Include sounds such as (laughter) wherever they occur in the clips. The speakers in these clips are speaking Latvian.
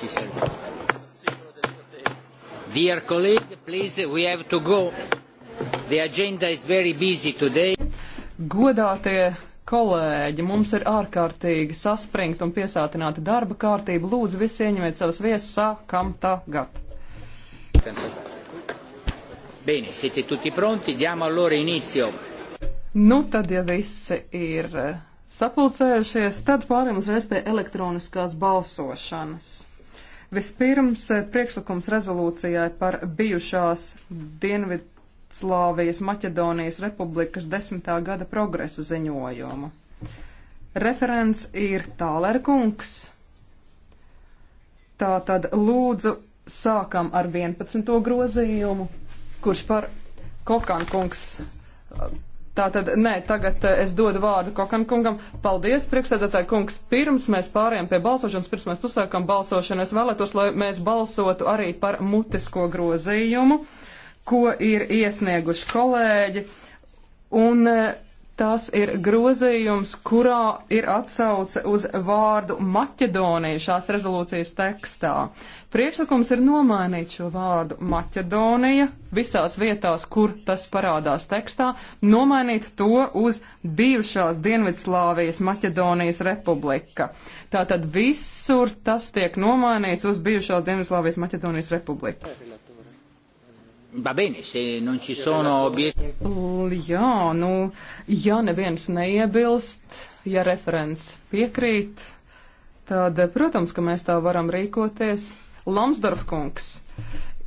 si sente. Dear colleague, please, we have to go. The agenda is very busy today. Godātie kolēģi, mums ir ārkārtīgi saspringta un piesātināta darba kārtība. Lūdzu, visi ieņemiet savas viesas, sākam tagad. Bene, siete tutti pronti, diamo allora inizio. Nu, tad, ja visi ir eh, sapulcējušies, tad pārējām uzreiz pie elektroniskās balsošanas. Vispirms eh, priekšlikums rezolūcijai par bijušās Dienvidslāvijas Maķedonijas republikas desmitā gada progresa ziņojumu. Referents ir Tālerkungs. Tātad lūdzu sākam ar 11. grozījumu, kurš par Kokankungs Tātad, nē, tagad eh, es dodu vārdu Kokan kungam. Paldies, priekšsēdētāji kungs. Pirms mēs pārējām pie balsošanas, pirms mēs uzsākam balsošanu, es vēlētos, lai mēs balsotu arī par mutisko grozījumu, ko ir iesnieguši kolēģi. Un, uh, Tas ir grozījums, kurā ir atsauce uz vārdu Maķedonija šās rezolūcijas tekstā. Priekšlikums ir nomainīt šo vārdu Maķedonija visās vietās, kur tas parādās tekstā, nomainīt to uz bijušās Dienvidslāvijas Maķedonijas republika. Tātad visur tas tiek nomainīts uz bijušās Dienvidslāvijas Maķedonijas republika. Va bene, se non ci sono obietti. Jā, nu, ja neviens neiebilst, ja referents piekrīt, tad, protams, ka mēs tā varam rīkoties. Lamsdorf kungs.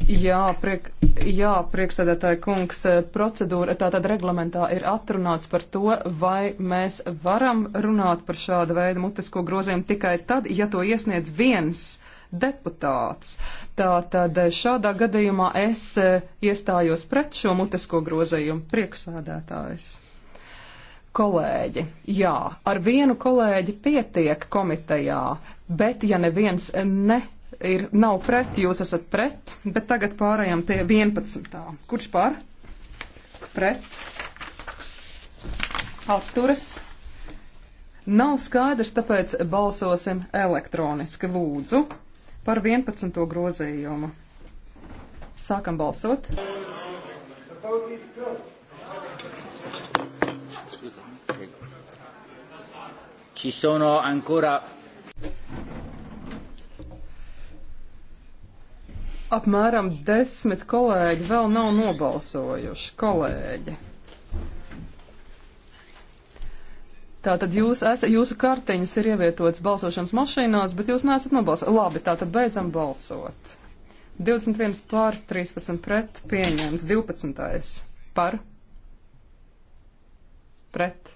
Jā, priek, jā priekšsēdētāji kungs, procedūra tātad reglamentā ir atrunāts par to, vai mēs varam runāt par šādu veidu mutisko grozījumu tikai tad, ja to iesniedz viens deputāts. Tātad šādā gadījumā es eh, iestājos pret šo mutisko grozījumu priekšsādētājs. Kolēģi, jā, ar vienu kolēģi pietiek komitejā, bet ja neviens ne ir, nav pret, jūs esat pret, bet tagad pārējām tie 11. Kurš par? Pret. Atturas. Nav skaidrs, tāpēc balsosim elektroniski lūdzu par 11. grozījumu. Sākam balsot. Ci sono ancora apmēram desmit kolēģi vēl nav nobalsojuši. Kolēģi. Tātad jūs esat, jūsu kartiņas ir ievietotas balsošanas mašīnās, bet jūs neesat nobalsojuši. Labi, tātad beidzam balsot. 21 pār 13 pret pieņemts, 12 par pret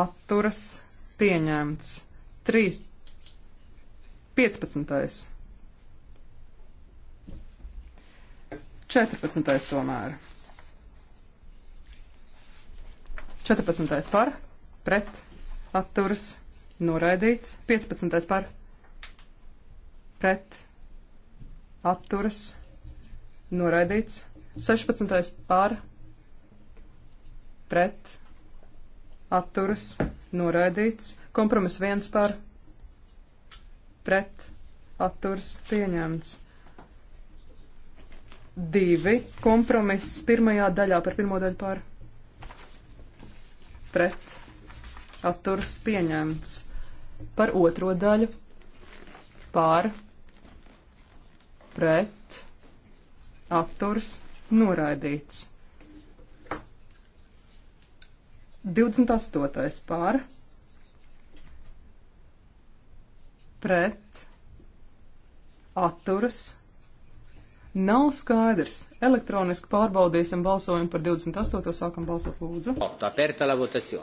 atturas pieņemts, 3 15. 14. tomēr. 14. par pret, atturas, noraidīts. 15. par, pret, atturas, noraidīts. 16. par, pret, atturas, noraidīts. Kompromiss 1 par, pret, atturas, pieņemts divi kompromiss pirmajā daļā par pirmo daļu pār pret atturas pieņemts. Par otro daļu pār pret atturas noraidīts. 28. pār pret atturas noraidīts nav skaidrs. Elektroniski pārbaudīsim balsojumu par 28. sākam balsot lūdzu. 28.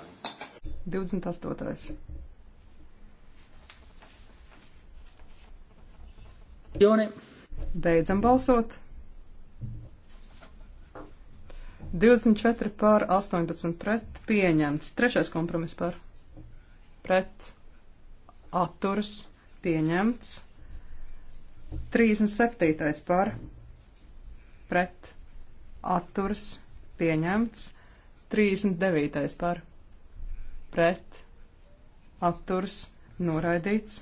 Joni. Beidzam balsot. 24 pār 18 pret pieņemts. Trešais kompromiss par pret atturas pieņemts. 37 pār pret pret atturs pieņemts. 39. par pret atturs noraidīts.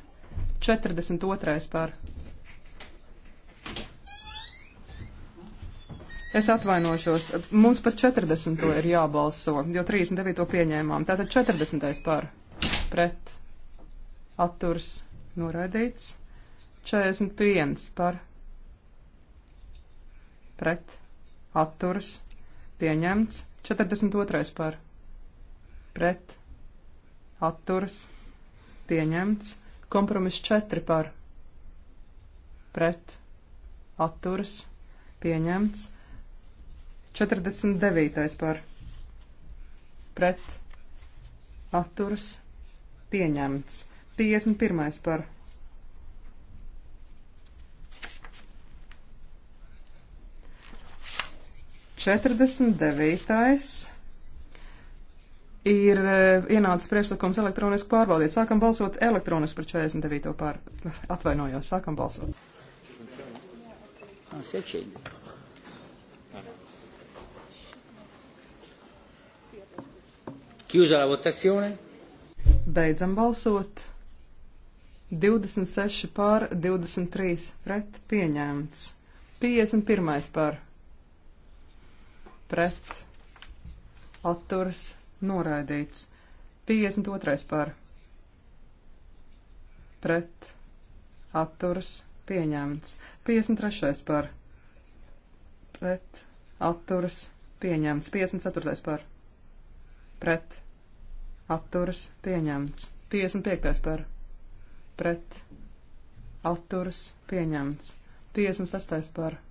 42. par. Es atvainošos, mums par 40. ir jābalso, jo 39. pieņēmām. Tātad 40. par pret atturs noraidīts. 41 par pret, atturas, pieņemts. 42. par, pret, atturas, pieņemts. Kompromiss 4 par, pret, atturas, pieņemts. 49. par pret atturas pieņemts. 51. par 49. ir e, ienācis priekšlikums elektroniski pārbaudīt. Sākam balsot elektroniski par 49. pār. Atvainojos, sākam balsot. Ah, Chiusa la votazione. Beidzam balsot. 26 pār 23 pret pieņēmts. 51 pār pret atturas noraidīts. 52. par pret atturas pieņemts. 53. par pret atturas pieņemts. 54. par pret atturas pieņemts. 55. par pret atturas pieņemts. 56. par pret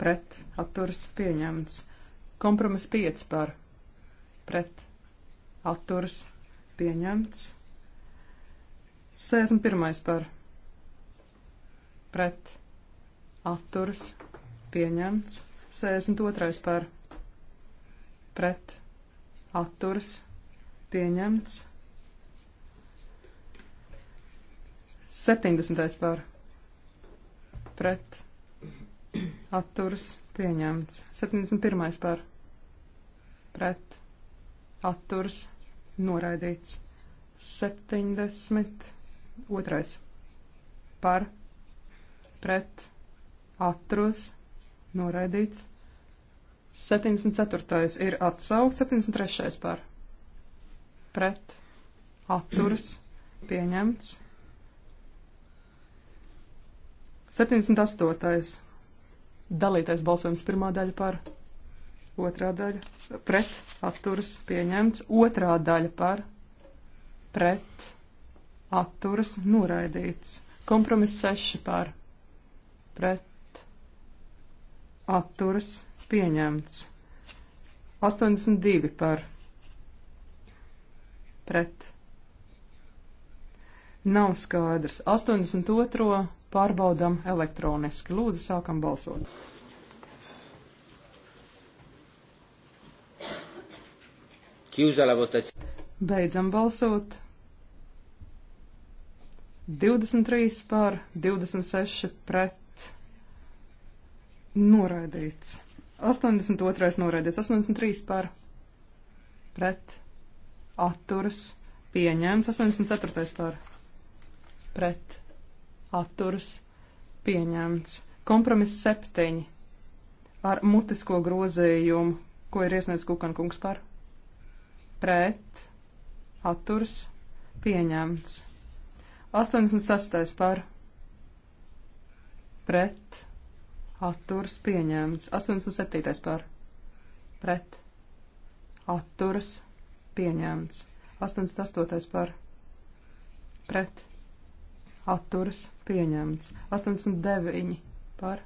pret atturas pieņemts. Kompromis 5 par pret atturas pieņemts. 61 par pret atturas pieņemts. 62 par pret atturas pieņemts. 70 par pret atturas pieņemts atturs pieņemts. 71. par pret atturs noraidīts. 72. par pret atturs noraidīts. 74. ir atsaukt, 73. par pret atturs pieņemts. 78. Dalītais balsojums pirmā daļa par, otrā daļa pret, atturas pieņemts, otrā daļa par, pret, atturas noraidīts. Kompromiss 6 par, pret, atturas pieņemts. 82 par, pret, nav skaidrs. 82. Pārbaudam elektroniski. Lūdzu, sākam balsot. Beidzam balsot. 23 pār 26 pret noraidīts. 82 noraidīts, 83 pār pret atturas pieņēmts, 84 pār pret atturas pieņemts. Kompromiss septiņi ar mutisko grozījumu, ko ir iesniedz Kukankungs par pret atturas pieņemts. 86. par pret atturas pieņemts. 87. par pret atturas pieņemts. 88. par pret atturas pieņemts. 89 par.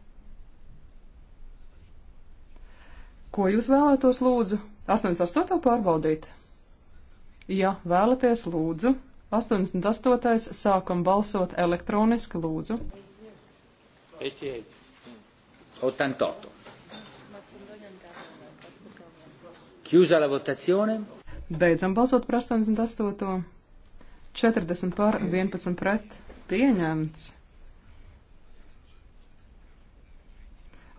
Ko jūs vēlētos lūdzu? 88 pārbaudīt. Ja vēlaties lūdzu, 88. sākam balsot elektroniski lūdzu. 88. 88. Chiusa la votazione. Beidzam balsot par 88. 40 par 11 pret pieņemts.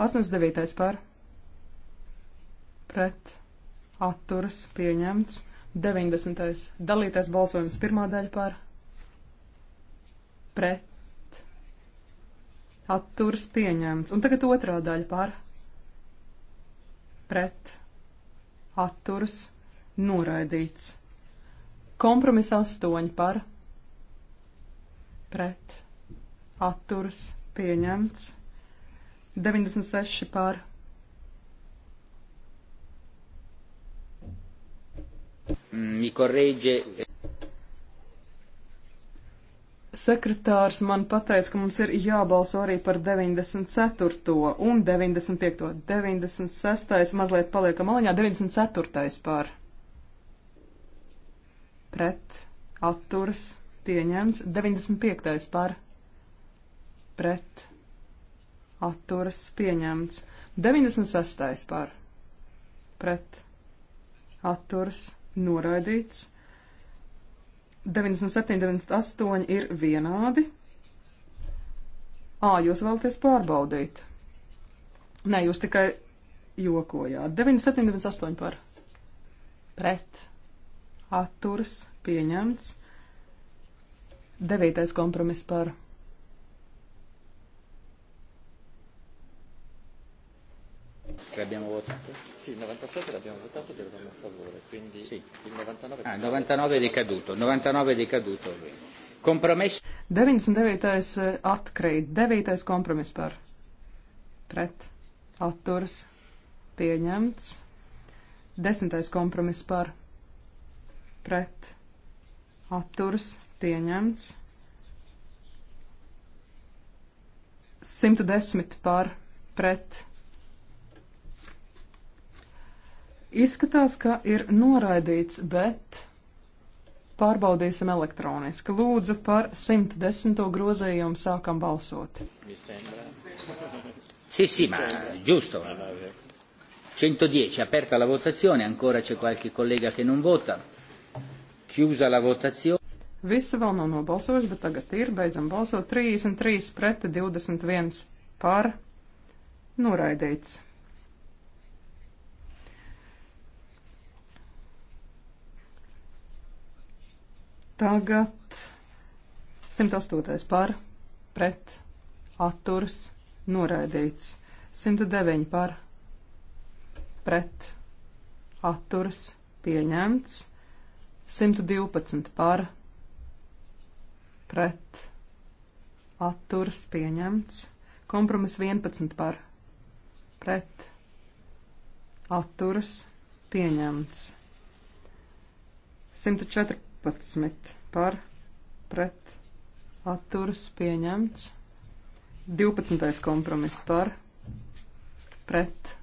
89. par pret atturas pieņemts. 90. dalītais balsojums pirmā daļa par pret atturas pieņemts. Un tagad otrā daļa par pret atturas noraidīts. Kompromiss astoņi par pret pret atturas pieņemts 96 par Mi corregge. Sekretārs man pateica, ka mums ir jābalso arī par 94. un 95. 96. mazliet paliekam aliņā, 94. par pret atturas pieņemts. 95. par pret atturas pieņemts. 96. par pret atturas noraidīts. 97, 98 ir vienādi. Ā, jūs vēlaties pārbaudīt. Nē, jūs tikai jokojāt. 97, 98 par pret atturas pieņemts. Devītais kompromiss par. Che abbiamo votato? Sì, il 97 l'abbiamo votato e eravamo a favore, quindi sì. il 99 ah, è Ah, 99 è decaduto, 99 è decaduto. Compromesso. 99. Eh, atkrīt, 9. kompromiss par. Pret. Atturs. Pieņemts. 10. kompromiss par. Pret atturas pieņemts. 110 par pret. Izskatās, ka ir noraidīts, bet pārbaudīsim elektroniski. Lūdzu par 110. grozījumu sākam balsot. Sì, sì, ma giusto. 110, aperta la votazione, ancora c'è qualche collega che non vota. Chiusa la votazione. Visi vēl nav nobalsojuši, bet tagad ir. Beidzam balsot 33 pret 21 par. Noraidīts. Tagad 108 par, pret, atturs, noraidīts. 109 par, pret, atturs, pieņemts. 112 par pret atturas pieņemts. Kompromiss 11 par pret atturas pieņemts. 114 par pret atturas pieņemts. 12. kompromiss par pret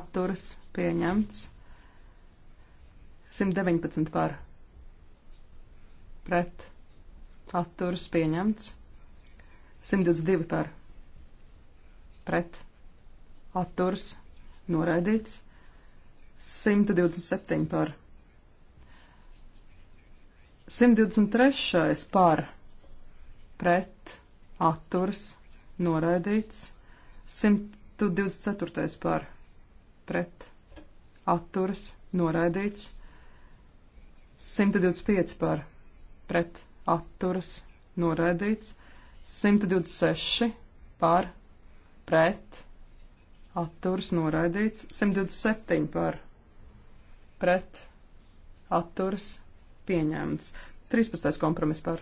atturas pieņemts. 119 par pret atturas pieņemts. 122 par pret atturas noraidīts. 127 par 123 par pret atturs noraidīts. 124 par pret atturs noraidīts. 125 par pret atturas noraidīts, 126 par pret atturas noraidīts, 127 par pret atturas pieņemts, 13. kompromiss par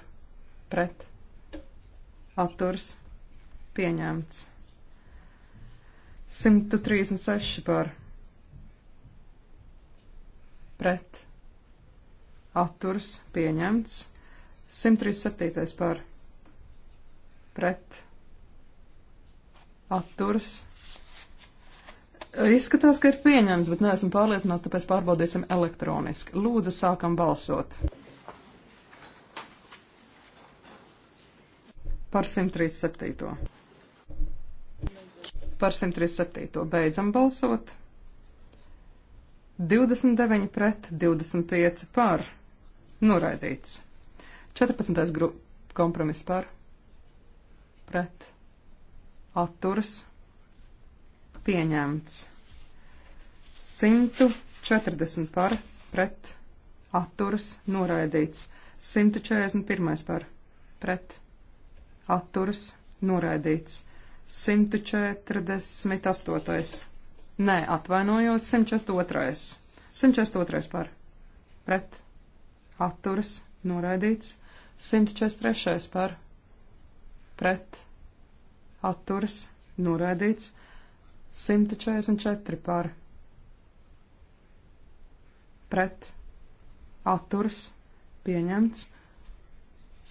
pret atturas pieņemts, 136 par pret atturas atturs pieņemts. 137. par pret atturs. Izskatās, ka ir pieņemts, bet neesmu pārliecināts, tāpēc pārbaudīsim elektroniski. Lūdzu, sākam balsot. Par 137. Par 137. Beidzam balsot. 29 pret 25 par. Noraidīts. 14. Gru... kompromiss par pret atturas pieņemts. 140 par pret atturas noraidīts. 141 par pret atturas noraidīts. 148. Nē, atvainojos, 142. 142 par pret atturas, noraidīts. 143. par pret atturas, noraidīts. 144 par pret atturas, pieņemts.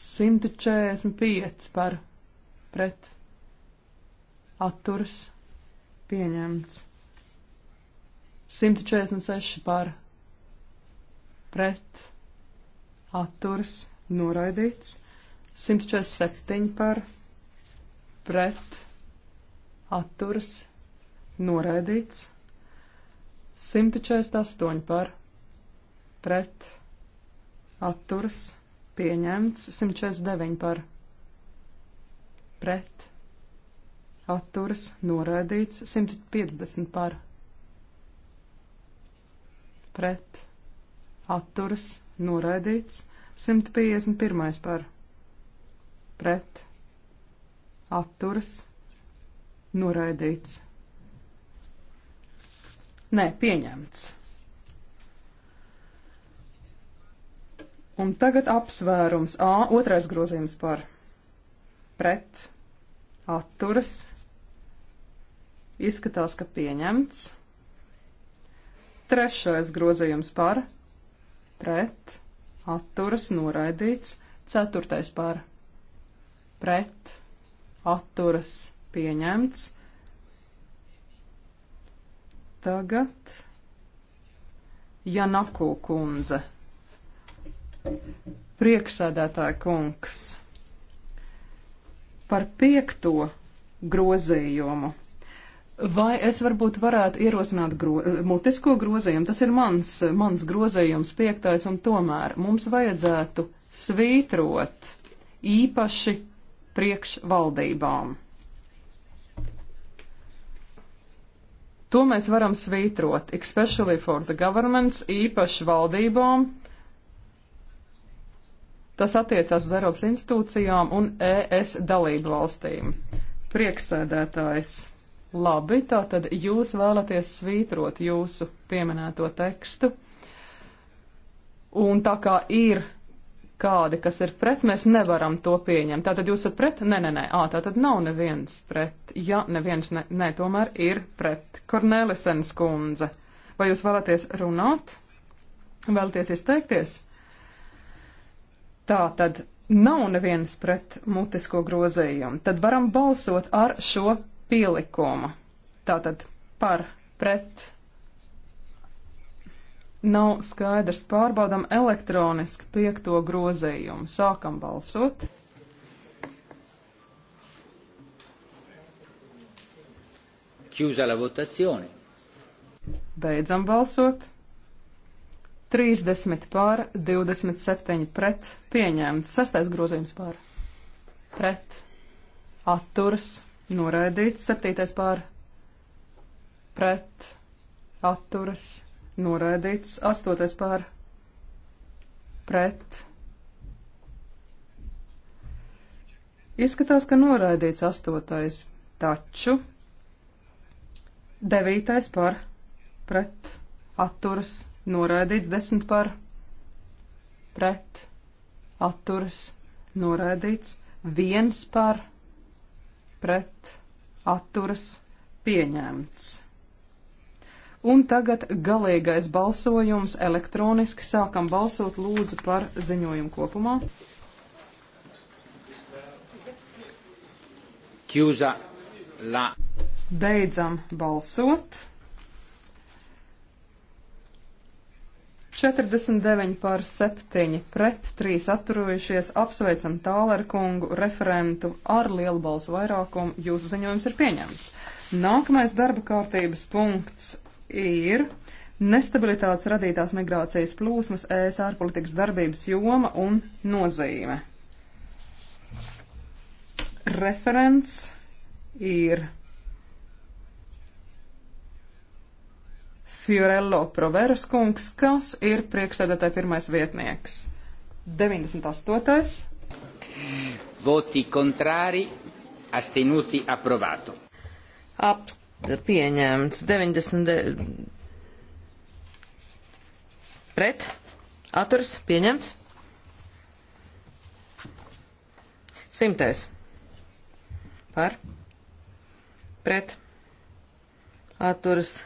145 par pret atturas, pieņemts. 146 par pret atturas atturas noraidīts, 147 par pret atturas noraidīts, 148 par pret atturas pieņemts, 149 par pret atturas noraidīts, 150 par pret pret, atturas, noraidīts, 151. par pret atturas noraidīts. Nē, pieņemts. Un tagad apsvērums A, otrais grozījums par pret atturas. Izskatās, ka pieņemts. Trešais grozījums par pret atturas atturas noraidīts, ceturtais par pret atturas pieņemts. Tagad Janaku kundze, prieksēdētāja kungs, par piekto grozījumu. Vai es varbūt varētu ierosināt gro, mutisko grozījumu? Tas ir mans, mans grozījums, piektais, un tomēr mums vajadzētu svītrot īpaši priekšvaldībām. To mēs varam svītrot, especially for the governments, īpaši valdībām. Tas attiecās uz Eiropas institūcijām un ES dalību valstīm. Prieksēdētājs. Labi, tātad jūs vēlaties svītrot jūsu pieminēto tekstu. Un tā kā ir kādi, kas ir pret, mēs nevaram to pieņemt. Tātad jūs esat pret? Nē, nē, nē. Ā, tātad nav neviens pret. Ja neviens, ne, nē, tomēr ir pret. Kornelisens kundze. Vai jūs vēlaties runāt? Vēlaties izteikties? Tātad nav neviens pret mutisko grozījumu. Tad varam balsot ar šo pielikuma. Tātad par pret nav skaidrs. Pārbaudam elektroniski piekto grozījumu. Sākam balsot. Chiusa la votazione. Beidzam balsot. 30 pār, 27 pret, pieņemts. Sastais grozījums pār. Pret. Atturs noraidīts, septītais pār pret atturas noraidīts, astotais pār pret. Izskatās, ka noraidīts astotais, taču devītais pār pret atturas noraidīts, desmit pār pret atturas noraidīts, viens pār pret pret atturas pieņemts. Un tagad galīgais balsojums elektroniski. Sākam balsot lūdzu par ziņojumu kopumā. Kjūza la. Beidzam balsot. 49 pār 7 pret 3 atturējušies apsveicam Tāleru kungu referentu ar lielu balsu vairākumu. Jūsu ziņojums ir pieņemts. Nākamais darba kārtības punkts ir nestabilitātes radītās migrācijas plūsmas ES ārpolitikas darbības joma un nozīme. Referents ir Fiorello Proveras kungs, kas ir priekšsēdētāja pirmais vietnieks. 98. Voti kontrāri, astenuti aprovātu. Ap, pieņemts 90. Pret, atturs, pieņemts. Simtais. Par. Pret. Atturas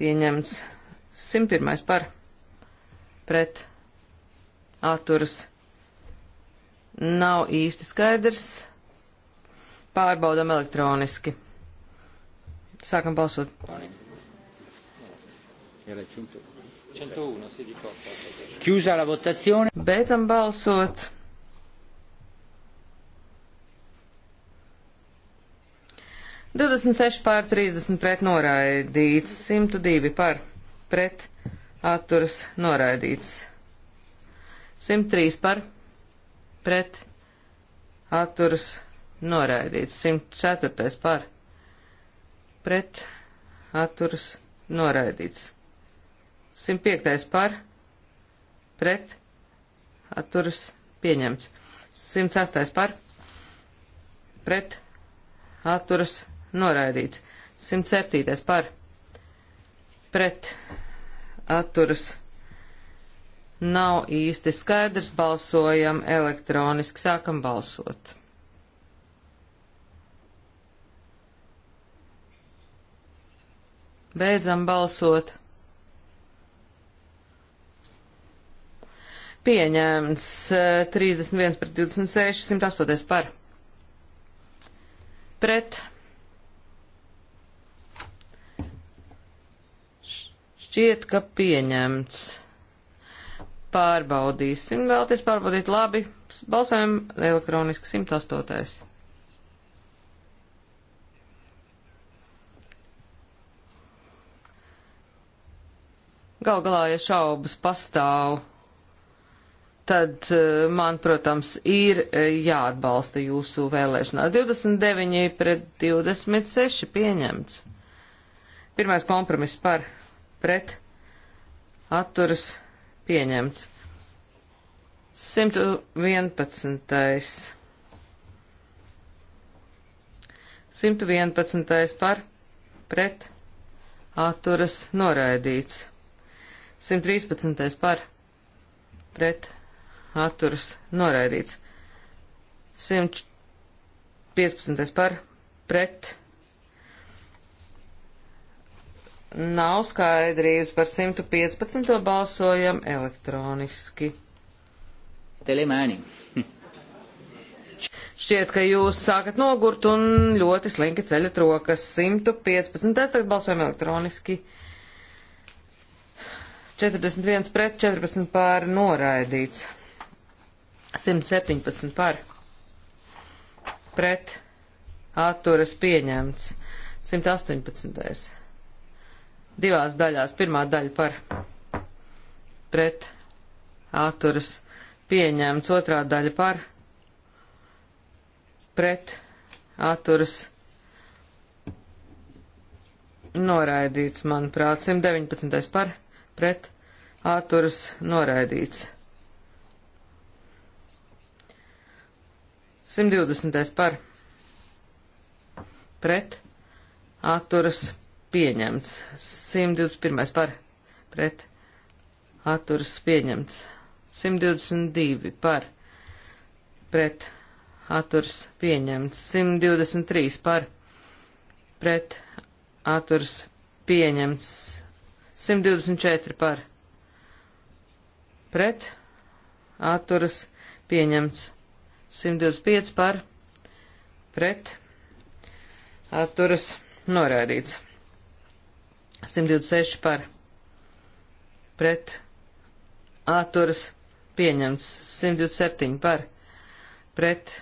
pieņemts 101. par pret atturas nav īsti skaidrs. Pārbaudam elektroniski. Sākam balsot. Chiusa la votazione. Beidzam balsot. 26 pār 30 pret noraidīts, 102 par pret atturas noraidīts, 103 par pret atturas noraidīts, 104 par pret atturas noraidīts, 105 par pret atturas pieņemts, 108 par pret atturas noraidīts noraidīts. 107. par pret atturas nav īsti skaidrs. Balsojam elektroniski, sākam balsot. Beidzam balsot. Pieņemts 31 pret 26, 108 par. Pret Šķiet, ka pieņemts. Pārbaudīsim, vēlties pārbaudīt labi. Balsējam elektroniski 108. Gal galā, ja šaubas pastāv, tad eh, man, protams, ir eh, jāatbalsta jūsu vēlēšanās. 29 pret 26 pieņemts. Pirmais kompromiss par pret atturas pieņemts. 111. 111. par pret atturas noraidīts. 113. par pret atturas noraidīts. 115. par pret Nav skaidrības par 115. balsojam elektroniski. Telemēni. Šķiet, ka jūs sākat nogurt un ļoti slinki ceļat rokas. 115. tagad balsojam elektroniski. 41 pret 14 pār noraidīts. 117 pār pret atturas pieņemts. 118 divās daļās. Pirmā daļa par pret atturas pieņemts, otrā daļa par pret atturas noraidīts, manuprāt, 119. par pret atturas noraidīts. 120. par pret atturas pieņemts. 121. par pret atturas pieņemts. 122 par pret atturas pieņemts. 123 par pret atturas pieņemts. 124 par pret atturas pieņemts. 125 par pret atturas noraidīts. 126 par pret atturas pieņemts, 127 par pret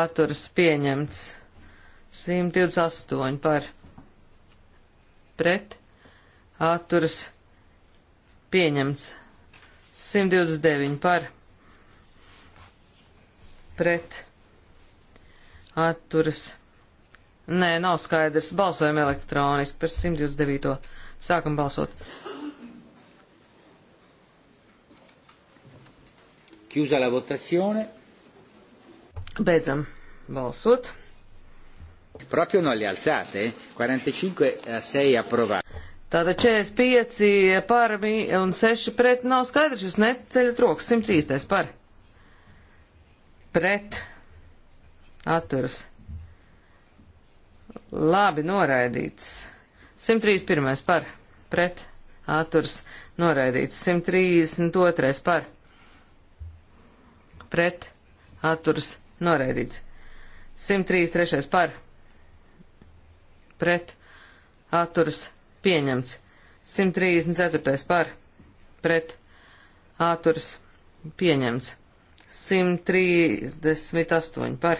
atturas pieņemts, 128 par pret atturas pieņemts, 129 par pret atturas pieņemts Nē, nav skaidrs. Balsojam elektroniski par 129. Sākam balsot. Chiusa la votazione. Beidzam balsot. Proprio non le alzate, 45 a 6 approvato. Tātad 45 par un 6 pret nav skaidrs, jūs neceļat rokas, 103 par. Pret. Atturas. Labi, noraidīts. 131. par, pret, atturs, noraidīts. 132. par, pret, atturs, noraidīts. 133. par, pret, atturs, pieņemts. 134. par, pret, atturs, pieņemts. 138 par,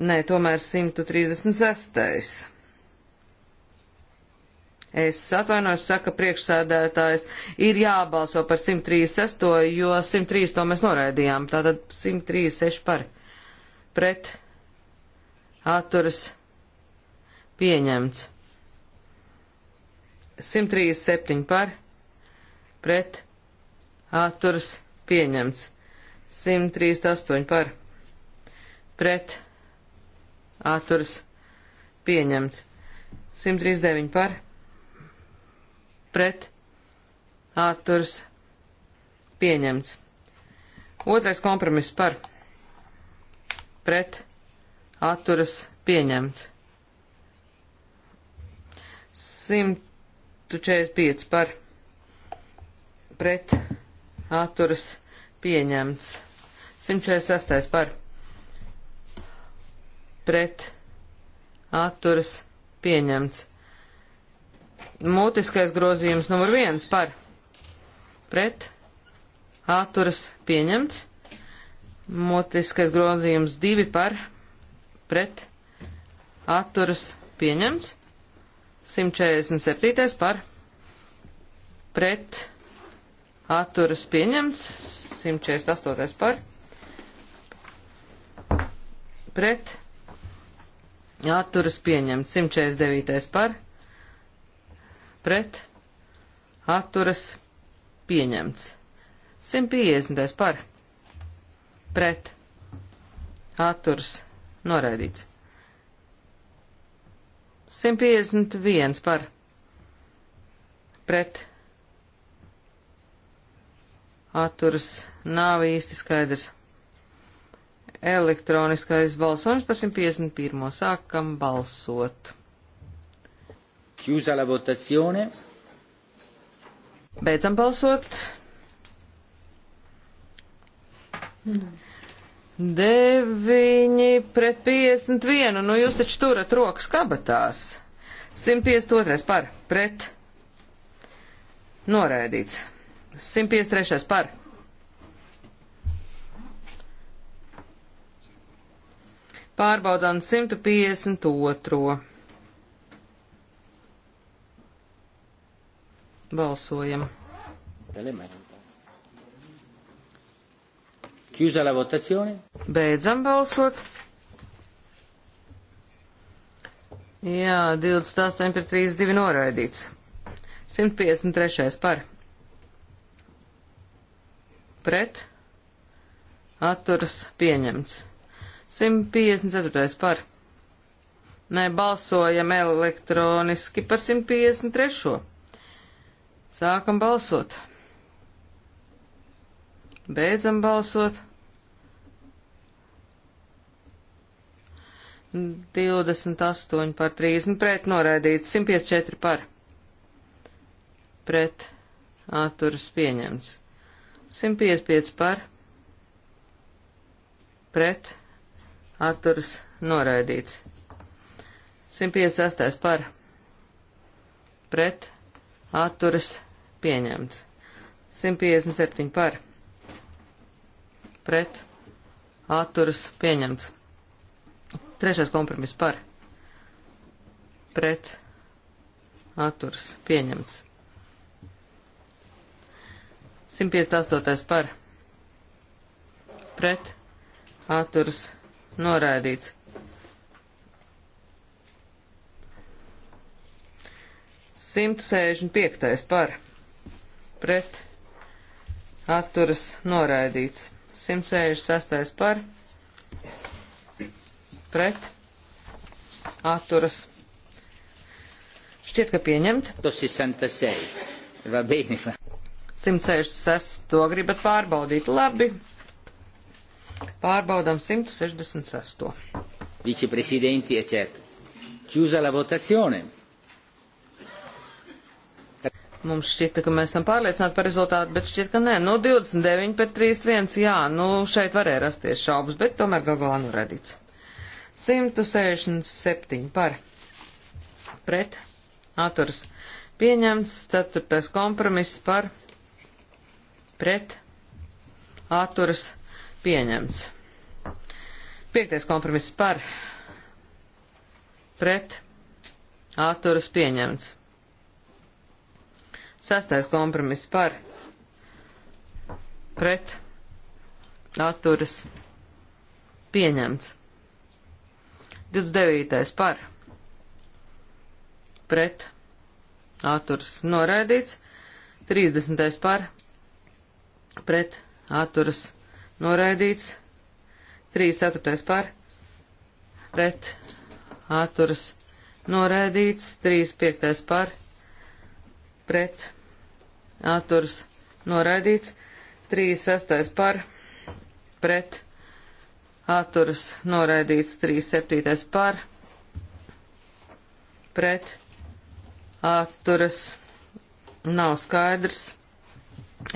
Nē, tomēr 136. Es atvainojos, saka priekšsēdētājs, ir jābalso par 136, jo 103 to mēs noraidījām. Tātad 136 par pret atturas pieņemts. 137 par pret atturas pieņemts. 138 par pret atturas pieņemts atturas pieņemts. 139 par pret atturas pieņemts. Otrais kompromiss par pret atturas pieņemts. 145 par pret atturas pieņemts. 146 par pret atturas pieņemts. Mūtiskais grozījums numur viens par pret atturas pieņemts. Mūtiskais grozījums divi par pret atturas pieņemts. 147. par pret atturas pieņemts. 148. par pret atturas pieņemts 149. par, pret, atturas pieņemts 150. par, pret, atturas noraidīts 151 par, pret, atturas nav īsti skaidrs elektroniskais balsojums par 151. Sākam balsot. Chiusa la votazione. Beidzam balsot. Deviņi pret 51. Nu, jūs taču turat rokas kabatās. 152. par pret. Noraidīts. 153. par pārbaudām 152. Balsojam. Chiusa la votazione. Beidzam balsot. Jā, 28 pret 32 noraidīts. 153 par. Pret. Atturas pieņemts. 154. par. Nē, balsojam elektroniski par 153. Sākam balsot. Beidzam balsot. 28 par 30 pret noraidīts, 154 par pret atturas pieņemts, 155 par pret atturas noraidīts. 156. par pret atturas pieņemts. 157 par pret atturas pieņemts. Trešais kompromiss par pret atturas pieņemts. 158 par pret atturas pieņemts Noraidīts. Simt sēžņu piektais par. Pret. Atturas noraidīts. Simt sēžņu sastais par. Pret. Atturas. Šķiet, ka pieņemt. 166. 166. To gribat pārbaudīt. Labi. Pārbaudām 166. Viceprezidenti, eccetera. Chiusa la votazione. Mums šķita, ka mēs esam pārliecināti par rezultātu, bet šķiet, ka nē. Nu, 29 par 31, jā, nu, šeit varēja rasties šaubas, bet tomēr gal galā nu redīts. 167 par pret atturas pieņemts, 4. kompromiss par pret atturas pieņemts pieņemts. Piektais kompromiss par pret atturas pieņemts. Sastais kompromiss par pret atturas pieņemts. 29. par pret atturas noraidīts. 30. par pret atturas pieņemts noraidīts, 3 ceturtais par, pret, atturas, noraidīts, 3 piektais par, pret, atturas, noraidīts, 3 sestais par, pret, atturas, noraidīts, 3 septītais par, pret, atturas, nav skaidrs.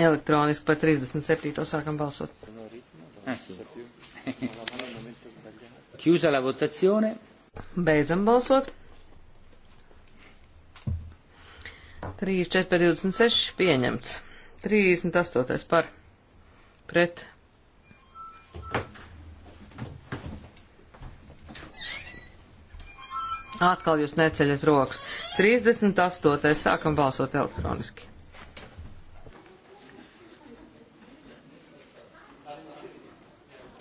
Elektroniski par 37. sākam balsot. Ah, sì. Chiusa la votazione. Beidzam balsot. 3, 4, 26 pieņemts. 38 par pret. Atkal jūs neceļat rokas. 38. sākam balsot elektroniski.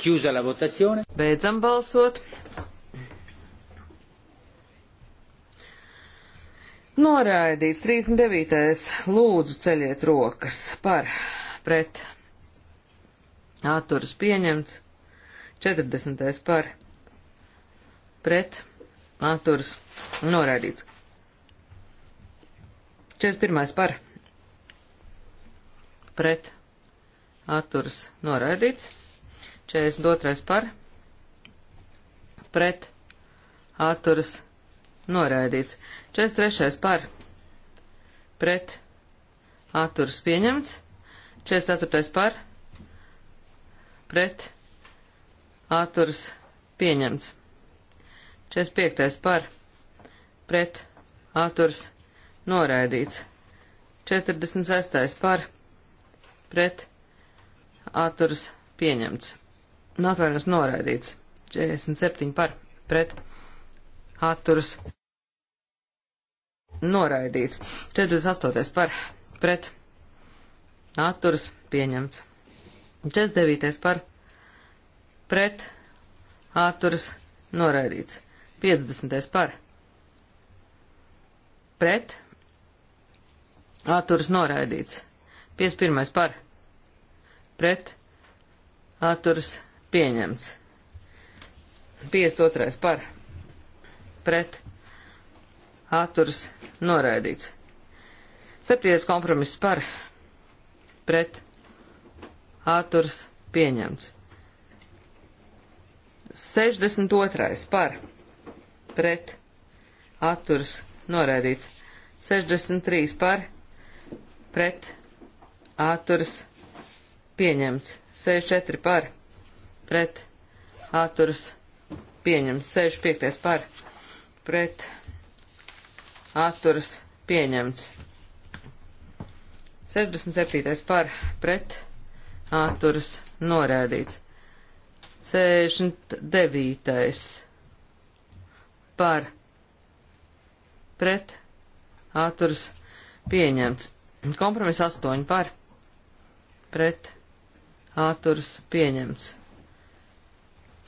Chiusa la votazione. Beidzam balsot. Noraidīts 39. Lūdzu ceļiet rokas par pret. Atturas pieņemts. 40. par pret. Atturas noraidīts. 41. par pret. Atturas noraidīts. 42. par pret atturas noraidīts. 43. par pret atturas pieņemts. 44. par pret atturas pieņemts. 45. par pret atturas noraidīts. 46. par pret atturas pieņemts. Atvainojos noraidīts. 47 par pret atturas noraidīts. 48 par pret atturas pieņemts. 49 par pret atturas noraidīts. 50 par pret atturas noraidīts. 51 par pret atturas noraidīts pieņemts. 52. par pret atturs noraidīts. 7. kompromiss par pret atturs pieņemts. 62. par pret atturs noraidīts. 63 par pret atturs pieņemts. 64 par pret pret atturas pieņemts. 65. par pret atturas pieņemts. 67. par pret atturas norēdīts. 69. par pret atturas pieņemts. Kompromiss 8 par pret atturas pieņemts.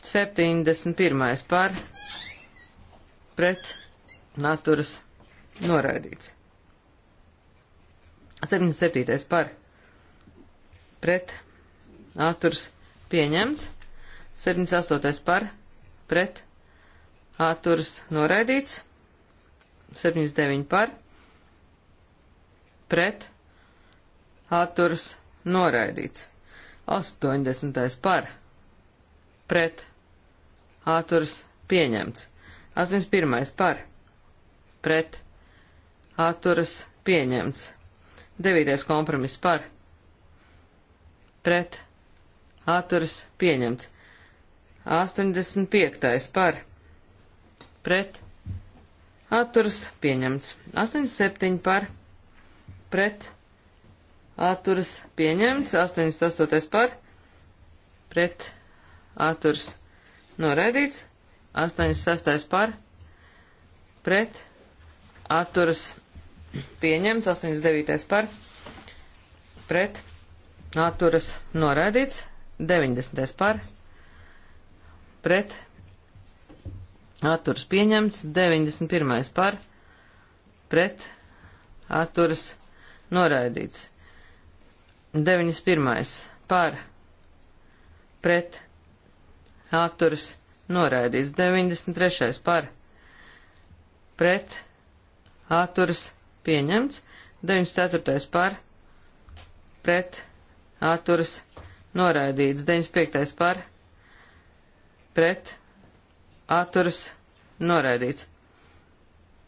71. par pret naturas noraidīts. 77. par pret naturas pieņemts. 78. par pret naturas noraidīts. 79 par pret atturas noraidīts. 80 par pret atturas pieņemts. 81. par pret atturas pieņemts. 9. kompromiss par pret atturas pieņemts. 85. par pret atturas pieņemts. 87. par pret atturas pieņemts. 88. par pret atturas pieņemts noraidīts, 86. par, pret, atturas, pieņemts, 89. par, pret, atturas, noraidīts, 90. par, pret, atturas, pieņemts, 91. par, pret, atturas, noraidīts, 91. par, pret, atturas noraidīts. 93. par pret atturas pieņemts. 94. par pret atturas noraidīts. 95. par pret atturas noraidīts.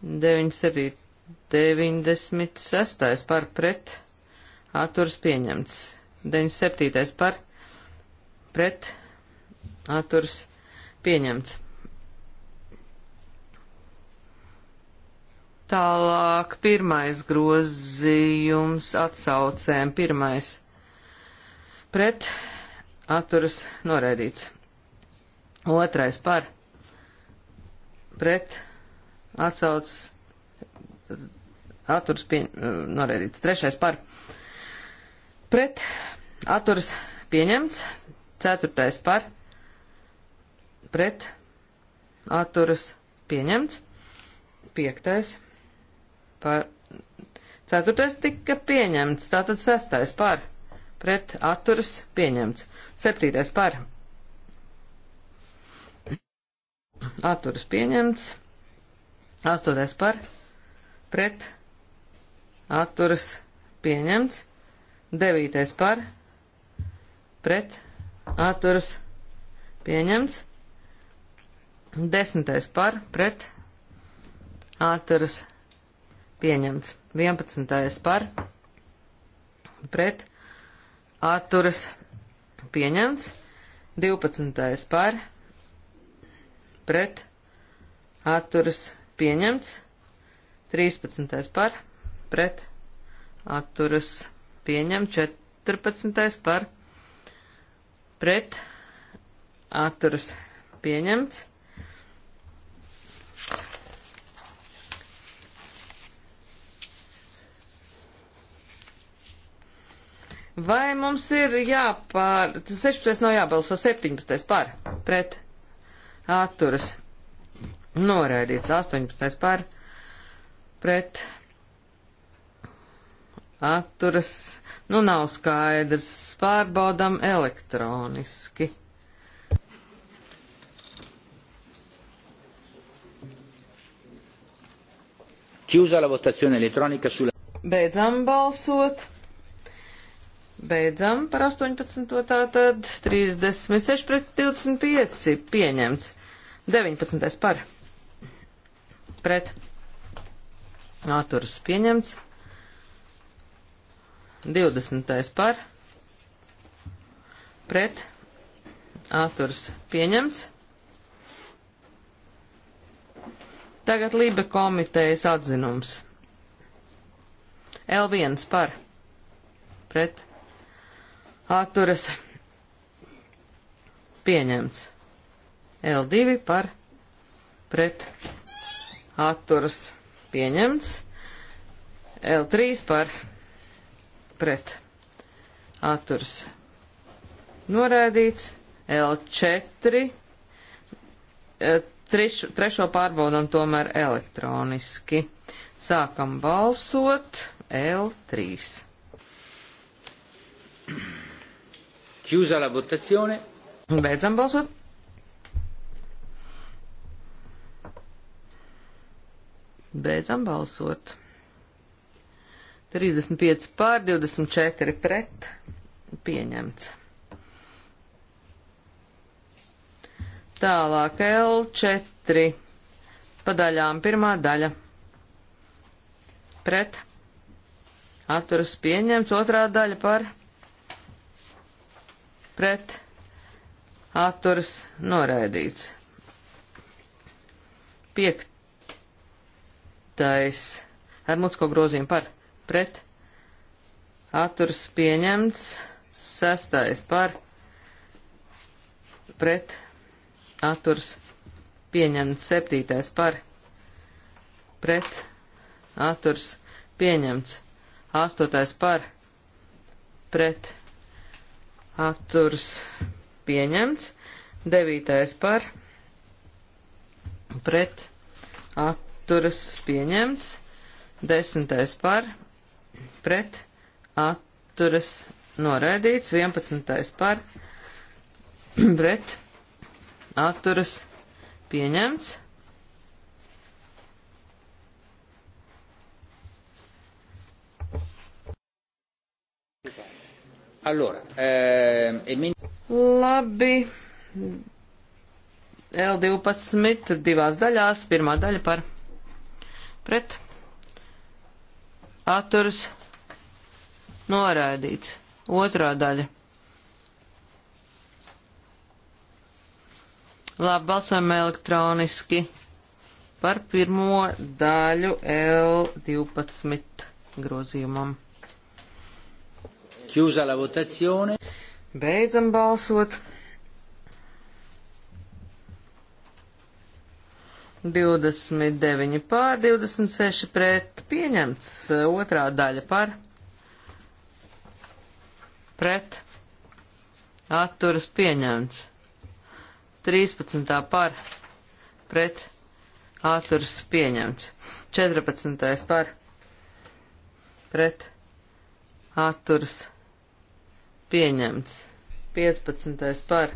97. 96. par pret atturas pieņemts. 97. par pret atturs pieņemts. Tālāk pirmais grozījums atsaucēm. Pirmais pret atturas noraidīts. Otrais par pret atsaucas atturas pie, noraidīts. Trešais par pret atturas pieņemts. Ceturtais par pret pret atturas pieņemts. Piektais par. Ceturtais tika pieņemts, tātad sestais par. Pret atturas pieņemts. Septītais par. Atturas pieņemts. Astotais par. Pret atturas pieņemts. Devītais par. Pret atturas pieņemts. Desmitais par pret atturas pieņemts. Vienpadsmitais par pret atturas pieņemts. Divpadsmitais par pret atturas pieņemts. Trīspadsmitais par pret atturas pieņemts. Četrpadsmitais par pret atturas pieņemts. Vai mums ir jāpār, 16 nav jābalso, 17 par, pret, atturas, noraidīts, 18 par, pret, atturas, nu nav skaidrs, pārbaudam elektroniski. Chiusa la votazione elettronica sulla. Beidzam balsot. Beidzam par 18. tātad 36 pret 25 pieņemts. 19. par. Pret. Āturs pieņemts. 20. par. Pret. Āturs pieņemts. Tagad Libe komitejas atzinums. L1 par pret atturas pieņemts. L2 par pret atturas pieņemts. L3 par pret atturas norēdīts. L4 Trišu, trešo pārbaudam tomēr elektroniski. Sākam balsot L3. Chiusa la votazione. Beidzam balsot. Beidzam balsot. 35 pār 24 pret pieņemts. Tālāk L4 padaļām pirmā daļa. Pret atturas pieņemts otrā daļa par pret atturas noraidīts. Piektais ar mucko grozījumu par pret atturas pieņemts. Sestais par pret atturs pieņemts septītais par pret atturs pieņemts astotais par pret atturs pieņemts devītais par pret atturas pieņemts desmitais par pret atturas noraidīts vienpadsmitais par (clears throat) pret atturas pieņemts. Allora, eh, emin... Labi. L12 divās daļās, pirmā daļa par pret atturas noraidīts, otrā daļa Labi, balsojam elektroniski par pirmo daļu L12 grozījumam. Chiusa la votazione. Beidzam balsot. 29 pār, 26 pret, pieņemts eh, otrā daļa par, pret, atturas pieņemts. 13. par pret āturs pieņemts. 14. par pret āturs pieņemts. 15. par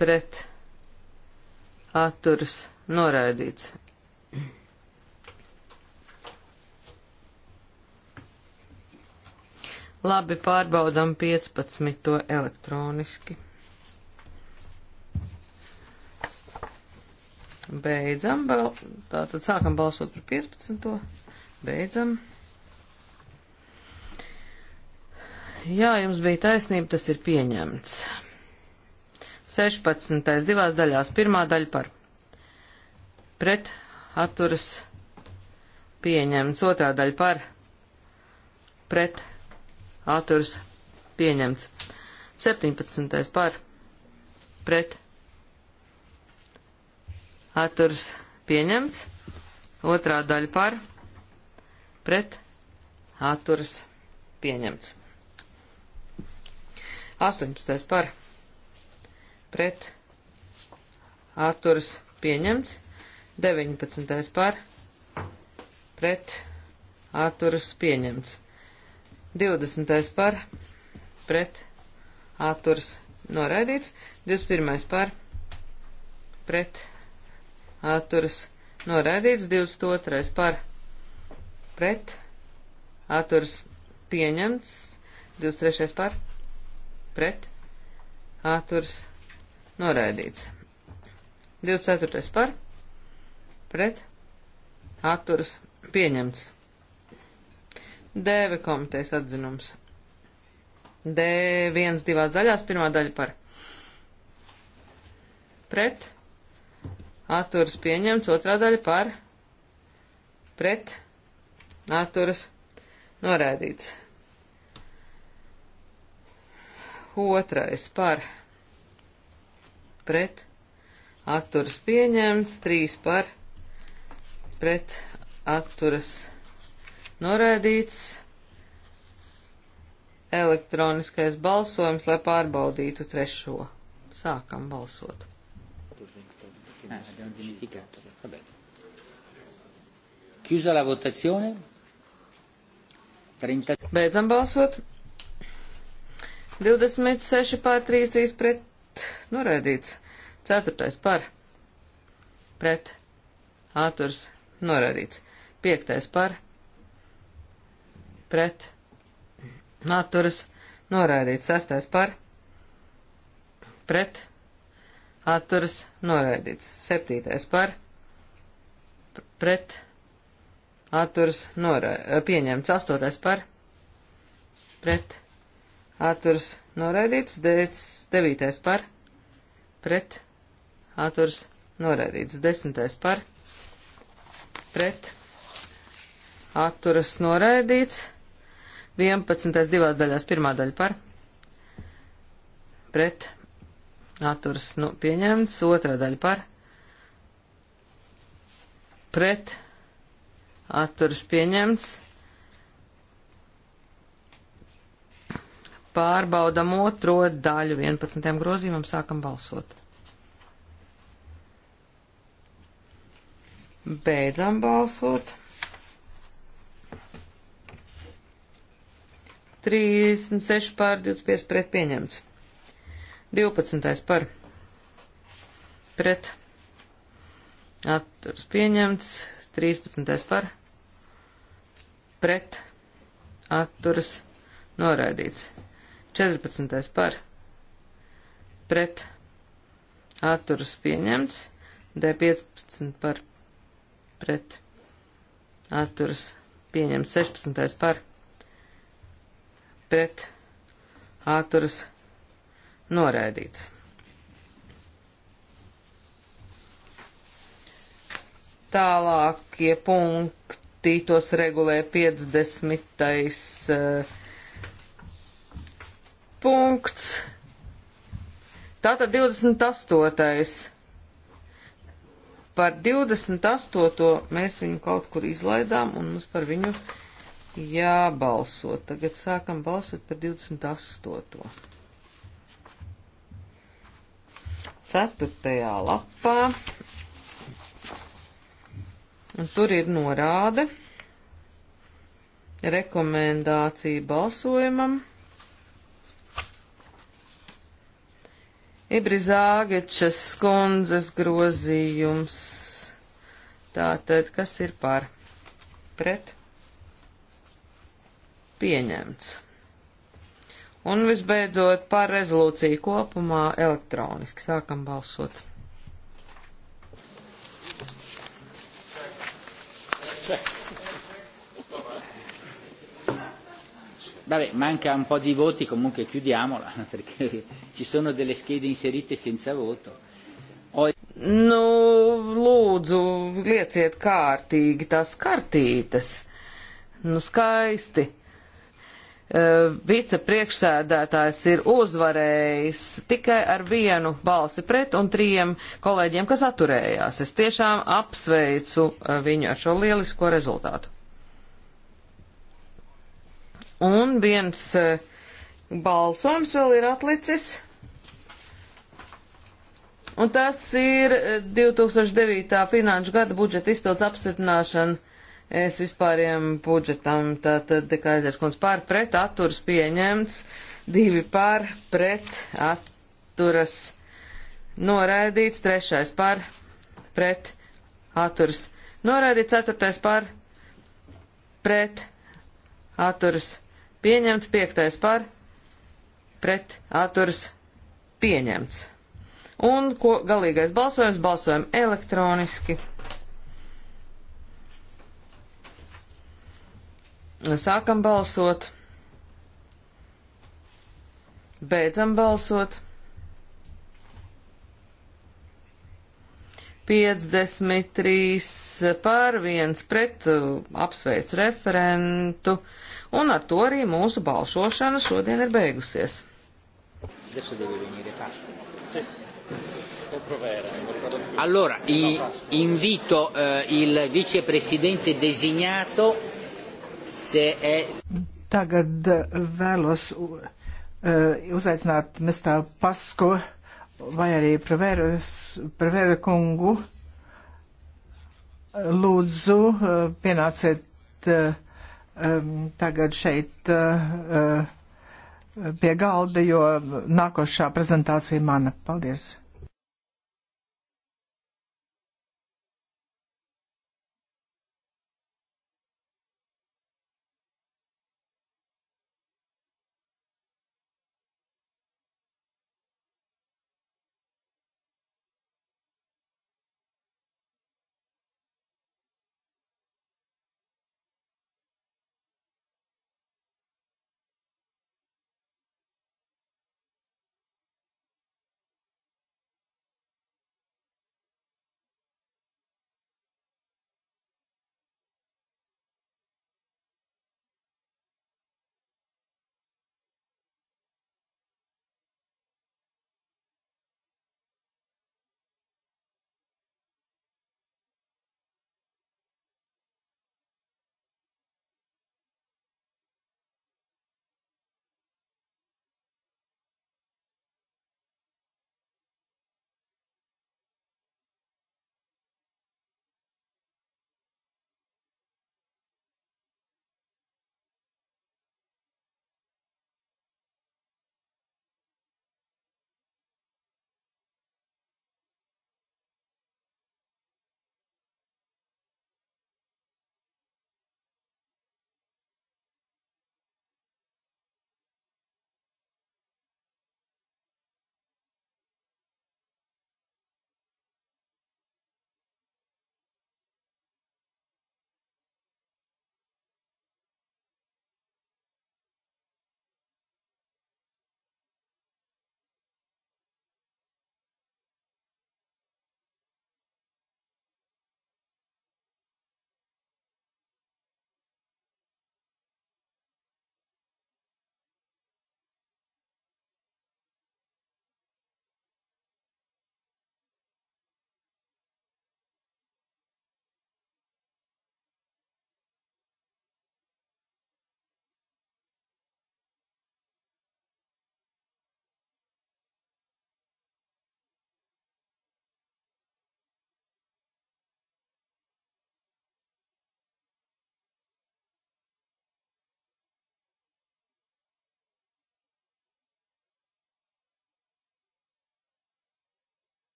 pret āturs noraidīts. Labi, pārbaudam 15. elektroniski. Beidzam, bal... tātad sākam balsot par 15. Beidzam. Jā, jums bija taisnība, tas ir pieņemts. 16. divās daļās, pirmā daļa par pret atturas pieņemts, otrā daļa par pret atturas pieņemts, 17. par pret atturs pieņemts, otrā daļa par, pret, atturs pieņemts. 18. par, pret, atturs pieņemts, 19. par, pret, atturs pieņemts, 20. par, pret, atturs noraidīts, 21. par, pret, atturs pieņemts atturas noraidīts, 22. par pret atturas pieņemts, 23. par pret atturas noraidīts, 24. par pret atturas pieņemts. Dēve komitejas atzinums. D1 divās daļās, pirmā daļa par pret atturas pieņemts, otrā daļa par, pret, atturas norēdīts. Otrais par, pret, atturas pieņemts, trīs par, pret, atturas norēdīts. Elektroniskais balsojums, lai pārbaudītu trešo. Sākam balsot. Ah, abbiamo dimenticato. Vabbè. Chiusa la votazione. 30... Beidzam balsot. 26 pār 3, 3 pret. Noraidīts. 4 par. Pret. Āturs. Noraidīts. 5 par. Pret. Āturs. Noraidīts. 6 par. Pret atturas noraidīts. Septītais par pret atturas noraidīts. Pieņemts. Astotais par pret atturas noraidīts. Devītais par pret atturas noraidīts. Desmitais par pret atturas noraidīts. 11. divās daļās pirmā daļa par pret atturas nu, pieņemts, otrā daļa par pret atturas pieņemts. Pārbaudam otro daļu 11. grozījumam, sākam balsot. Beidzam balsot. 36 pār 25 pret pieņemts. 12. par pret atturas pieņemts, 13. par pret atturas noraidīts, 14. par pret atturas pieņemts, D15 par pret atturas pieņemts, 16. par pret atturas pieņemts Noraidīts. Tālākie punkti tos regulē 50. Eh, punkts. Tātad 28 par 28. mēs viņu kaut kur izlaidām, un mums par viņu jābalso. Tagad sākam balsot par 28. ceturtajā lapā. Un tur ir norāde, rekomendācija balsojumam. Ibrizāgečas kundzes grozījums. Tātad, kas ir par? Pret? Pieņemts. Un visbeidzot par rezolūciju kopumā elektroniski sākam balsot. Vabbè, manca un po' di voti, comunque chiudiamola, (laughs) perché ci sono delle schede inserite senza voto. O... Nu, lūdzu, lieciet kārtīgi tās kartītes. Nu, skaisti. Eh, vicepriekšsēdētājs ir uzvarējis tikai ar vienu balsi pret un trījiem kolēģiem, kas atturējās. Es tiešām apsveicu eh, viņu ar šo lielisko rezultātu. Un viens eh, balsojums vēl ir atlicis. Un tas ir 2009. finanšu gada budžeta izpildes apstiprināšana Es vispāriem budžetam, tātad tikai aizies kundz pār pret atturas pieņemts, divi pār pret atturas noraidīts, trešais pār pret atturas noraidīts, ceturtais pār pret atturas pieņemts, piektais pār pret atturas pieņemts. Un ko galīgais balsojums, balsojam elektroniski. Sākam balsot. Beidzam balsot. 53 pār 1 pret apsveic referentu, un ar to arī mūsu balsošana šodien ir beigusies. Allora, invito uh, il vicepresidente designato E tagad eh, vēlos eh, uzaicināt Mestā Pasko vai arī Pravēra kungu. Lūdzu, eh, pienāciet tagad šeit pie galda, jo nākošā prezentācija mana. Paldies!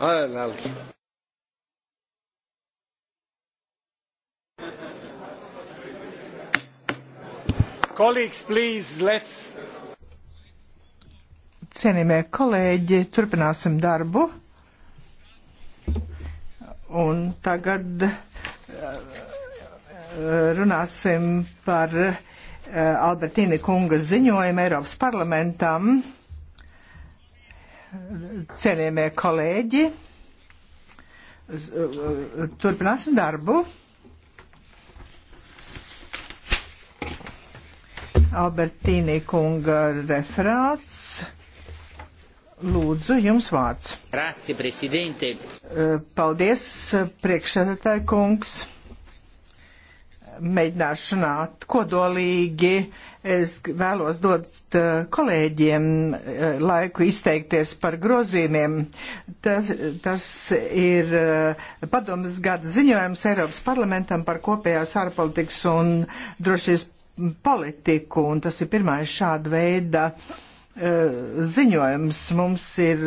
Ah, l'altro. Colleagues, please, let's... Cienījamie kolēģi, turpināsim darbu. Un tagad eh, runāsim par eh, Albertīni kungas ziņojumu Eiropas parlamentam. Cienījamie kolēģi, turpināsim darbu. Albertīnī kunga referāts. Lūdzu, jums vārds. Grazie, prezidente. Paldies, priekšsēdētāji kungs mēģināšanā kodolīgi. Es vēlos dot eh, kolēģiem eh, laiku izteikties par grozījumiem. Tas, tas ir eh, padomas gada ziņojums Eiropas parlamentam par kopējās ārpolitikas un drošības politiku, un tas ir pirmais šāda veida ziņojums. Mums ir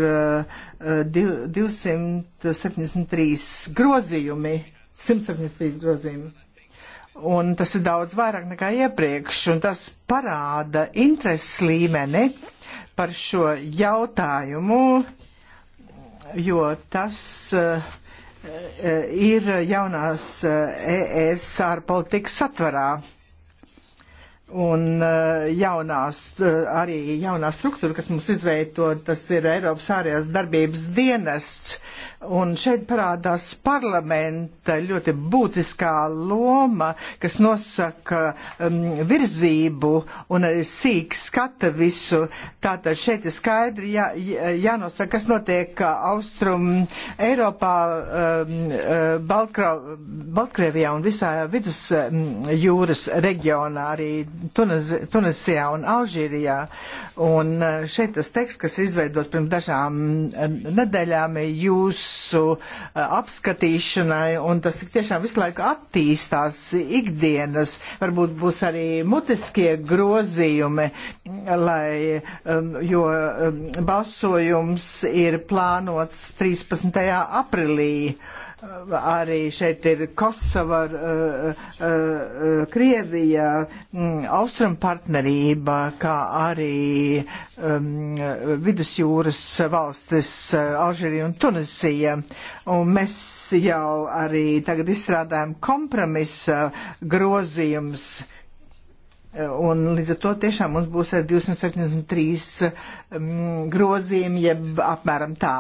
273 grozījumi, 173 grozījumi un tas ir daudz vairāk nekā iepriekš, un tas parāda intereses līmeni par šo jautājumu, jo tas uh, ir jaunās ES eh, e ārpolitikas satvarā. Un eh, jaunās, eh, arī jaunā struktūra, kas mums izveido, tas ir Eiropas ārējās darbības dienests. Un šeit parādās parlamenta ļoti būtiskā loma, kas nosaka um, virzību un arī sīk skata visu. Tātad šeit ir skaidri jā, jānosaka, kas notiek Austrum Eiropā, um, eh, Baltkra Baltkrievijā un visā vidus um, jūras reģionā arī Tunisijā un Alžīrijā. Un e, šeit tas teksts, kas izveidots pirms dažām e, nedēļām, ir jūsu e, apskatīšanai, un tas tiešām visu laiku attīstās ikdienas. Varbūt būs arī mutiskie grozījumi, lai, jo balsojums ir plānots 13. aprīlī. Uh, Arī šeit ir Kosova, eh, eh, Krievija, mm, Austrum partnerība, kā arī mm, vidusjūras valstis eh, Alžērija un Tunisija. Un mēs jau arī tagad izstrādājam kompromisa grozījums. Un līdz ar to tiešām mums būs 273 mm, grozījumi, jeb apmēram tā.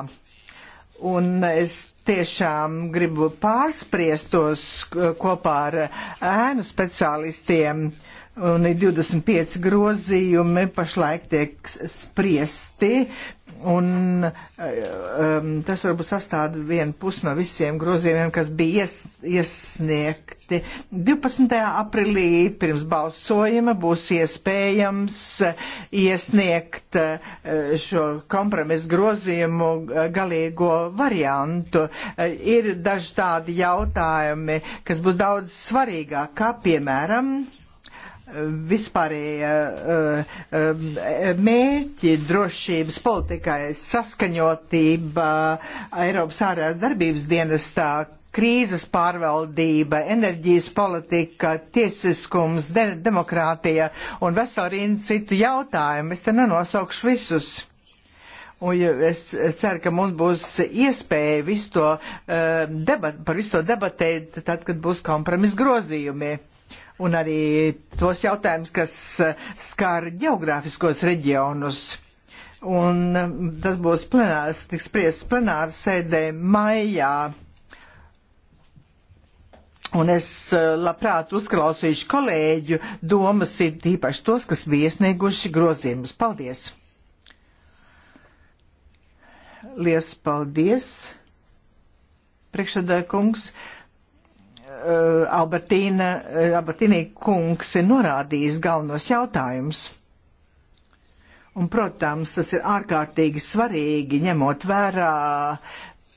Un es tiešām gribu pārspriest tos kopā ar ēnu speciālistiem. Un ir 25 grozījumi pašlaik tiek spriesti. Un eh, um, tas varbūt sastāv vienu pusi no visiem grozījumiem, kas bija ies, iesniegti. 12. aprilī pirms balsojuma būs iespējams eh, iesniegt uh, šo kompromisu grozījumu galīgo variantu. Uh, ir daži tādi jautājumi, kas būs daudz svarīgāk, kā piemēram vispārējie uh, uh, mērķi drošības politikai saskaņotība Eiropas ārējās darbības dienestā krīzes pārvaldība, enerģijas politika, tiesiskums, de demokrātija un vesela rinda citu jautājumu. Es te nenosaukšu visus. Un es ceru, ka mums būs iespēja visu to, uh, debat, par visu to debatēt, tad, kad būs kompromis grozījumi un arī tos jautājumus, kas eh, skar geogrāfiskos reģionus. Un eh, tas būs plenārs, tiks spriests plenāra sēdē maijā. Un es eh, labprāt uzklausīšu kolēģu domas, ir tīpaši tos, kas bija iesnieguši grozījumus. Paldies! Lies paldies, priekšsēdē kungs! Eh, Albertīna, eh, Albertīnī kungs ir norādījis galvenos jautājumus. Un, protams, tas ir ārkārtīgi svarīgi, ņemot vērā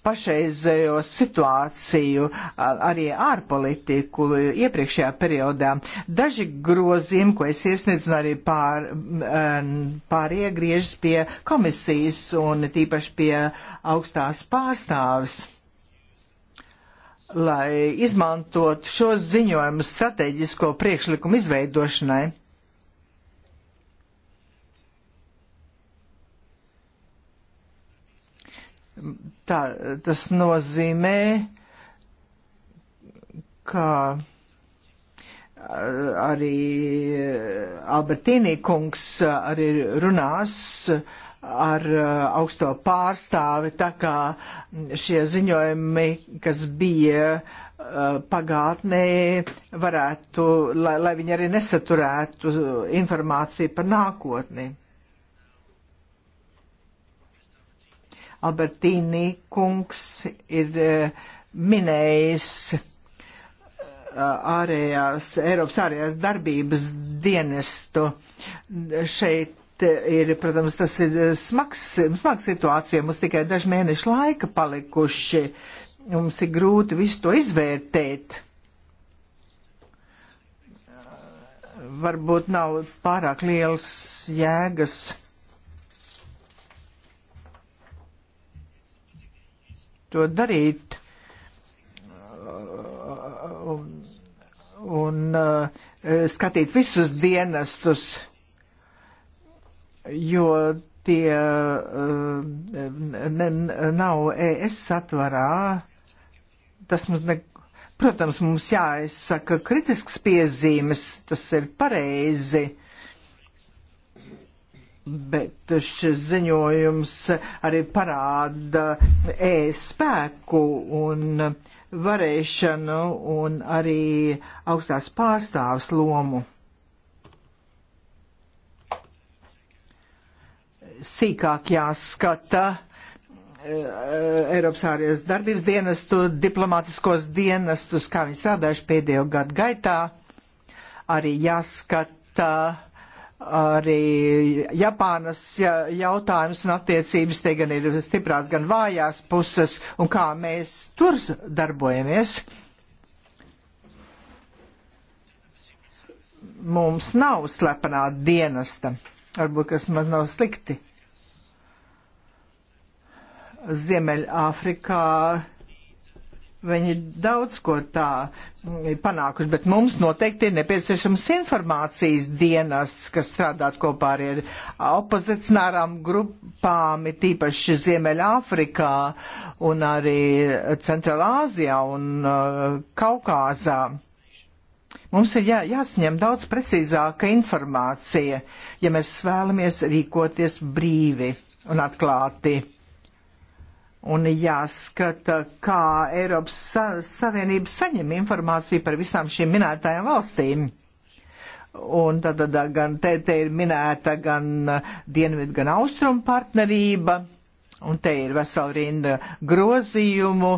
pašreizējo situāciju, arī ārpolitiku iepriekšējā periodā. Daži grozījumi, ko es iesniedzu, un arī pār, eh, pārie griežas pie komisijas un tīpaši pie augstās pārstāvis lai izmantot šos ziņojumus strateģisko priekšlikumu izveidošanai. Tā, tas nozīmē, ka arī Albertīnī kungs arī runās uh, ar uh, augsto pārstāvi, tā kā šie ziņojumi, kas bija uh, pagātnē, varētu, lai, lai viņi arī nesaturētu informāciju par nākotni. Albertīni kungs ir uh, minējis ārējās, Eiropas ārējās darbības dienestu. Šeit ir, protams, tas ir eh, smags, smags situācija, mums tikai daži mēneši laika palikuši, mums ir grūti visu to izvērtēt. Varbūt nav pārāk liels jēgas. To darīt. Un, un uh, skatīt visus dienestus. Uh, jo tie eh, ne, nav ES satvarā. Tas mums ne, protams, mums jāizsaka kritisks piezīmes, tas ir pareizi. Bet šis ziņojums arī parāda e-spēku un varēšanu un arī augstās pārstāvs lomu. sīkāk jāskata. Eh, eh, Eiropas ārējās darbības dienestu, diplomātiskos dienestus, kā viņi strādājuši pēdējo gadu gaitā. Arī jāskata arī Japānas jautājums un attiecības, te gan ir stiprās, gan vājās puses, un kā mēs tur darbojamies. Mums nav slepenā dienesta, varbūt kas maz nav slikti Ziemeļāfrikā viņi daudz ko tā panākuši, bet mums noteikti ir nepieciešams informācijas dienas, kas strādāt kopā ar opozicionārām grupām, ir tīpaši Ziemeļāfrikā un arī Centrālāzijā un uh, Kaukāzā. Mums ir jā, jāsņem daudz precīzāka informācija, ja mēs vēlamies rīkoties brīvi un atklāti un jāskata, kā Eiropas Savienība saņem informāciju par visām šīm minētajām valstīm. Un tad, tad gan te, te ir minēta gan uh, dienvidu, gan austrumu partnerība, un te ir vesela rinda grozījumu,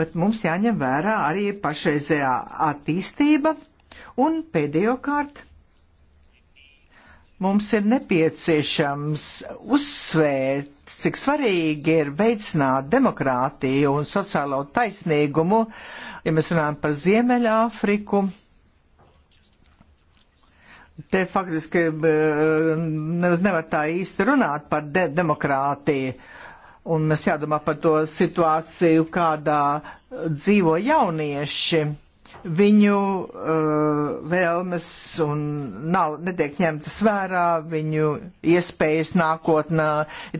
bet mums jāņem vērā arī pašreizējā attīstība, un pēdējo kārt mums ir nepieciešams uzsvērt fakts, cik svarīgi ir veicināt demokrātiju un sociālo taisnīgumu, ja mēs runājam par Ziemeļāfriku. Te faktiski eh, nemaz nevar tā īsti runāt par de demokrātiju. Un mēs jādomā par to situāciju, kādā dzīvo jaunieši viņu uh, vēlmes un nav, netiek ņemtas vērā, viņu iespējas nākotnē,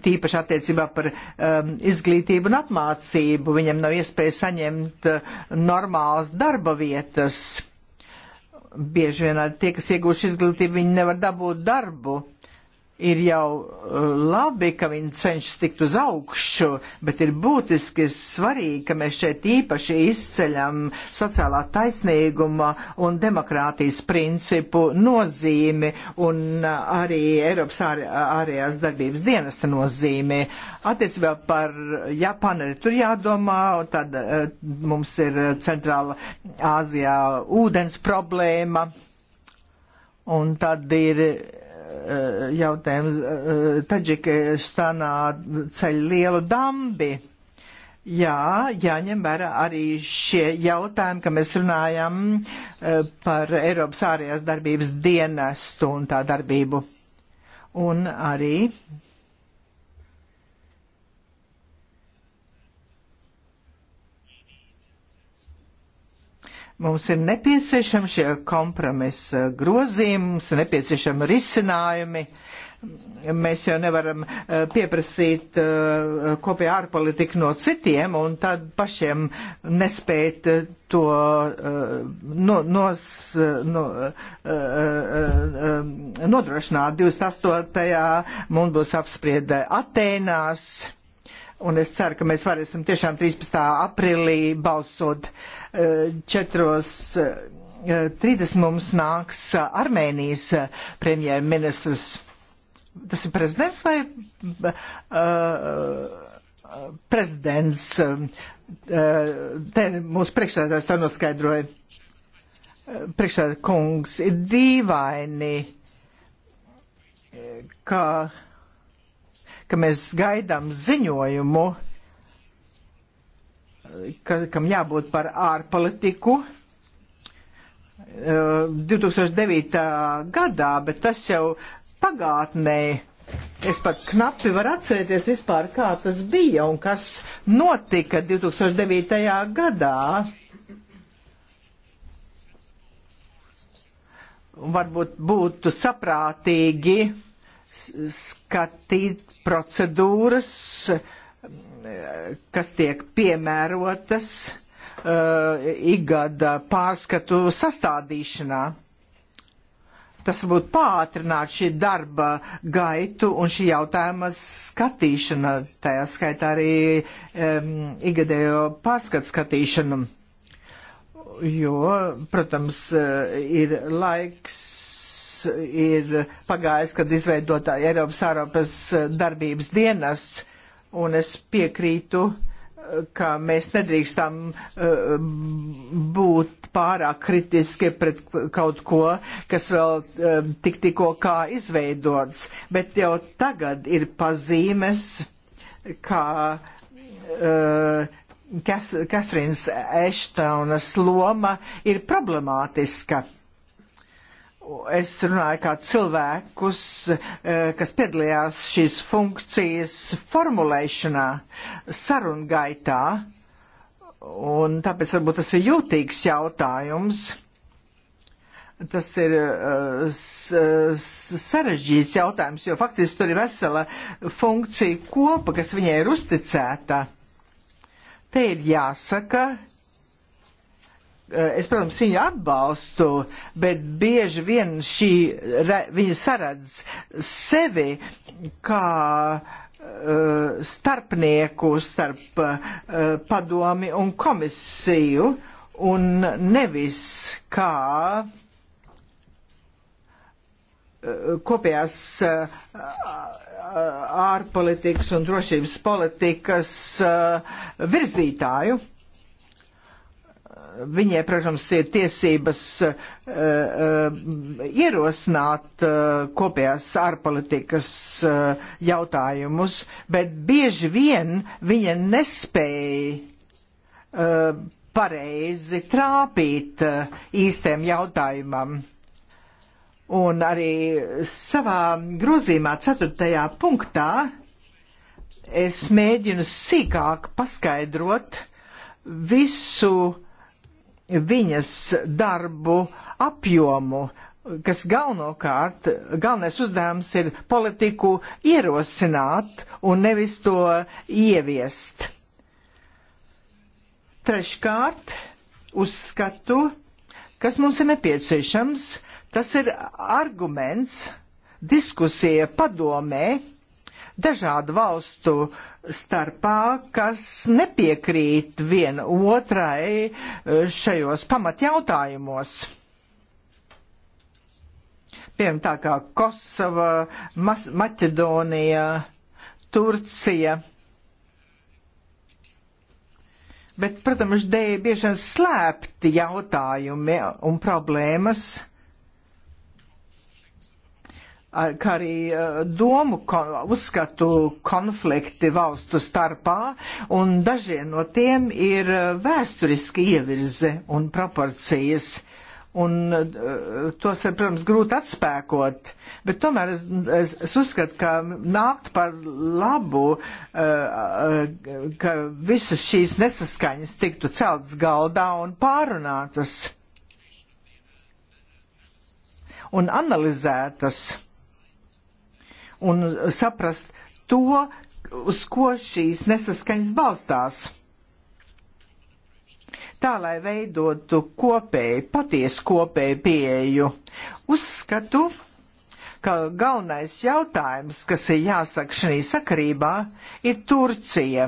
tīpaši attiecībā par um, izglītību un apmācību, viņam nav iespēja saņemt uh, normālas darba vietas. Bieži vien arī tie, kas iegūši izglītību, viņi nevar dabūt darbu. Uh, ir jau uh, labi, ka viņi cenšas tikt uz augšu, bet ir būtiski svarīgi, ka mēs šeit īpaši izceļam sociālā taisnīguma un demokrātijas principu nozīmi un uh, arī Eiropas ār, ārējās darbības dienesta nozīmi. Attiecībā par Japānu arī tur jādomā, un tad uh, mums ir centrāla Āzijā ūdens problēma. Un tad ir Eh, jautājums. Eh, Taģikistānā ceļ lielu dambi. Jā, jāņem vērā arī šie jautājumi, ka mēs runājam eh, par Eiropas ārējās darbības dienestu un tā darbību. Un arī Mums ir nepieciešami šie kompromisa grozījumi, mums ir nepieciešami risinājumi. Mēs jau nevaram eh, pieprasīt eh, kopēju ārpolitiku no citiem un tad pašiem nespēt eh, to no, nos, no, nodrošināt. 28. mums būs apspriede Atēnās Un es ceru, ka mēs varēsim tiešām 13. aprīlī balsot eh, četros. 30 eh, mums nāks eh, Armēnijas premjerministrs. Tas ir prezidents vai uh, prezidents? Uh, te mūsu priekšsēdētājs to noskaidroja. Priekšsēdētājs kungs ir dīvaini, ka. Uh, ka mēs gaidām ziņojumu, ka, kam jābūt par ārpolitiku. 2009. Eh, gadā, bet tas jau pagātnē. Es pat knapi varu atcerēties vispār, kā tas bija un kas notika 2009. gadā. Un varbūt būtu saprātīgi skatīt procedūras, kas tiek piemērotas uh, eh, igada pārskatu sastādīšanā. Tas varbūt pātrināt šī darba gaitu un šī jautājuma skatīšana, tajā skaitā arī um, igadējo pārskatu skatīšanu. Jo, protams, eh, ir laiks ir pagājis, kad izveidotā Eiropas ārāpas eh, darbības dienests, un es piekrītu, eh, ka mēs nedrīkstam eh, būt pārāk kritiski pret kaut ko, kas vēl tik tikko kā izveidots, bet jau tagad ir pazīmes, kā Katrīnas Eštaunas loma ir problemātiska Es runāju kā cilvēkus, eh, kas piedalījās šīs funkcijas formulēšanā, sarunu gaitā, un tāpēc varbūt tas ir jūtīgs jautājums. Tas ir eh, sarežģīts jautājums, jo faktiski tur ir vesela funkcija kopa, kas viņai ir uzticēta. Te ir jāsaka, uh, Eh, es, protams, viņu atbalstu, bet bieži vien šī, viņa saredz sevi kā eh, starpnieku starp eh, padomi un komisiju un nevis kā kopējās ārpolitikas un drošības politikas virzītāju viņai, protams, ir tiesības uh, uh, ierosināt uh, kopējās ārpolitikas uh, jautājumus, bet bieži vien viņa nespēja uh, pareizi trāpīt uh, īstiem jautājumam. Un arī savā grozīmā ceturtajā punktā es mēģinu sīkāk paskaidrot visu uh, viņas darbu apjomu, kas galvenokārt, galvenais uzdevums ir politiku ierosināt un nevis to ieviest. Treškārt, uzskatu, kas mums ir nepieciešams, tas ir arguments diskusija padomē dažādu valstu starpā, kas nepiekrīt viena otrai e, šajos pamatjautājumos. Piemēram, tā kā Kosova, Mas Maķedonija, Turcija. Bet, protams, dēļ bieži slēpti jautājumi un problēmas ar, kā arī eh, domu uzskatu konflikti valstu starpā, un dažie no tiem ir eh, vēsturiski ievirze un proporcijas. Un eh, tos ir, protams, grūti atspēkot, bet tomēr es, es, es uzskatu, ka nākt par labu, ka visas šīs nesaskaņas tiktu celtas galdā un pārunātas un analizētas un saprast to, uz ko šīs nesaskaņas balstās. Tā, lai veidotu kopēju, patiesu kopēju pieeju, uzskatu, ka galvenais jautājums, kas ir jāsaka šī sakarībā, ir Turcija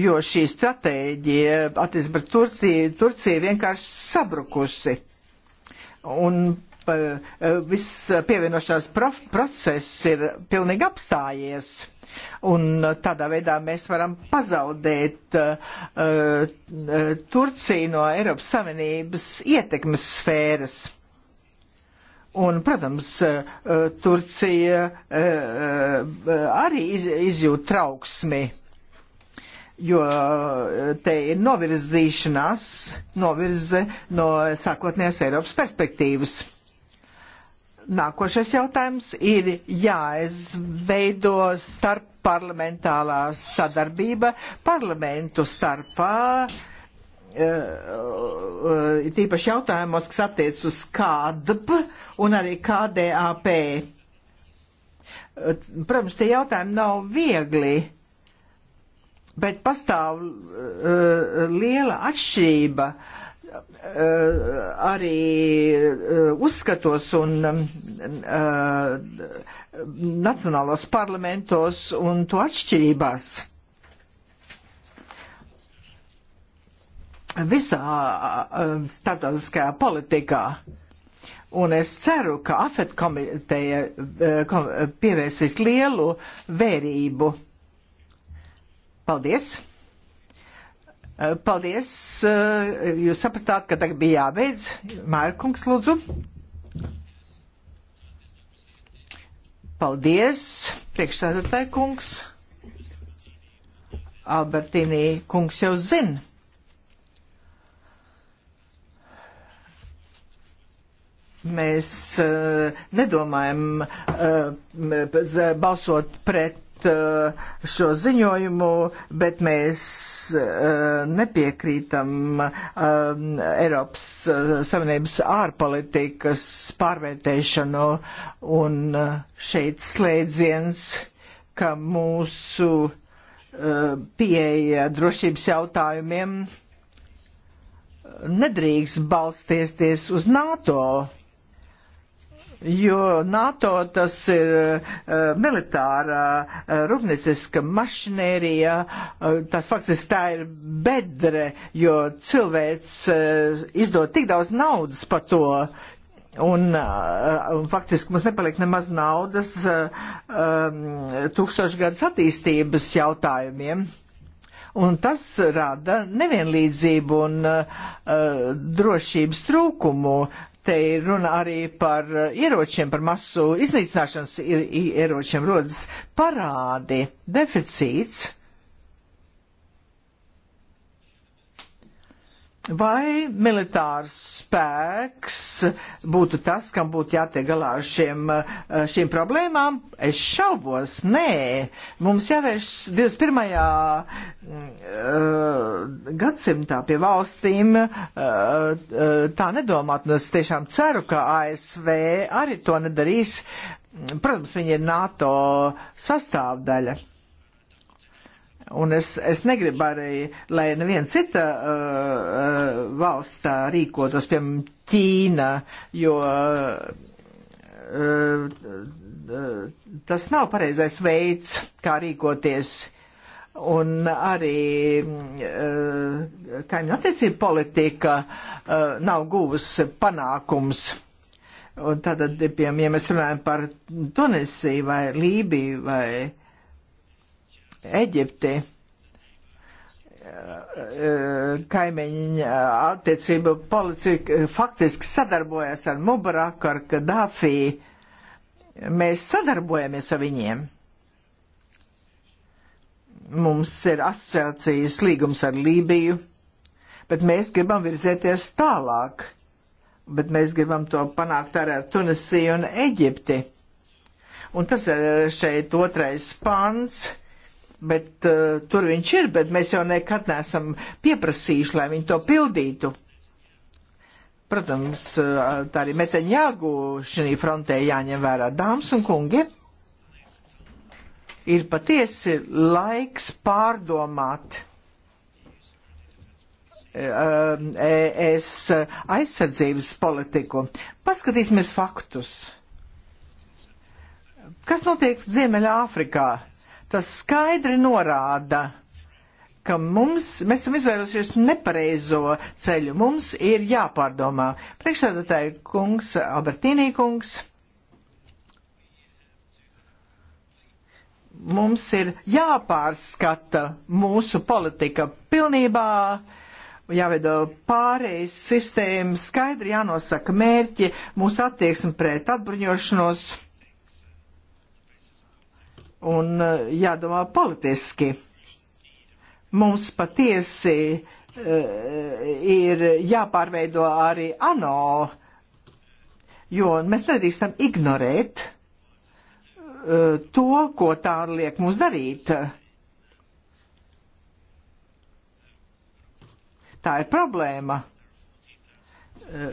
jo šī stratēģija attiecībā pret Turciju, Turcija vienkārši sabrukusi. Un Eh, viss pievienošanās process ir pilnīgi apstājies. Un tādā veidā mēs varam pazaudēt uh, Turciju no Eiropas Savienības ietekmes sfēras. Un, protams, uh, Turcija uh, arī iz, izjūt trauksmi, jo te ir novirzīšanās, novirze no sākotnējās Eiropas perspektīvas. Nākošais jautājums ir jāizveido starp parlamentārā sadarbība parlamentu starpā. Eh, eh, Tīpaši jautājumos, kas attiec uz KADB un arī KDAP. Eh, protams, tie jautājumi nav viegli, bet pastāv liela atšķirība uh, Eh, arī eh, uzskatos un eh, nacionālos parlamentos un to atšķirībās. Visā starptautiskajā politikā. Un es ceru, ka AFET komiteja pievērsīs lielu vērību. Paldies! Eh, paldies! Eh, jūs sapratāt, ka tagad bija jābeidz. Mērkungs, lūdzu. Paldies, priekšstādātāji kungs. Albertīnī kungs jau zina. Mēs uh, nedomājam uh, balsot pret pieņemt uh, šo ziņojumu, bet mēs uh, nepiekrītam um, Eiropas uh, Savienības ārpolitikas pārvērtēšanu un šeit slēdziens, ka mūsu pieeja drošības jautājumiem nedrīkst balstiesties uz NATO jo NATO tas ir uh, militāra uh, rūpnieciska mašinērija, uh, tas faktiski tā ir bedre, jo cilvēks uh, izdod tik daudz naudas par to. Un, uh, un faktiski mums nepaliek nemaz naudas uh, um, tūkstošgadus attīstības jautājumiem. Un tas rada nevienlīdzību un uh, drošības trūkumu te ir runa arī par uh, ieročiem, par masu iznīcināšanas ieročiem rodas parādi, deficīts Vai militārs spēks būtu tas, kam būtu jātiek galā ar šiem, eh, šīm problēmām? Es šaubos, nē. Mums jāvērš 21. Uh, eh, gadsimtā pie valstīm uh, tā nedomāt, un nu, es tiešām ceru, ka ASV arī to nedarīs. Protams, viņi ir NATO sastāvdaļa. Un es, es negribu arī, lai neviena cita uh, uh, valsts tā rīkotos, piemēram, Ķīna, jo uh, uh, tas nav pareizais veids, kā rīkoties. Un arī uh, kaimiņu attiecību politika uh, nav guvusi panākums. Un tātad, piemēram, ja mēs runājam par Tunisiju vai Lībiju vai uh, Eģipti kaimiņu attiecību policija faktiski sadarbojas ar Mubaraku, ar Kadāfī. Mēs sadarbojamies ar viņiem. Mums ir asociācijas līgums ar Lībiju, bet mēs gribam virzēties tālāk. Bet mēs gribam to panākt arī ar Tunisiju un Eģipti. Un tas ir šeit otrais pants bet uh, tur viņš ir, bet mēs jau nekad neesam pieprasījuši, lai viņi to pildītu. Protams, uh, tā arī meteņāgu šī frontē jāņem vērā dāmas un kungi. Ir patiesi laiks pārdomāt uh, es aizsardzības politiku. Paskatīsimies faktus. Kas notiek Ziemeļā Āfrikā? Tas skaidri norāda, ka mums, mēs esam izvērusies nepareizo ceļu. Mums ir jāpārdomā. Priekšsēdētāji kungs, Albertīnī kungs. Mums ir jāpārskata mūsu politika pilnībā, jāveido pārējais sistēma, skaidri jānosaka mērķi, mūsu attieksme pret atbruņošanos un eh, jādomā politiski. Mums patiesi eh, ir jāpārveido arī ANO, jo mēs nedrīkstam ignorēt eh, to, ko tā liek mums darīt. Tā ir problēma. Uh,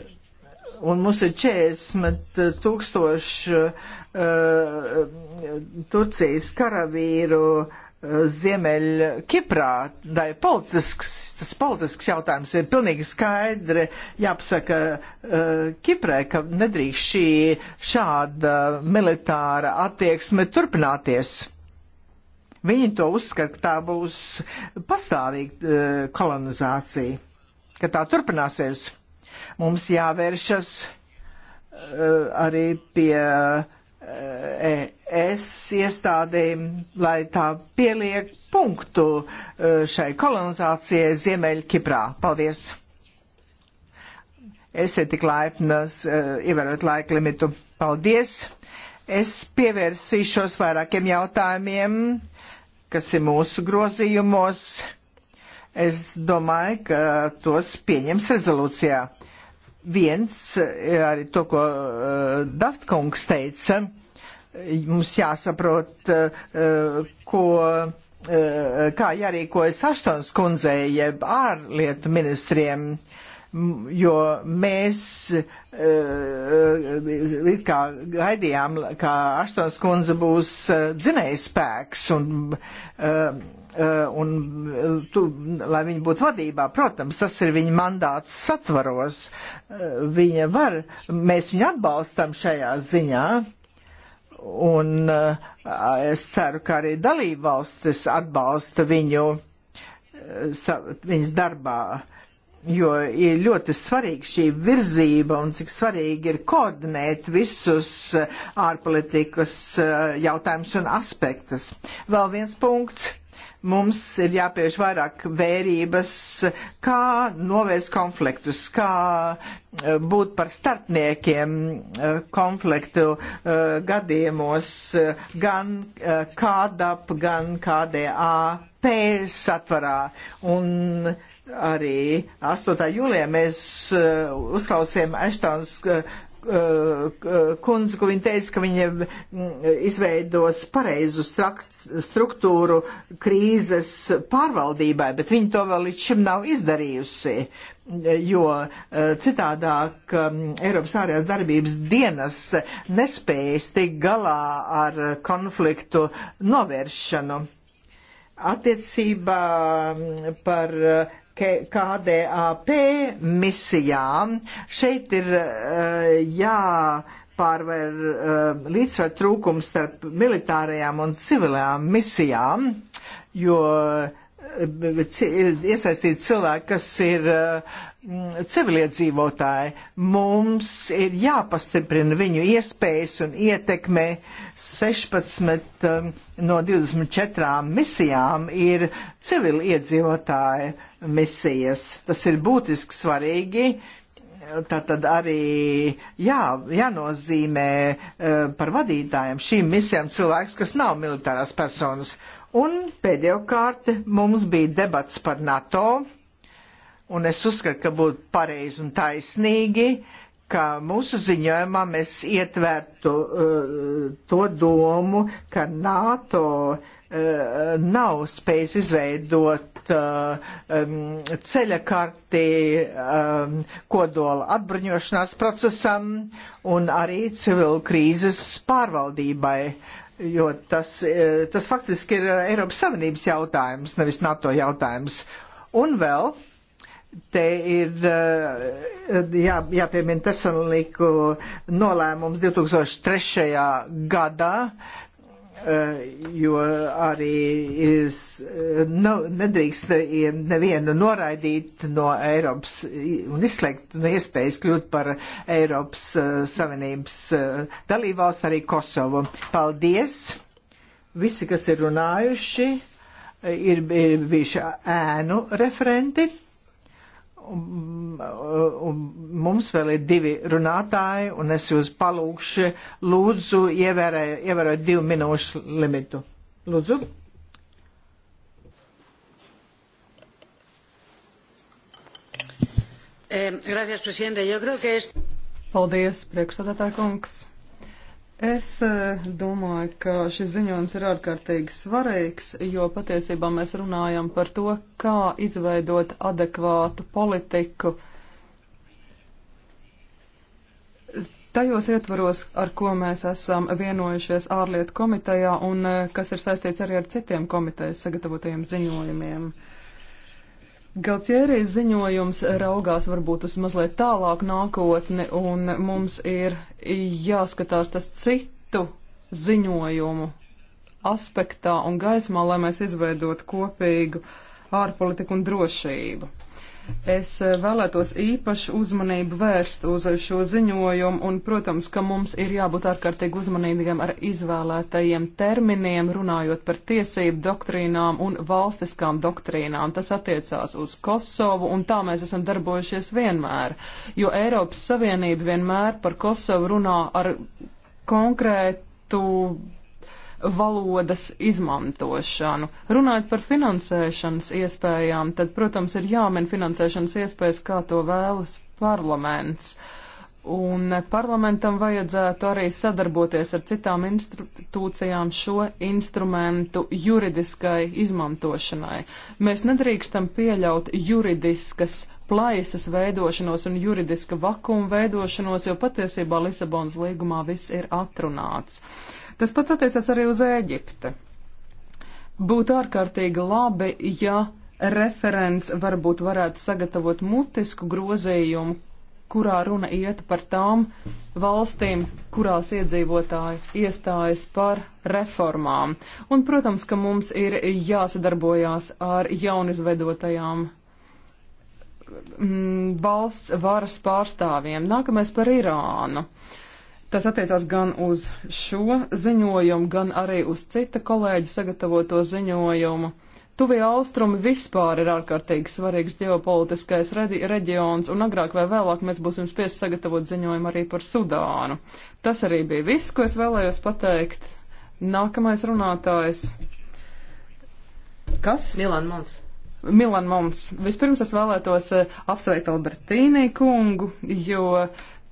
un mums ir 40 tūkstoši uh, Turcijas karavīru uh, Ziemeļ Kiprā, tai politisks, tas politisks jautājums ir pilnīgi skaidri jāpasaka uh, Kiprē, ka nedrīkst šī šāda militāra attieksme turpināties. Viņi to uzskata, ka tā būs pastāvīga uh, kolonizācija, ka tā turpināsies. Mums jāvēršas eh, arī pie es eh, e iestādēm, lai tā pieliek punktu eh, šai kolonizācijai Ziemeļkiprā. Paldies! Esiet tik laipnas, ievērot laika limitu. Paldies! Es pievērsīšos vairākiem jautājumiem, kas ir mūsu grozījumos. Es domāju, ka tos pieņems rezolūcijā viens, eh, arī to, ko uh, Daftkungs teica, mums jāsaprot, uh, ko, uh, kā jārīkojas Aštons kundzei, jeb ārlietu ministriem, jo mēs it kā gaidījām, ka Aštons kundze būs dzinējspēks un Eh, un eh, tu, lai viņi būtu vadībā, protams, tas ir viņa mandāts satvaros. Eh, viņa var, mēs viņu atbalstam šajā ziņā. Un es ceru, ka arī dalībvalstis atbalsta viņu, viņas darbā, jo ir ļoti svarīga šī virzība un cik svarīgi ir koordinēt visus ārpolitikas jautājumus un aspektus. Vēl viens punkts mums ir jāpievērš vairāk vērības, kā novērst konfliktus, kā eh, būt par starpniekiem eh, konfliktu eh, gadījumos gan KDAP, gan KDAP satvarā. Un arī 8. jūlijā mēs uzklausījām Eštons Eh, kundzi, ko viņa teica, ka viņa mm, izveidos pareizu struktūru krīzes pārvaldībai, bet viņa to vēl līdz šim nav izdarījusi, jo eh, citādāk mm, Eiropas ārējās darbības dienas nespējas tikt galā ar konfliktu novēršanu attiecībā mm, par eh, KDAP misijām šeit ir jā eh, jāpārvar eh, līdzsver trūkums starp militārajām un civilajām misijām, jo iesaistīt cilvēki, kas ir mm, civiliedzīvotāji. Mums ir jāpastiprina viņu iespējas un ietekmē 16 um, no 24 misijām ir civiliedzīvotāji misijas. Tas ir būtiski svarīgi. Tātad arī jā, jānozīmē uh, par vadītājiem šīm misijām cilvēks, kas nav militārās personas. Un pēdējo kārti mums bija debats par NATO, un es uzskatu, ka būtu pareizi un taisnīgi, ka mūsu ziņojumā mēs ietvērtu uh, eh, to domu, ka NATO uh, nav spējis izveidot uh, um, ceļa karti um, kodola atbruņošanās procesam un arī civilu krīzes pārvaldībai. Uh, jo tas, e, tas faktiski ir Eiropas Savienības jautājums, nevis NATO jautājums. Un vēl te ir e, jā, jāpiemina Tesaloniku nolēmums 2003. gadā, Eh, jo arī es, eh, nu, nedrīkst eh, nevienu noraidīt no Eiropas un izslēgt no iespējas kļūt par Eiropas Savienības dalībvalsts arī Kosovu. Paldies! Visi, kas ir runājuši, ir, ir bijuši ēnu referenti. Un, un mums vēl ir divi runātāji, un es jūs palūkšu, lūdzu, ievērēju, ievērēju divu minūšu limitu. Lūdzu. Eh, Paldies, priekšsādātāja kungs. Es eh, domāju, ka šis ziņojums ir ārkārtīgi svarīgs, jo patiesībā mēs runājam par to, kā izveidot adekvātu politiku tajos ietvaros, ar ko mēs esam vienojušies ārlietu komitejā un eh, kas ir saistīts arī ar citiem komitejas sagatavotajiem ziņojumiem. Uh, Galtjērijas ziņojums raugās varbūt uz mazliet tālāk nākotni, un mums ir jāskatās tas citu ziņojumu aspektā un gaismā, lai mēs izveidotu kopīgu ārpolitiku un drošību. Es eh, vēlētos īpašu uzmanību vērst uz šo ziņojumu, un, protams, ka mums ir jābūt ārkārtīgi uzmanīgiem ar izvēlētajiem terminiem, runājot par tiesību doktrīnām un valstiskām doktrīnām. Tas attiecās uz Kosovu, un tā mēs esam darbojušies vienmēr, jo Eiropas Savienība vienmēr par Kosovu runā ar konkrētu valodas izmantošanu. Runājot par finansēšanas iespējām, tad, protams, ir jāmin finansēšanas iespējas, kā to vēlas parlaments. Un parlamentam vajadzētu arī sadarboties ar citām institūcijām šo instrumentu juridiskai izmantošanai. Mēs nedrīkstam pieļaut juridiskas plaisas veidošanos un juridiska vakuma veidošanos, jo patiesībā Lisabonas līgumā viss ir atrunāts. Uh, Tas pats attiecas arī uz Ēģipti. Būtu ārkārtīgi labi, ja referents varbūt varētu sagatavot mutisku grozījumu, kurā runa iet par tām valstīm, kurās iedzīvotāji iestājas par reformām. Un, protams, ka mums ir jāsadarbojās ar jaunizvedotajām mm, valsts varas pārstāvjiem. Nākamais par Irānu. Tas attiecās gan uz šo ziņojumu, gan arī uz cita kolēģa sagatavoto ziņojumu. Tuvie austrumi vispār ir ārkārtīgi svarīgs ģeopolitiskais reģions, un agrāk vai vēlāk mēs būsim spiesti sagatavot ziņojumu arī par Sudānu. Tas arī bija viss, ko es vēlējos pateikt. Nākamais runātājs. Kas? Milan Mons. Milan Mons. Vispirms es vēlētos eh, apsveikt Albertīnī kungu, jo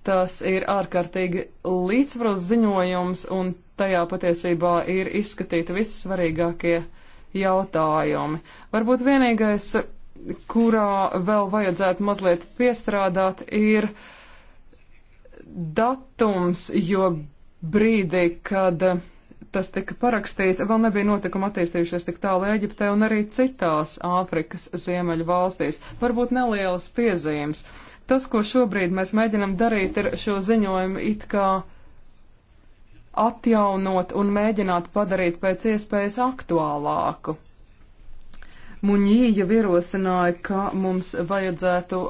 tas ir ārkārtīgi līdzsvaros ziņojums, un tajā patiesībā ir izskatīti vissvarīgākie jautājumi. Varbūt vienīgais, kurā vēl vajadzētu mazliet piestrādāt, ir datums, jo brīdī, kad tas tika parakstīts, vēl nebija notikuma attīstījušies tik tālu Eģiptē un arī citās Āfrikas ziemeļu valstīs. Varbūt nelielas piezīmes. Uh, Tas, ko šobrīd mēs mēģinam darīt, ir šo ziņojumu it kā atjaunot un mēģināt padarīt pēc iespējas aktuālāku. Muņīja virosināja, ka mums vajadzētu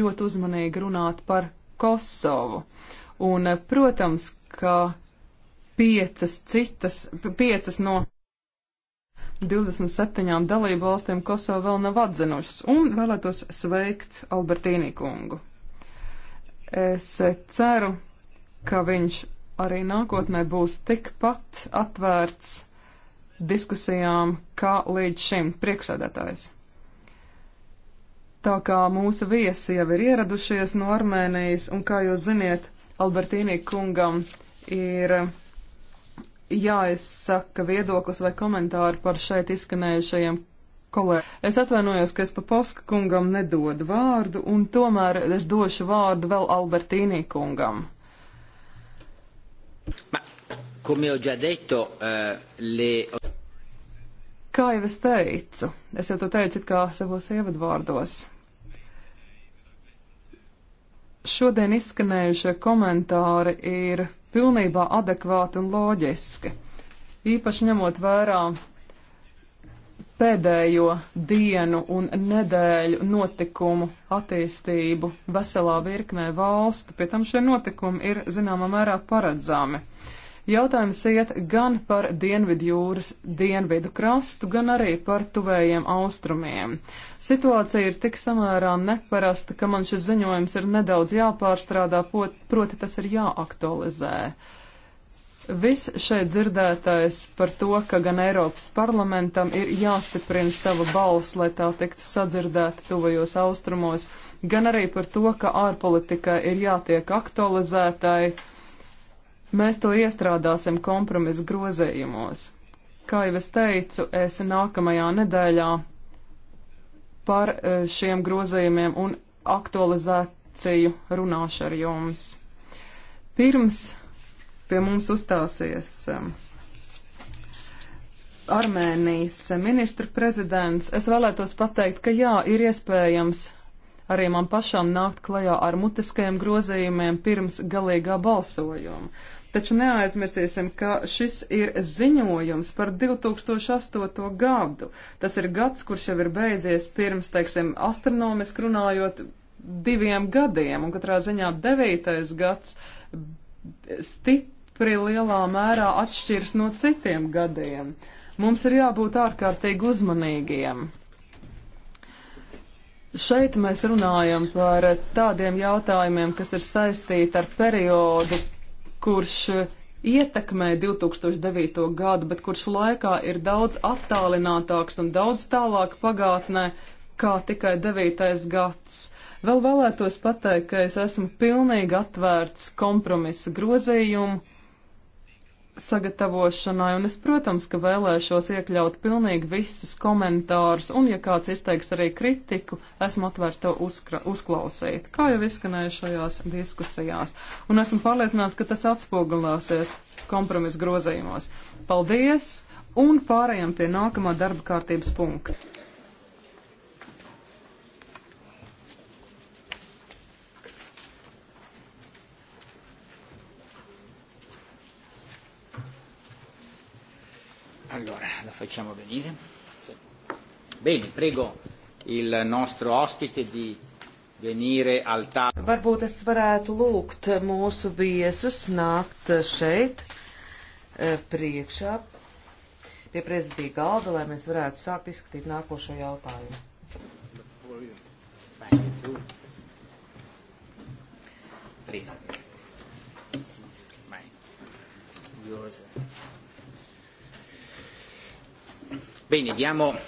ļoti uzmanīgi runāt par Kosovu. Un, protams, ka piecas citas, piecas no 27 dalību valstīm Kosovo vēl nav atzinušas, un vēlētos sveikt Albertīnī kungu. Es ceru, ka viņš arī nākotnē būs tikpat atvērts diskusijām kā līdz šim priekšsēdētājs. Tā kā mūsu viesi jau ir ieradušies no Armēnijas, un kā jūs ziniet, Albertīnī kungam ir jāizsaka viedoklis vai komentāri par šeit izskanējušajiem kolēģiem. Es atvainojos, ka es Papovska kungam nedodu vārdu, un tomēr es došu vārdu vēl Albertīnī kungam. Ma, come ho già detto, uh, le... Kā jau es teicu, es jau to teicu kā savos ievadvārdos. Šodien izskanējušie komentāri ir pilnībā adekvāti un loģiski. Īpaši ņemot vērā pēdējo dienu un nedēļu notikumu attīstību veselā virknē valstu, pie tam šie notikumi ir zināmā mērā paredzami. Uh, Jautājums iet gan par dienvidu jūras dienvidu krastu, gan arī par tuvējiem austrumiem. Situācija ir tik samērā neparasta, ka man šis ziņojums ir nedaudz jāpārstrādā, pot, proti tas ir jāaktualizē. Viss šeit dzirdētais par to, ka gan Eiropas parlamentam ir jāstiprina sava balss, lai tā tiktu sadzirdēta tuvajos austrumos, gan arī par to, ka ārpolitikai ir jātiek aktualizētai Mēs to iestrādāsim kompromisa grozējumos. Kā jau es teicu, es nākamajā nedēļā par e, šiem grozējumiem un aktualizāciju runāšu ar jums. Pirms pie mums uzstāsies e, Armēnijas ministru prezidents, es vēlētos pateikt, ka jā, ir iespējams arī man pašām nākt klajā ar mutiskajiem grozījumiem pirms galīgā balsojuma. Taču neaizmirsīsim, ka šis ir ziņojums par 2008. gadu. Tas ir gads, kurš jau ir beidzies pirms, teiksim, astronomiski runājot, diviem gadiem, un katrā ziņā devītais gads stipri lielā mērā atšķirs no citiem gadiem. Mums ir jābūt ārkārtīgi uzmanīgiem. Šeit mēs runājam par tādiem jautājumiem, kas ir saistīti ar periodu kurš eh, ietekmē 2009. gadu, bet kurš laikā ir daudz attālinātāks un daudz tālāk pagātnē kā tikai 9. gads. Vēl vēlētos pateikt, ka es esmu pilnīgi atvērts kompromisu grozījumu sagatavošanai, un es, protams, ka vēlēšos iekļaut pilnīgi visus komentārus, un, ja kāds izteiks arī kritiku, esmu atvērts to uzkra, uzklausīt, kā jau izskanēja šajās diskusijās, un esmu pārliecināts, ka tas atspogulāsies kompromisu grozījumos. Paldies, un pārējām pie nākamā darba kārtības punkta. Allora, la facciamo venire. Sì. Bene, prego il nostro ospite di venire al tavolo. Varbūt es varētu lūgt mūsu viesus nākt šeit priekšā pie prezidija galda, lai mēs varētu sākt izskatīt nākošo jautājumu. Please. Yours. Bene, diamo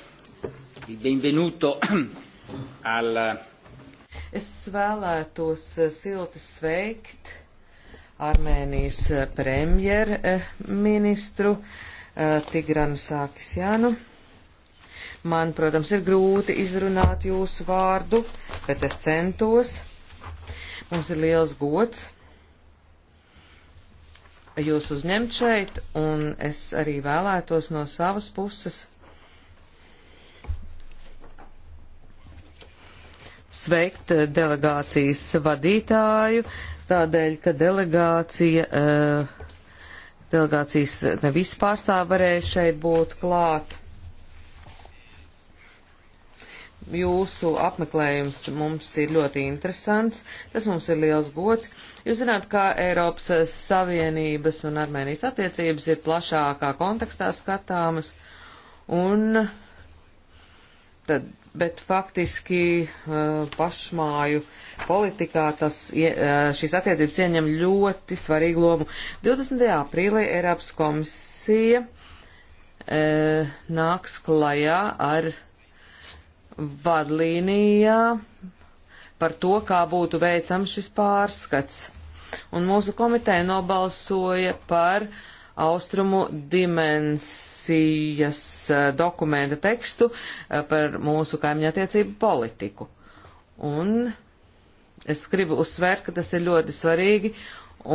il benvenuto al. Es vēlētos eh, silti sveikt Armēnijas eh, premjerministru eh, Tigranu Sākisjanu. Man, protams, ir grūti izrunāt jūsu vārdu, bet es centos. Mums ir liels gods jūs uzņemt šeit, un es arī vēlētos no savas puses sveikt eh, delegācijas vadītāju, tādēļ, ka delegācija, eh, delegācijas eh, nevis pārstāv varēja šeit būt klāt. Jūsu apmeklējums mums ir ļoti interesants, tas mums ir liels gods. Jūs zināt, kā Eiropas Savienības un Armēnijas attiecības ir plašākā kontekstā skatāmas, un tad bet faktiski eh, pašmāju politikā tas, eh, šīs attiecības ieņem ļoti svarīgu lomu. 20. aprīlī Eiropas komisija eh, nāks klajā ar vadlīnijā par to, kā būtu veicams šis pārskats. Un mūsu komiteja nobalsoja par uh, austrumu dimensijas eh, dokumenta tekstu eh, par mūsu kaimiņattiecību politiku. Un es gribu uzsvērt, ka tas ir ļoti svarīgi,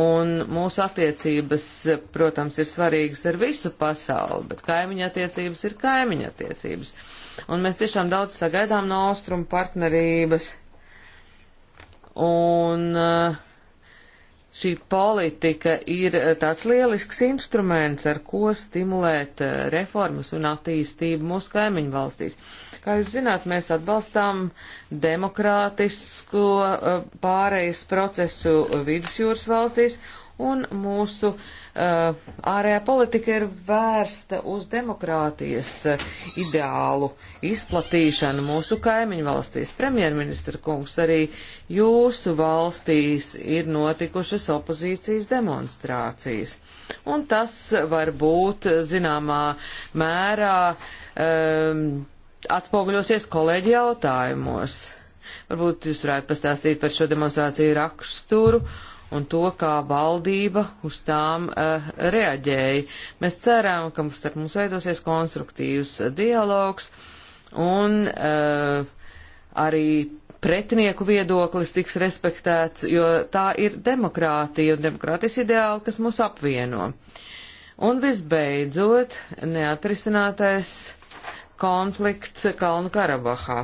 un mūsu attiecības, eh, protams, ir svarīgas ar visu pasauli, bet kaimiņattiecības ir kaimiņattiecības. Un mēs tiešām daudz sagaidām no austrumu partnerības. Un uh, šī politika ir eh, tāds lielisks instruments, ar ko stimulēt eh, reformas un attīstību mūsu kaimiņu valstīs. Kā jūs zināt, mēs atbalstām demokrātisko eh, pārejas procesu vidusjūras valstīs un mūsu uh, ārējā politika ir vērsta uz demokrātijas uh, ideālu izplatīšanu mūsu kaimiņu valstīs. Premjerministra kungs, arī jūsu valstīs ir notikušas opozīcijas demonstrācijas. Un tas var būt zināmā mērā um, atspoguļosies kolēģi jautājumos. Varbūt jūs varētu pastāstīt par šo demonstrāciju raksturu un to, kā valdība uz tām uh, reaģēja. Mēs ceram, ka starp mums veidosies konstruktīvs dialogs un uh, arī pretinieku viedoklis tiks respektēts, jo tā ir demokrātija un demokrātijas ideāli, kas mūs apvieno. Un visbeidzot, neatrisinātais konflikts Kalnu Karabahā.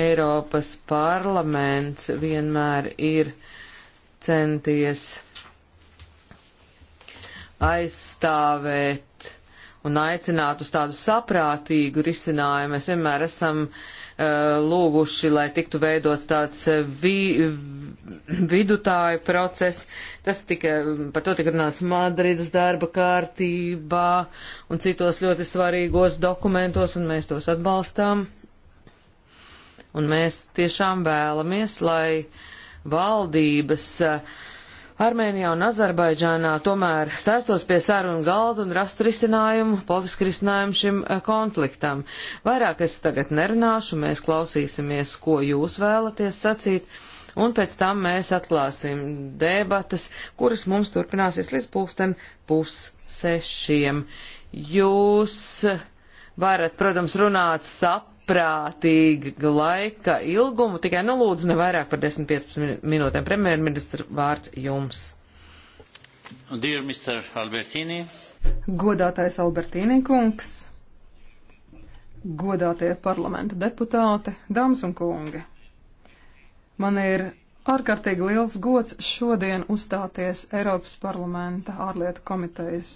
Eiropas parlaments vienmēr ir centies aizstāvēt un aicināt uz tādu saprātīgu risinājumu. Mēs vienmēr esam uh, lūguši, lai tiktu veidots tāds eh, vi, vidutāju process. Tas tika, par to tika runāts Madridas darba kārtībā un citos ļoti svarīgos dokumentos, un mēs tos atbalstām. Un mēs tiešām vēlamies, lai uh, valdības eh, Armēnijā un Azerbaidžānā tomēr sēstos pie sarunu galda un rastu risinājumu, politisku risinājumu šim eh, konfliktam. Vairāk es tagad nerunāšu, mēs klausīsimies, ko jūs vēlaties sacīt, un pēc tam mēs atklāsim debatas, kuras mums turpināsies līdz pulksten pussešiem. Jūs varat, protams, runāt sap saprātīgu laika ilgumu, tikai nu lūdzu ne vairāk par 10-15 minūtēm. Premjerministra vārds jums. Dear Mr. Albertini. Godātais Albertīni kungs, godātie parlamenta deputāti, dāmas un kungi. Man ir ārkārtīgi liels gods šodien uzstāties Eiropas parlamenta ārlietu komitejas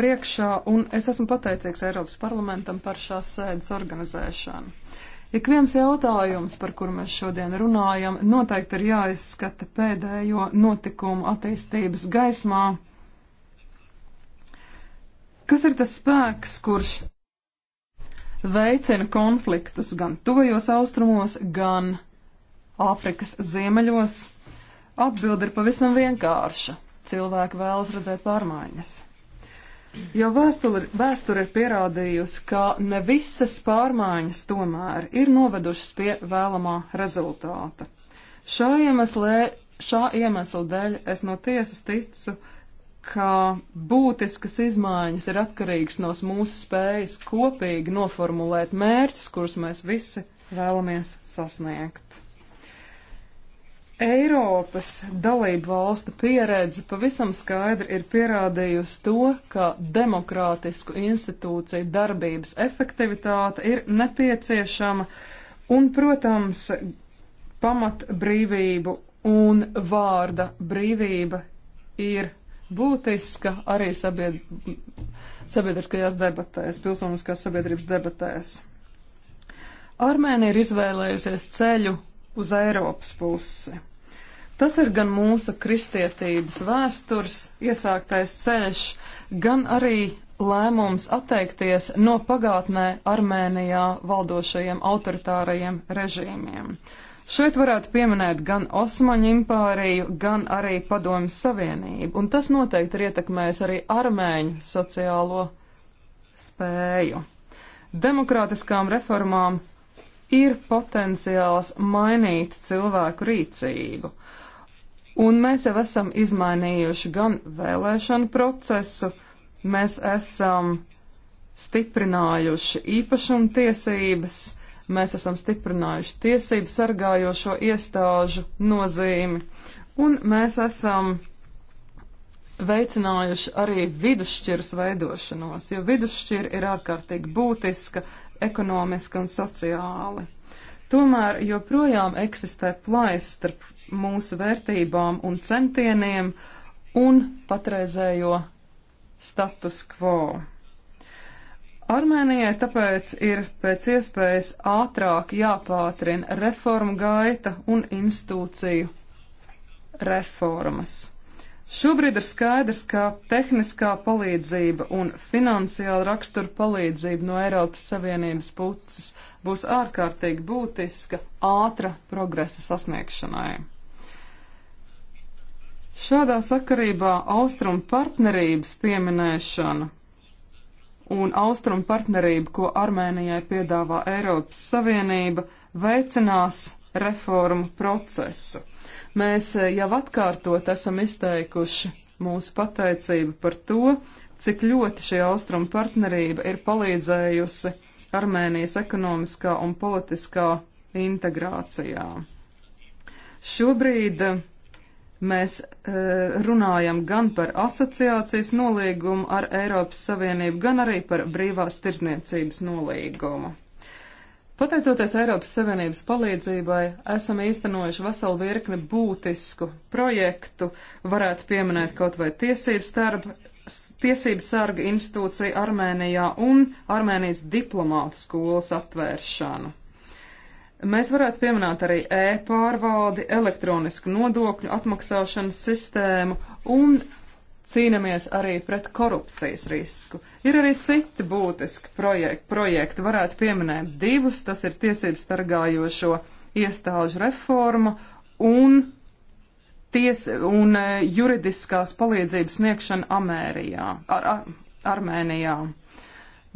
priekšā, un es esmu pateicīgs Eiropas parlamentam par šās sēdes organizēšanu. Ik viens jautājums, par kuru mēs šodien runājam, noteikti ir jāizskata pēdējo notikumu attīstības gaismā. Kas ir tas spēks, kurš veicina konfliktus gan tuvajos austrumos, gan Āfrikas ziemeļos? Atbilde ir pavisam vienkārša. Cilvēki vēlas redzēt pārmaiņas. Jo vēsture, vēsture ir pierādījusi, ka ne visas pārmaiņas tomēr ir novedušas pie vēlamā rezultāta. Šā iemesla, šā iemesla dēļ es no tiesas ticu, ka būtiskas izmaiņas ir atkarīgas no mūsu spējas kopīgi noformulēt mērķus, kurus mēs visi vēlamies sasniegt. Eiropas dalību valstu pieredze pavisam skaidri ir pierādījusi to, ka demokrātisku institūciju darbības efektivitāte ir nepieciešama un, protams, pamatbrīvību un vārda brīvība ir būtiska arī sabied... sabiedriskajās debatēs, pilsoniskās sabiedrības debatēs. Armēnija ir izvēlējusies ceļu uz Eiropas pusi. Tas ir gan mūsu kristietības vēstures iesāktais ceļš, gan arī lēmums atteikties no pagātnē Armēnijā valdošajiem autoritārajiem režīmiem. Šeit varētu pieminēt gan Osmaņu impāriju, gan arī Padomju Savienību, un tas noteikti ir ietekmējis arī armēņu sociālo spēju. Demokrātiskām reformām ir potenciāls mainīt cilvēku rīcību. Un mēs jau esam izmainījuši gan vēlēšanu procesu, mēs esam stiprinājuši īpašuma tiesības, mēs esam stiprinājuši tiesību sargājošo iestāžu nozīmi, un mēs esam veicinājuši arī vidusšķiras veidošanos, jo vidusšķira ir ārkārtīgi būtiska, ekonomiska un sociāli. Tomēr joprojām eksistē plaisa starp mūsu vērtībām un centieniem un patreizējo status quo. Armēnijai tāpēc ir pēc iespējas ātrāk jāpātrina reformu gaita un institūciju reformas. Šobrīd ir skaidrs, ka tehniskā palīdzība un finansiāla rakstura palīdzība no Eiropas Savienības puses būs ārkārtīgi būtiska ātra progresa sasniegšanai. Šādā sakarībā austrumu partnerības pieminēšana un austrumu partnerība, ko Armēnijai piedāvā Eiropas Savienība, veicinās reformu procesu. Mēs jau atkārtot esam izteikuši mūsu pateicību par to, cik ļoti šī austrumu partnerība ir palīdzējusi Armēnijas ekonomiskā un politiskā integrācijā. Šobrīd Mēs e, runājam gan par asociācijas nolīgumu ar Eiropas Savienību, gan arī par brīvās tirzniecības nolīgumu. Pateicoties Eiropas Savienības palīdzībai, esam īstenojuši veselu virkni būtisku projektu, varētu pieminēt kaut vai tiesību starp tiesību sarga institūcija Armēnijā un Armēnijas diplomātu skolas atvēršanu. Mēs varētu pieminēt arī e-pārvaldi, elektronisku nodokļu atmaksāšanas sistēmu un cīnāmies arī pret korupcijas risku. Ir arī citi būtiski projekti, projekti varētu pieminēt divus, tas ir tiesību stargājošo iestāžu reforma un, ties, un e, juridiskās palīdzības sniegšana Amērijā, ar, ar, Armēnijā. Ar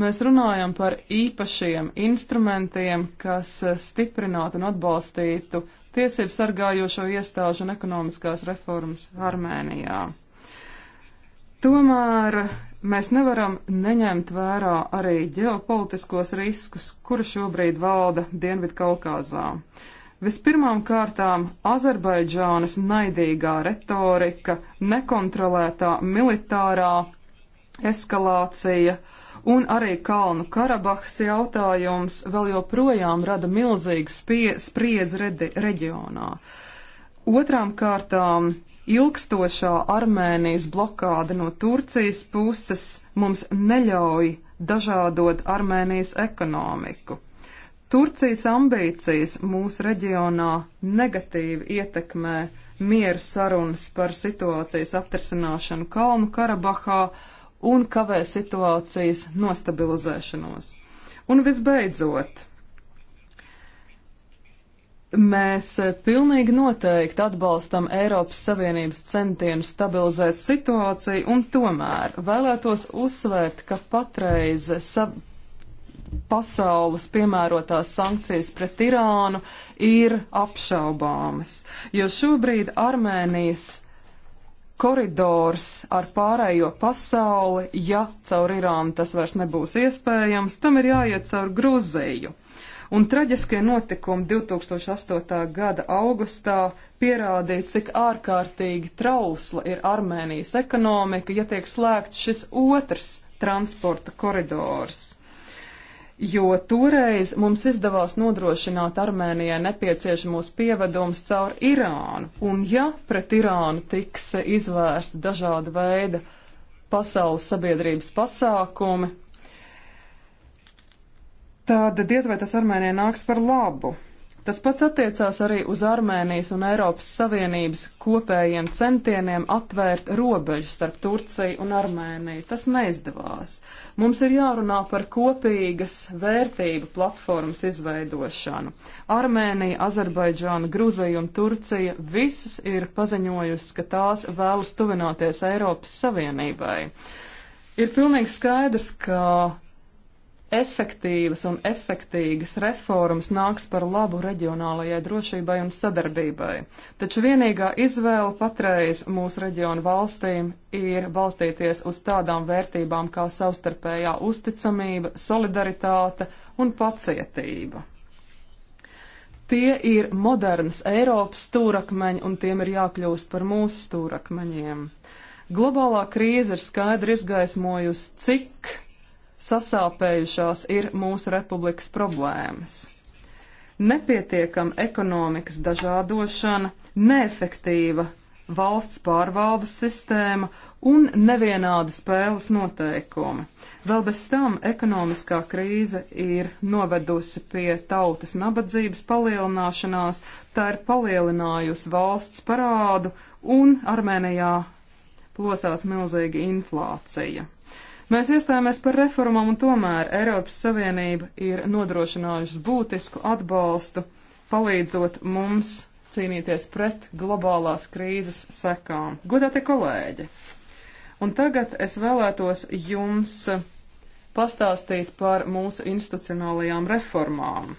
Mēs runājam par īpašiem instrumentiem, kas stiprinātu un atbalstītu tiesību sargājošo iestāžu un ekonomiskās reformas Armēnijā. Tomēr mēs nevaram neņemt vērā arī ģeopolitiskos riskus, kuri šobrīd valda Dienvidu Kaukāzā. Vispirmām kārtām Azerbaidžānas naidīgā retorika, nekontrolētā militārā eskalācija, uh, un arī Kalnu Karabahas jautājums vēl joprojām rada milzīgu spriedzi reģionā. Otrām kārtām ilgstošā Armēnijas blokāde no Turcijas puses mums neļauj dažādot Armēnijas ekonomiku. Turcijas ambīcijas mūsu reģionā negatīvi ietekmē miera sarunas par situācijas atrisināšanu Kalnu Karabahā un kavē situācijas nostabilizēšanos. Un visbeidzot, mēs pilnīgi noteikti atbalstam Eiropas Savienības centienu stabilizēt situāciju, un tomēr vēlētos uzsvērt, ka patreiz sab pasaules piemērotās sankcijas pret Irānu ir apšaubāmas, jo šobrīd Armēnijas koridors ar pārējo pasauli, ja caur Irānu tas vairs nebūs iespējams, tam ir jāiet caur Gruziju. Un traģiskie notikumi 2008. gada augustā pierādīja, cik ārkārtīgi trausla ir Armēnijas ekonomika, ja tiek slēgts šis otrs transporta koridors jo toreiz mums izdevās nodrošināt Armēnijai nepieciešamos pievedumus caur Irānu, un ja pret Irānu tiks izvērsta dažāda veida pasaules sabiedrības pasākumi, tad diez vai tas Armēnijai nāks par labu. Tas pats attiecās arī uz Armēnijas un Eiropas Savienības kopējiem centieniem atvērt robežu starp Turciju un Armēniju. Tas neizdevās. Mums ir jārunā par kopīgas vērtību platformas izveidošanu. Armēnija, Azerbaidžāna, Gruzija un Turcija visas ir paziņojusi, ka tās vēlas tuvināties Eiropas Savienībai. Ir pilnīgi skaidrs, ka efektīvas un efektīgas reformas nāks par labu reģionālajai drošībai un sadarbībai. Taču vienīgā izvēle patreiz mūsu reģionu valstīm ir balstīties uz tādām vērtībām kā savstarpējā uzticamība, solidaritāte un pacietība. Tie ir modernas Eiropas stūrakmeņi un tiem ir jākļūst par mūsu stūrakmeņiem. Globālā krīze ir skaidri izgaismojusi, cik sasāpējušās ir mūsu republikas problēmas. Nepietiekama ekonomikas dažādošana, neefektīva valsts pārvaldes sistēma un nevienādi spēles noteikumi. Vēl bez tam ekonomiskā krīze ir novedusi pie tautas nabadzības palielināšanās, tā ir palielinājusi valsts parādu un Armēnijā plosās milzīga inflācija. Mēs iestājāmies par reformām, un tomēr Eiropas Savienība ir nodrošinājusi būtisku atbalstu, palīdzot mums cīnīties pret globālās krīzes sekām. Godātie kolēģi! Un tagad es vēlētos jums pastāstīt par mūsu institucionālajām reformām.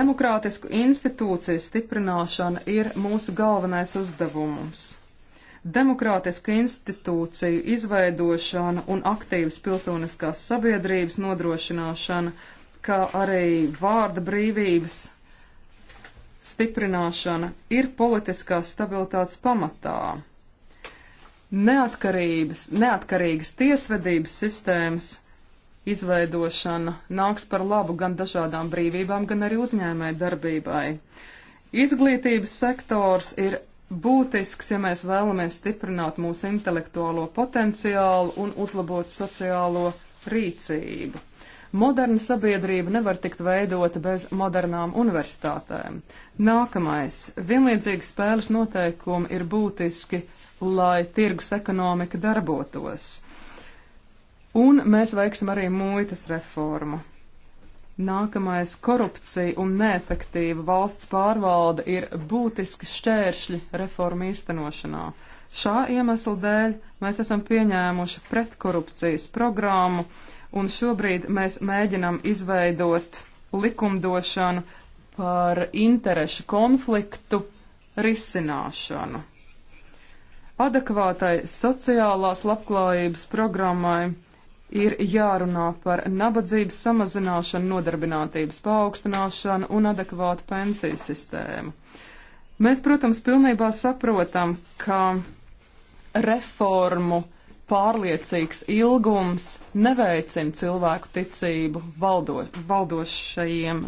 Demokrātisku institūciju stiprināšana ir mūsu galvenais uzdevums. Demokrātisku institūciju izveidošana un aktīvas pilsoniskās sabiedrības nodrošināšana, kā arī vārda brīvības stiprināšana ir politiskās stabilitātes pamatā. Neatkarības, neatkarīgas tiesvedības sistēmas izveidošana nāks par labu gan dažādām brīvībām, gan arī uzņēmē darbībai. Izglītības sektors ir būtisks, ja mēs vēlamies stiprināt mūsu intelektuālo potenciālu un uzlabot sociālo rīcību. Moderna sabiedrība nevar tikt veidota bez modernām universitātēm. Nākamais - vienlīdzīgi spēles noteikumi ir būtiski, lai tirgus ekonomika darbotos. Un mēs veiksim arī muitas reformu. Nākamais - korupcija un neefektīva valsts pārvalde ir būtiski šķēršļi reformu īstenošanā. Šā iemesla dēļ mēs esam pieņēmuši pretkorupcijas programmu, un šobrīd mēs mēģinam izveidot likumdošanu par interešu konfliktu risināšanu. Adekvātai sociālās labklājības programmai ir jārunā par nabadzības samazināšanu, nodarbinātības paaugstināšanu un adekvātu pensiju sistēmu. Mēs, protams, pilnībā saprotam, ka reformu pārliecīgs ilgums neveicina cilvēku ticību valdo, valdošajiem,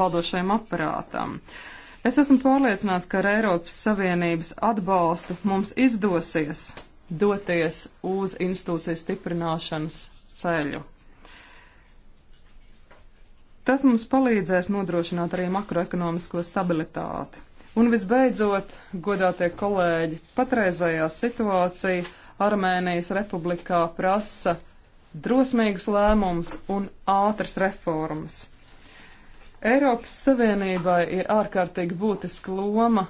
valdošajiem aparātam. Es esmu pārliecināts, ka ar Eiropas Savienības atbalstu mums izdosies doties uz institūcijas stiprināšanas ceļu. Tas mums palīdzēs nodrošināt arī makroekonomisko stabilitāti. Un visbeidzot, godātie kolēģi, patreizējā situācija Armēnijas republikā prasa drosmīgus lēmumus un ātras reformas. Eiropas Savienībai ir ārkārtīgi būtiska loma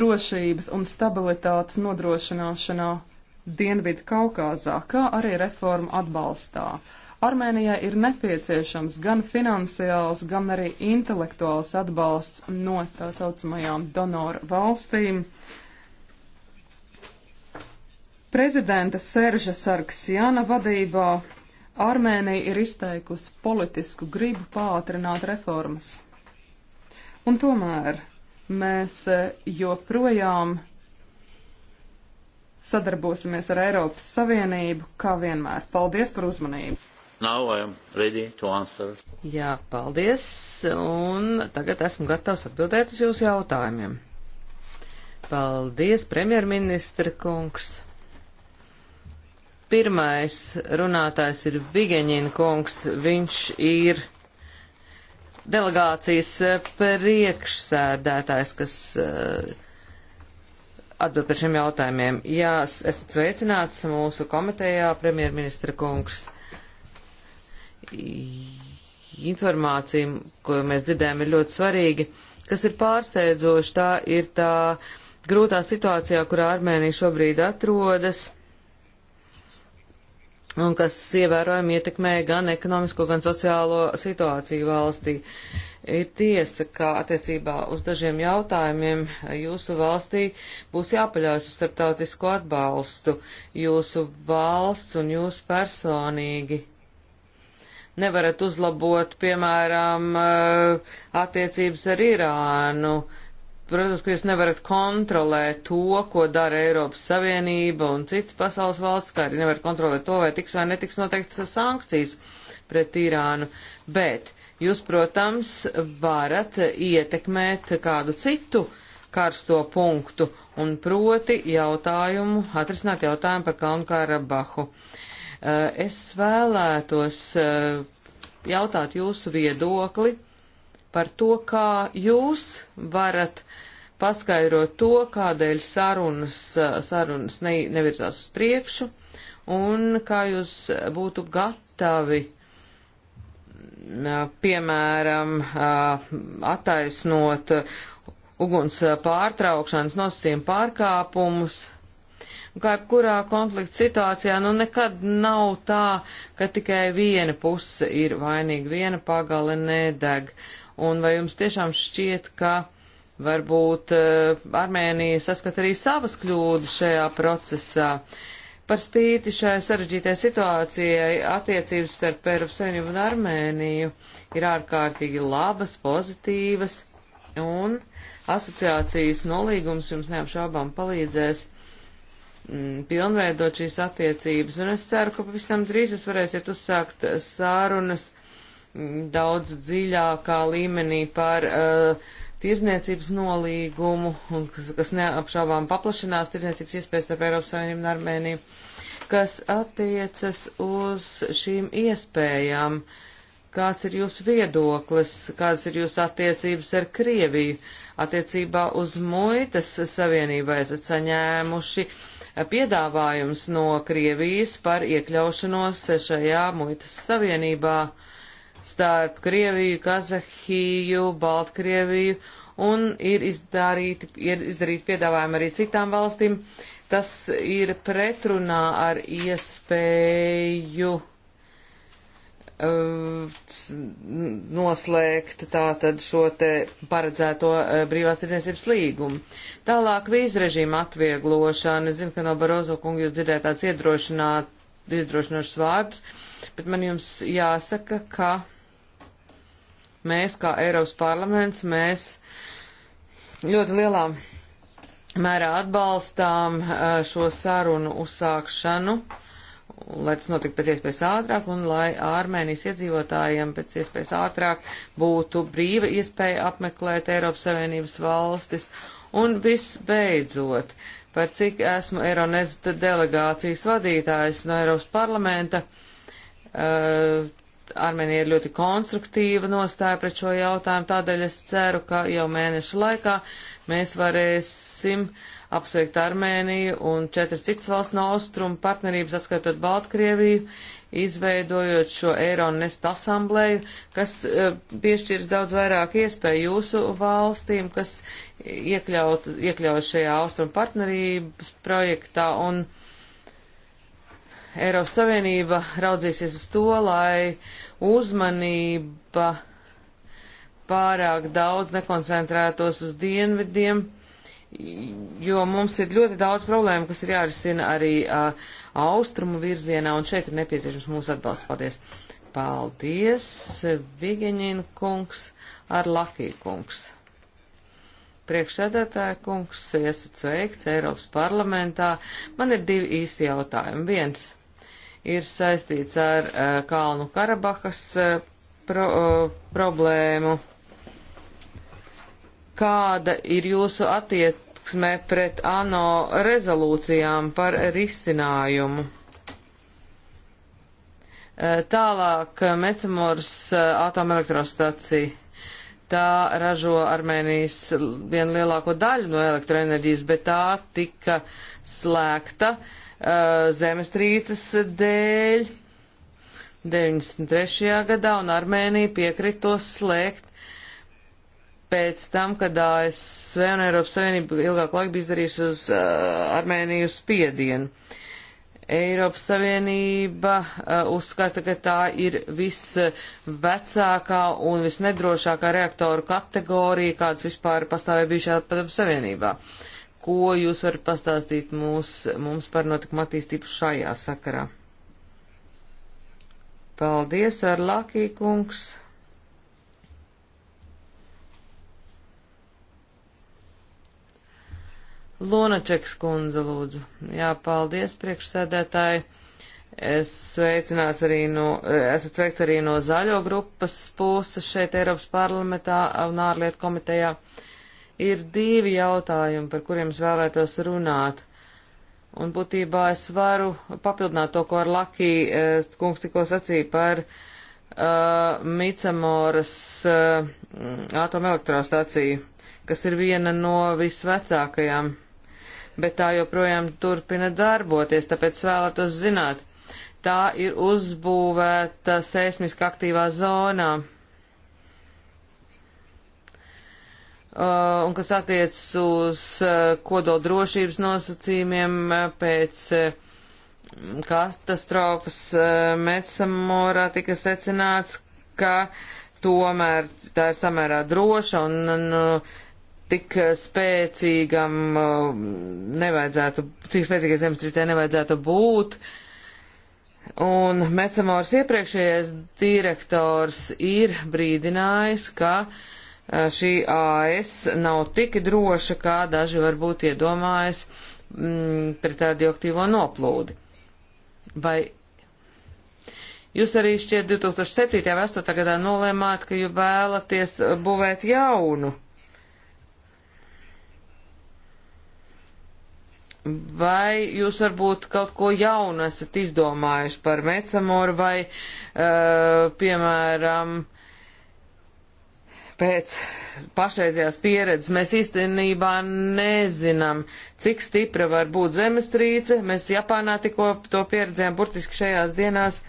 drošības un stabilitātes nodrošināšanā Dienvidu Kaukāzā, kā arī reformu atbalstā. Armēnijai ir nepieciešams gan finansiāls, gan arī intelektuāls atbalsts no tā saucamajām donoru valstīm. Prezidenta Serža Sarksjana vadībā Armēnija ir izteikusi politisku gribu pātrināt reformas. Un tomēr mēs eh, joprojām sadarbosimies ar Eiropas Savienību, kā vienmēr. Paldies par uzmanību! Jā, paldies, un tagad esmu gatavs atbildēt uz jūsu jautājumiem. Paldies, premjerministra kungs! Pirmais runātājs ir Vigeņina kungs, viņš ir delegācijas priekšsēdētājs, kas uh, atbild par šiem jautājumiem. Jā, esat sveicināts mūsu komitejā, premjerministra kungs. Informācija, ko mēs dzirdējām, ir ļoti svarīga. Kas ir pārsteidzoši, tā ir tā grūtā situācijā, kurā Armēnija šobrīd atrodas un kas ievērojami ietekmē gan ekonomisko, gan sociālo situāciju valstī. Uh, Ir tiesa, ka attiecībā uz dažiem jautājumiem jūsu valstī būs jāpaļaujas uz starptautisko atbalstu. Jūsu valsts un jūs personīgi nevarat uzlabot, piemēram, eh, attiecības ar Irānu. Protams, ka jūs nevarat kontrolēt to, ko dara Eiropas Savienība un citas pasaules valsts, kā arī nevarat kontrolēt to, vai tiks vai netiks noteikts sankcijas pret Irānu. Bet Jūs, protams, varat ietekmēt kādu citu karsto punktu un proti jautājumu, atrisināt jautājumu par Kalnu Karabahu. Eh, es vēlētos eh, jautāt jūsu viedokli par to, kā jūs varat paskaidrot to, kādēļ sarunas, eh, sarunas ne, nevirzās uz priekšu un kā jūs būtu gatavi uh, piemēram, attaisnot uguns pārtraukšanas nosacījumu pārkāpumus. Kā jebkurā konflikta situācijā, nu nekad nav tā, ka tikai viena puse ir vainīga, viena pagale nedeg. Un vai jums tiešām šķiet, ka varbūt e, Armēnija saskat arī savas kļūdas šajā procesā? Uh, Par spīti šai sarežģītajai situācijai attiecības starp Eiropas Savienību un Armēniju ir ārkārtīgi labas, pozitīvas, un asociācijas nolīgums jums neapšaubām palīdzēs mm, pilnveidot šīs attiecības, un es ceru, ka pavisam drīz jūs varēsiet uzsākt sārunas mm, daudz dziļākā līmenī par uh, tirzniecības nolīgumu, un kas, kas neapšaubām paplašinās tirzniecības iespējas starp Eiropas Savienību un Armēniju, kas attiecas uz šīm iespējām. Kāds ir jūsu viedoklis, kādas ir jūsu attiecības ar Krieviju? Attiecībā uz muitas savienību esat saņēmuši piedāvājums no Krievijas par iekļaušanos šajā muitas savienībā. Uh, starp Krieviju, Kazahiju, Baltkrieviju un ir izdarīti, ir izdarīti piedāvājumi arī citām valstīm. Tas ir pretrunā ar iespēju eh, noslēgt tātad šo te paredzēto eh, brīvās tirdzniecības līgumu. Tālāk vīzrežīma atvieglošana. Es zinu, ka no Barozo kungu jūs dzirdēt tāds iedrošināts vārdus bet man jums jāsaka, ka mēs, kā Eiropas parlaments, mēs ļoti lielā mērā atbalstām uh, šo sarunu uzsākšanu, lai tas notiktu pēc iespējas ātrāk un lai Armēnijas iedzīvotājiem pēc iespējas ātrāk būtu brīva iespēja apmeklēt Eiropas Savienības valstis. Un visbeidzot, par cik esmu Eironest delegācijas vadītājs no Eiropas parlamenta, uh, Eh, Armēnija ir ļoti konstruktīva nostāja pret šo jautājumu, tādēļ es ceru, ka jau mēnešu laikā mēs varēsim apsveikt Armēniju un četras citas valsts no austrumu partnerības, atskaitot Baltkrieviju, izveidojot šo Eironest asamblēju, kas eh, piešķirs daudz vairāk iespēju jūsu valstīm, kas iekļaut, iekļaut šajā austrumu partnerības projektā un projektā Eiropas Savienība raudzīsies uz to, lai uzmanība pārāk daudz nekoncentrētos uz dienvidiem, jo mums ir ļoti daudz problēmu, kas ir jārisina arī uh, austrumu virzienā, un šeit ir nepieciešams mūsu atbalsts. Paldies! Paldies, Vigeņina kungs ar Lakī kungs. Priekšsēdētāja kungs, esat sveikts Eiropas parlamentā. Man ir divi īsi jautājumi. Viens ir saistīts ar uh, Kalnu Karabahas uh, pro, uh, problēmu. Kāda ir jūsu attieksme pret ANO rezolūcijām par risinājumu? Uh, tālāk Mecamors uh, atomelektrostacija. Tā ražo Armēnijas vienu lielāko daļu no elektroenerģijas, bet tā tika slēgta uh, Eh, zemestrīces dēļ 93. gadā un Armēnija piekritos slēgt pēc tam, kad ASV un Eiropas Savienība ilgāk laika bija izdarījusi uz uh, Armēniju spiedienu. Eiropas Savienība uh, uzskata, ka tā ir visvecākā un visnedrošākā reaktoru kategorija, kāds vispār pastāvēja bijušajā padomu Savienībā. Uh, Ko jūs varat pastāstīt mūs, mums par notikumu attīstību šajā sakarā? Paldies, Arlakī kungs! Lunačeks kundze, lūdzu. Jā, paldies, priekšsēdētāji. Es sveicināts arī no, esat sveikts arī no zaļo grupas puses šeit Eiropas parlamentā un ārlietu komitejā. Uh, ir divi jautājumi, par kuriem es vēlētos runāt. Un būtībā es varu papildināt to, ko ar Laki eh, kungs tikko sacīja par uh, Micamoras uh, eh, atomelektrostaciju, kas ir viena no visvecākajām, bet tā joprojām turpina darboties, tāpēc vēlētos zināt. Tā ir uzbūvēta seismiski aktīvā zonā. Uh, Uh, un kas attiecas uz uh, kodoldrošības nosacījumiem uh, pēc katastrofas Metsamorā tika secināts, ka tomēr tā ir samērā droša un, un tik spēcīgam nevajadzētu, cik spēcīgai zemestrīcē nevajadzētu būt. Un Metsamors iepriekšējais direktors ir brīdinājis, ka uh, Eh, šī AS nav tik droša, kā daži varbūt iedomājas mm, pret radioaktīvo noplūdi. Vai jūs arī šķiet 2007. vai 2008. gadā nolēmāt, ka jūs vēlaties būvēt jaunu? Vai jūs varbūt kaut ko jaunu esat izdomājuši par mecamoru vai, uh, piemēram, pēc pašreizējās pieredzes mēs īstenībā nezinām, cik stipra var būt zemestrīce. Mēs Japānā tikko to pieredzējām burtiski šajās dienās.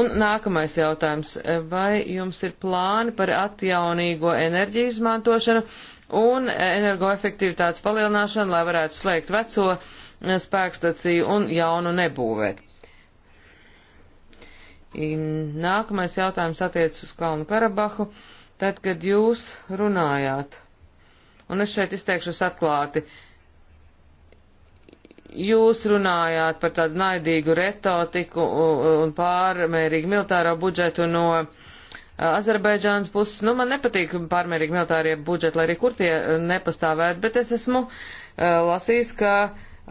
Un nākamais jautājums. Vai jums ir plāni par atjaunīgo enerģiju izmantošanu un energoefektivitātes palielināšanu, lai varētu slēgt veco spēkstaciju un jaunu nebūvēt? Nākamais jautājums attiecas uz Kalnu Karabahu. Uh, tad, kad jūs runājāt, un es šeit izteikšos atklāti, jūs runājāt par tādu naidīgu retotiku un pārmērīgu militāro budžetu no Azerbaidžānas puses. Nu, man nepatīk pārmērīgi militārie budžeti, lai arī kur tie nepastāvētu, bet es esmu uh, lasījis, ka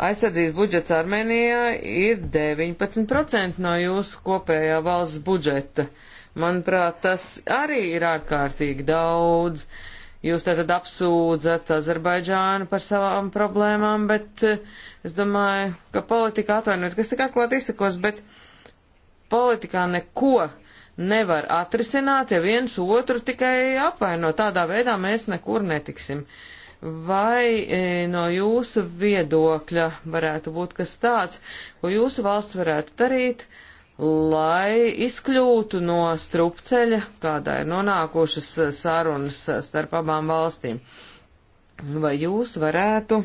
aizsardzības budžets Armēnijā ir 19% no jūsu kopējā valsts budžeta. Uh, Manuprāt, tas arī ir ārkārtīgi daudz. Jūs tātad apsūdzat Azerbaidžānu par savām problēmām, bet eh, es domāju, ka politika atvainot, kas tik atklāti izsakos, bet politikā neko nevar atrisināt, ja viens otru tikai apvaino. Tādā veidā mēs nekur netiksim. Vai e, no jūsu viedokļa varētu būt kas tāds, ko jūsu valsts varētu darīt, lai izkļūtu no strupceļa, kādā ir nonākušas sarunas starp abām valstīm. Vai jūs varētu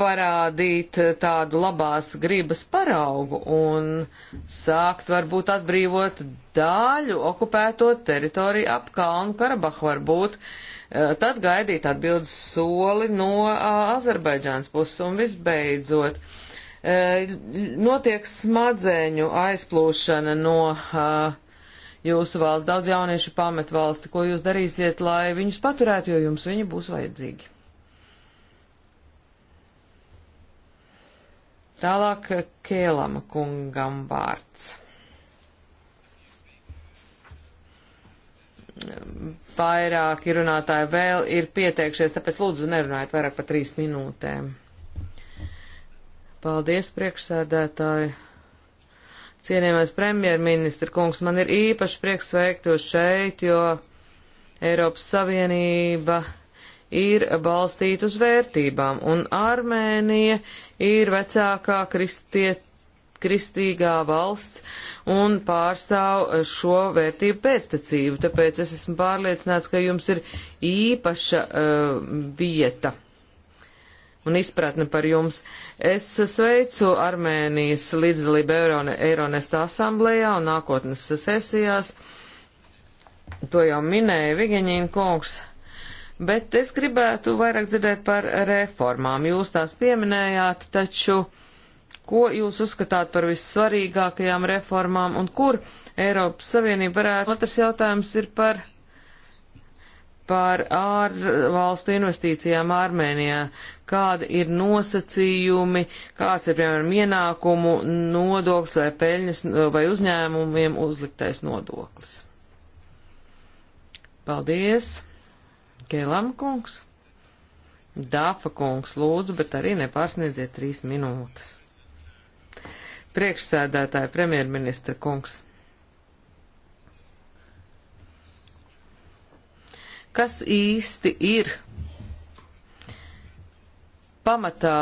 parādīt tādu labās gribas paraugu un sākt varbūt atbrīvot daļu okupēto teritoriju ap Kalnu Karabahu varbūt, e, tad gaidīt atbildes soli no Azerbaidžānas puses un visbeidzot. Uh, Notiek smadzeņu aizplūšana no jūsu valsts. Daudz jauniešu pamet valsti. Ko jūs darīsiet, lai viņus paturētu, jo jums viņi būs vajadzīgi? Tālāk Kēlama kungam vārds. Vairāki runātāji vēl ir pieteikšies, tāpēc lūdzu nerunājiet vairāk par trīs minūtēm. Paldies, priekšsēdētāji. Cienījamais premjerministra kungs, man ir īpaši prieks sveikt jūs šeit, jo Eiropas Savienība ir balstīta uz vērtībām, un Armēnija ir vecākā kristiet, kristīgā valsts un pārstāv šo vērtību pēctecību, tāpēc es esmu pārliecināts, ka jums ir īpaša uh, vieta un izpratni par jums. Es sveicu Armēnijas līdzdalību Eironesta asamblējā un nākotnes sesijās. To jau minēja Vigeņīna kungs. Bet es gribētu vairāk dzirdēt par reformām. Jūs tās pieminējāt, taču ko jūs uzskatāt par vissvarīgākajām reformām un kur Eiropas Savienība varētu? Otrs jautājums ir par, par ārvalstu investīcijām Armēnijā kādi ir nosacījumi, kāds ir, piemēram, ienākumu nodoklis vai peļņas vai uzņēmumiem uzliktais nodoklis. Paldies, Kēlam kungs. Dāfa kungs, lūdzu, bet arī nepārsniedziet trīs minūtes. Priekšsēdētāja premjerministra kungs. Kas īsti ir pamatā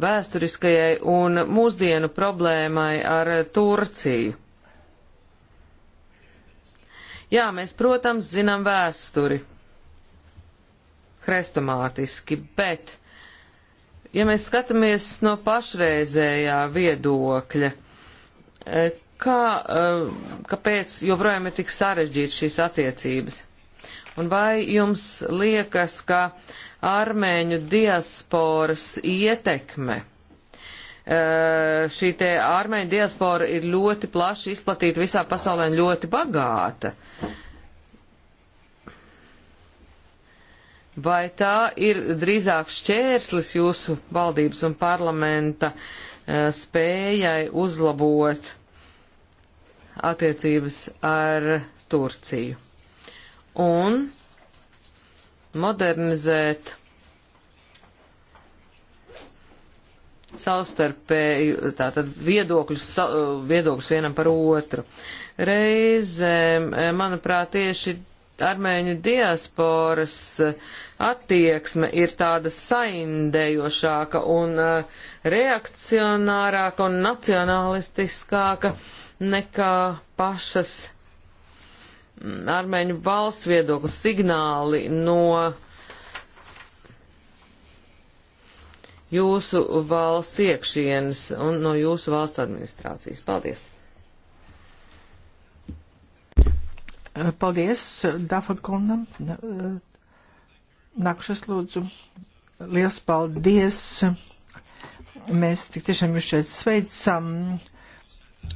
vēsturiskajai un mūsdienu problēmai ar Turciju. Jā, mēs, protams, zinām vēsturi hrestomātiski, bet, ja mēs skatāmies no pašreizējā viedokļa, e, kā, e, kāpēc joprojām ir tik sarežģīts šīs attiecības? Un vai jums liekas, ka uh, armēņu diasporas ietekme. Eh, šī te armēņu diaspora ir ļoti plaši izplatīta visā pasaulē un ļoti bagāta. Vai tā ir drīzāk šķērslis jūsu valdības un parlamenta eh, spējai uzlabot attiecības ar Turciju? Un modernizēt savstarpēju, tātad viedokļus, viedokļus vienam par otru. Reizēm, e, manuprāt, tieši armēņu diasporas e, attieksme ir tāda saindējošāka un e, reakcionārāka un nacionalistiskāka nekā pašas armēņu valsts viedokli, signāli no jūsu valsts iekšienes un no jūsu valsts administrācijas. Paldies! Paldies Dafa kungam. Nākušas lūdzu. Liels paldies. Mēs tik tiešām jūs šeit sveicam.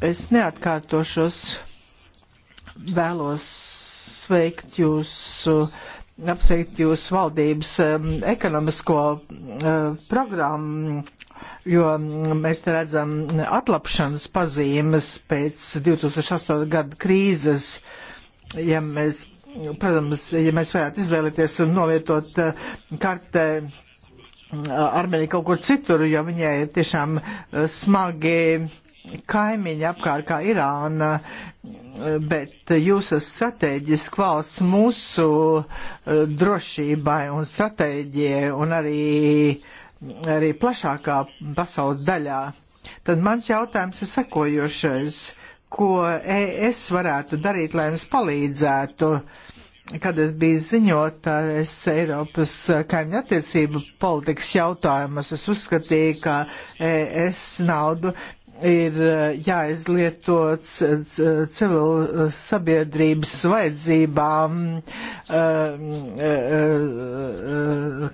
Es neatkārtošos vēlos sveikt jūs apsveikt jūs valdības um, ekonomisko uh, programmu, jo mēs redzam atlapšanas pazīmes pēc 2008. gada krīzes. Ja mēs, protams, ja mēs varētu izvēlēties un novietot uh, kartē uh, Armēniju kaut kur citur, jo viņai ir tiešām uh, smagi kaimiņi apkārt kā Irāna, uh, bet jūs esat strateģiski valsts mūsu eh, drošībai un stratēģijai un arī, arī plašākā pasaules daļā. Tad mans jautājums ir sekojošais, ko es varētu darīt, lai jums palīdzētu. Kad es biju ziņotājs Eiropas kaimiņu attiecību politikas jautājumus, es uzskatīju, ka es naudu ir eh, jāizlieto civil eh, sabiedrības vajadzībām eh,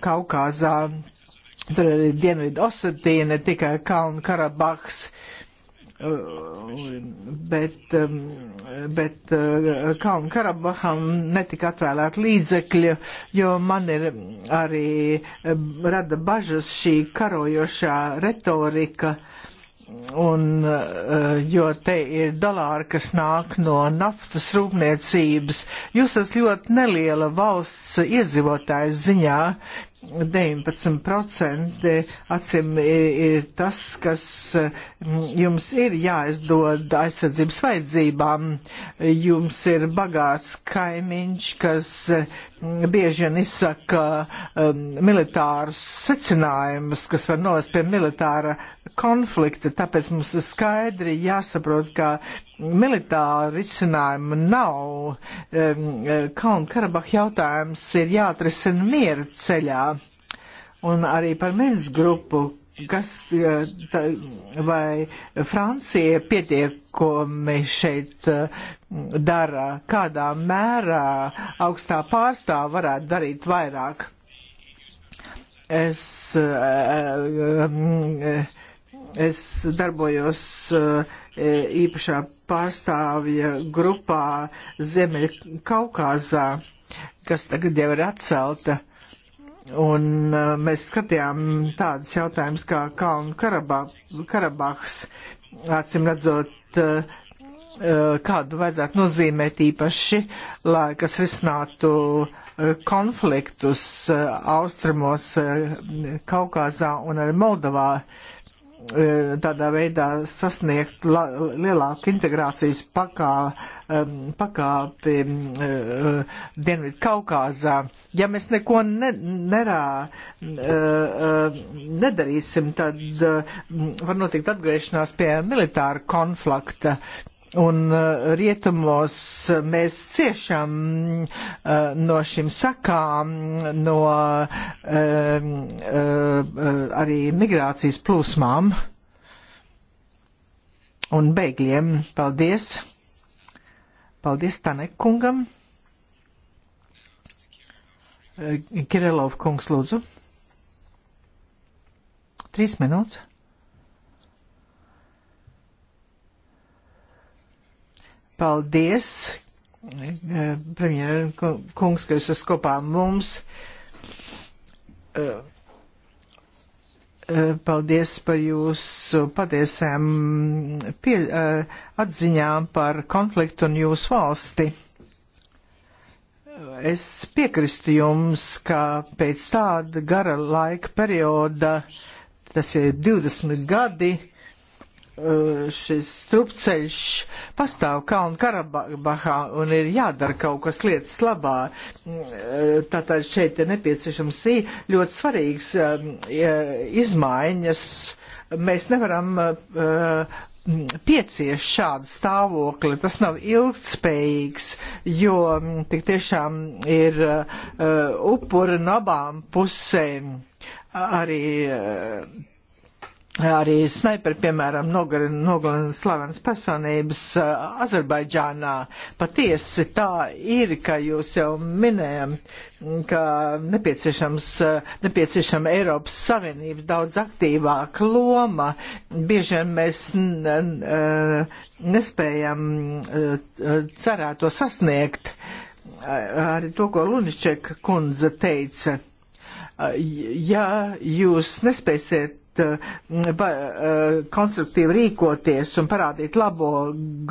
Kaukāzā. Tur ir Dienvidu Osetija, ne tikai Kalnu Karabahs. Bet, bet Kalnu Karabaham netika atvēlēt līdzekļu, jo man ir arī rada bažas šī karojošā retorika. Uh, un, eh, jo te ir dolāri, kas nāk no naftas rūpniecības. Jūs esat ļoti neliela valsts iedzīvotājs ziņā. 19% acim ir, ir tas, kas mm, jums ir jāizdod aizsardzības vajadzībām. Jums ir bagāts kaimiņš, kas bieži vien izsaka um, militārus secinājumus, kas var novest pie militāra konflikta, tāpēc mums ir skaidri jāsaprot, ka militāra risinājuma nav. Um, Kalnu Karabah jautājums ir jāatrisina miera ceļā. Un arī par Mins grupu, kas, eh, tā, vai Francija pietiekomi šeit eh, dara, kādā mērā augstā pārstāva varētu darīt vairāk. Es, eh, es darbojos īpašā pārstāvja grupā Ziemeļkaukāzā, kas tagad jau ir atcelta Un uh, mēs skatījām tādus jautājumus kā Kalnu Karabā, Karabahs, acīm redzot, uh, uh, kādu vajadzētu nozīmēt īpaši, lai kas risinātu uh, konfliktus uh, austrumos Kaukazā un arī Moldovā. Uh, E, tādā veidā sasniegt la, lielāku integrācijas pakā, e, pakāpi e, Dienvidu Kaukāzā. Ja mēs neko ne, nerā, nedarīsim, tad var notikt atgriešanās pie militāra konflikta. Un uh, rietumos mēs ciešam uh, no šim sakām, no uh, uh, arī migrācijas plūsmām un bēgļiem. Paldies! Paldies Tanekungam! Uh, Kirilov kungs lūdzu. Trīs minūtes. Paldies, eh, premjera kungs, ka jūs esat kopā mums. Eh, eh, paldies par jūsu patiesēm pie, atziņām par konfliktu un jūsu valsti. Es piekrīstu jums, ka pēc tāda gara laika perioda, tas jau ir 20 gadi, uh, Eh, šis strupceļš pastāv Kalnu Karabahā un ir jādara kaut kas lietas labā. Eh, tātad šeit ir nepieciešams ļoti svarīgs eh, izmaiņas. Mēs nevaram piecieš šādu stāvokli, tas nav ilgtspējīgs, jo mm, tik tiešām ir uh, upuri no abām pusēm. Arī uh, arī snaiperi, piemēram, nogalina slavenas personības eh, Azerbaidžānā. Patiesi tā ir, ka jūs jau minējam, ka nepieciešams, eh, nepieciešama Eiropas Savienības daudz aktīvāka loma. Bieži vien mēs eh, nespējam cerēt to sasniegt. Arī to, ko Lunišķeka kundze teica. Ja jūs nespēsiet varēt eh, eh, konstruktīvi rīkoties un parādīt labo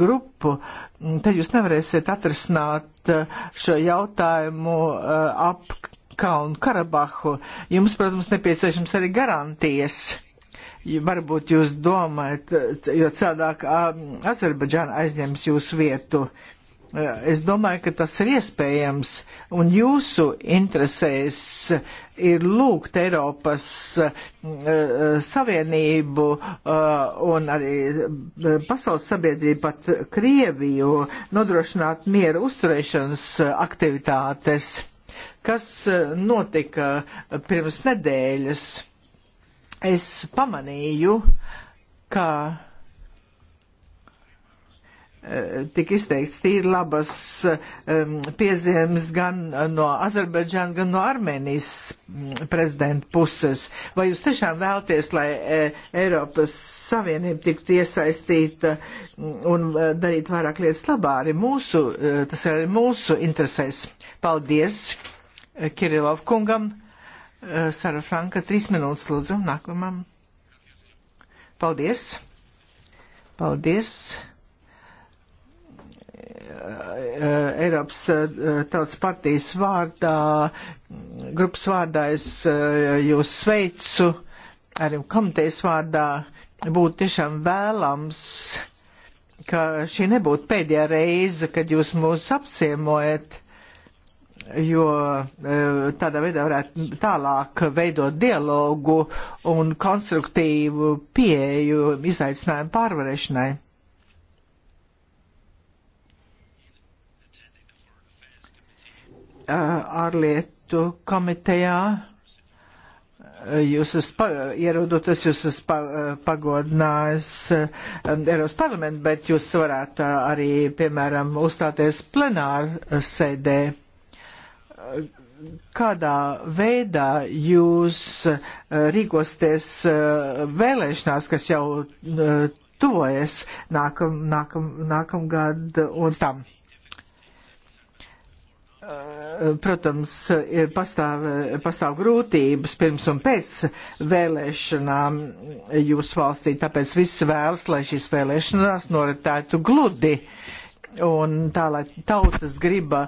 grupu, mm, tad jūs nevarēsiet atrisināt eh, šo jautājumu ap Kalnu Karabahu. Jums, protams, nepieciešams arī garantijas varbūt jūs domājat, jo citādāk Azerbaidžāna aizņems jūsu vietu. Uh, Eh, es domāju, ka tas ir iespējams, un jūsu interesēs ir lūgt Eiropas uh, Savienību uh, un arī pasaules sabiedrību, pat Krieviju, nodrošināt miera uzturēšanas aktivitātes, kas notika pirms nedēļas. Es pamanīju, ka Eh, tik izteikts tīri labas um, piezīmes gan no Azerbaidžāna, gan no Armēnijas mm, prezidenta puses. Vai jūs tiešām vēlties, lai eh, Eiropas Savienība tiktu iesaistīta mm, un eh, darīt vairāk lietas labā? Arī mūsu, tas ir arī mūsu interesēs. Paldies Kirilov kungam. Sara Franka, trīs minūtes lūdzu nākamam. Paldies. Paldies. Eh, Eiropas eh, Tautas partijas vārdā, grupas vārdā es eh, jūs sveicu, arī komitejas vārdā būtu tiešām vēlams, ka šī nebūtu pēdējā reize, kad jūs mūs apciemojat jo tādā veidā varētu tālāk veidot dialogu un konstruktīvu pieeju izaicinājumu pārvarēšanai. ārlietu komitejā. Jūs esat ierodoties, jūs esat pagodinājis Eiropas parlamentu, bet jūs varētu arī, piemēram, uzstāties plenāru sēdē. Kādā veidā jūs rīkosties vēlēšanās, kas jau tuvojas nākam, nākam, nākamgad un tam? Eh, protams, ir eh, pastāv, eh, pastāv grūtības pirms un pēc vēlēšanām jūsu valstī, tāpēc viss vēlas, lai šīs vēlēšanās noritētu gludi. Un tā, lai tautas griba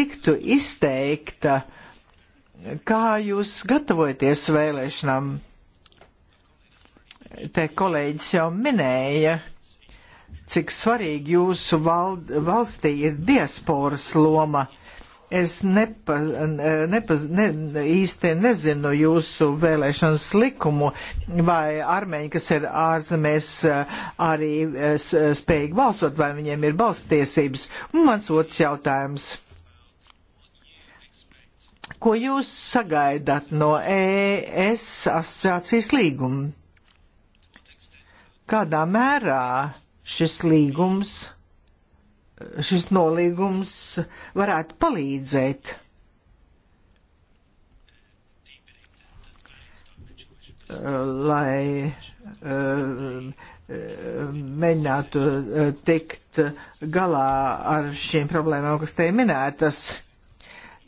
tiktu izteikta, kā jūs gatavojaties vēlēšanām? Te kolēģis jau minēja, cik svarīgi jūsu val valstī ir diasporas loma. Uh, Es nepa, nepa, ne, īsti nezinu jūsu vēlēšanas likumu, vai armēņi, kas ir ārzemēs, arī eh, spējīgi balsot, vai viņiem ir balstiesības. Un mans otrs jautājums. Ko jūs sagaidat no ES asociācijas līguma? Kādā mērā šis līgums? šis nolīgums varētu palīdzēt. Lai eh, mēģinātu eh, tikt galā ar šīm problēmām, kas te minētas,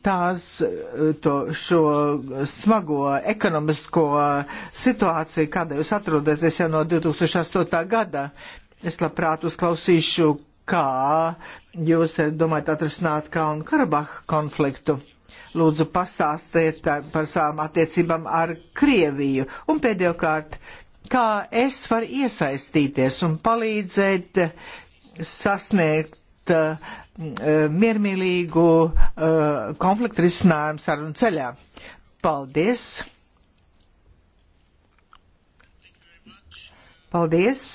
tās eh, to, šo smago ekonomisko situāciju, kādā jūs atrodaties jau no 2008. gada. Es labprāt uzklausīšu kā jūs domājat atrisināt Kalnu Karabahu konfliktu. Lūdzu, pastāstiet par savām attiecībām ar Krieviju. Un pēdējokārt, kā es varu iesaistīties un palīdzēt sasniegt uh, miermīlīgu uh, konfliktu risinājumu sarunu ceļā. Paldies! Paldies!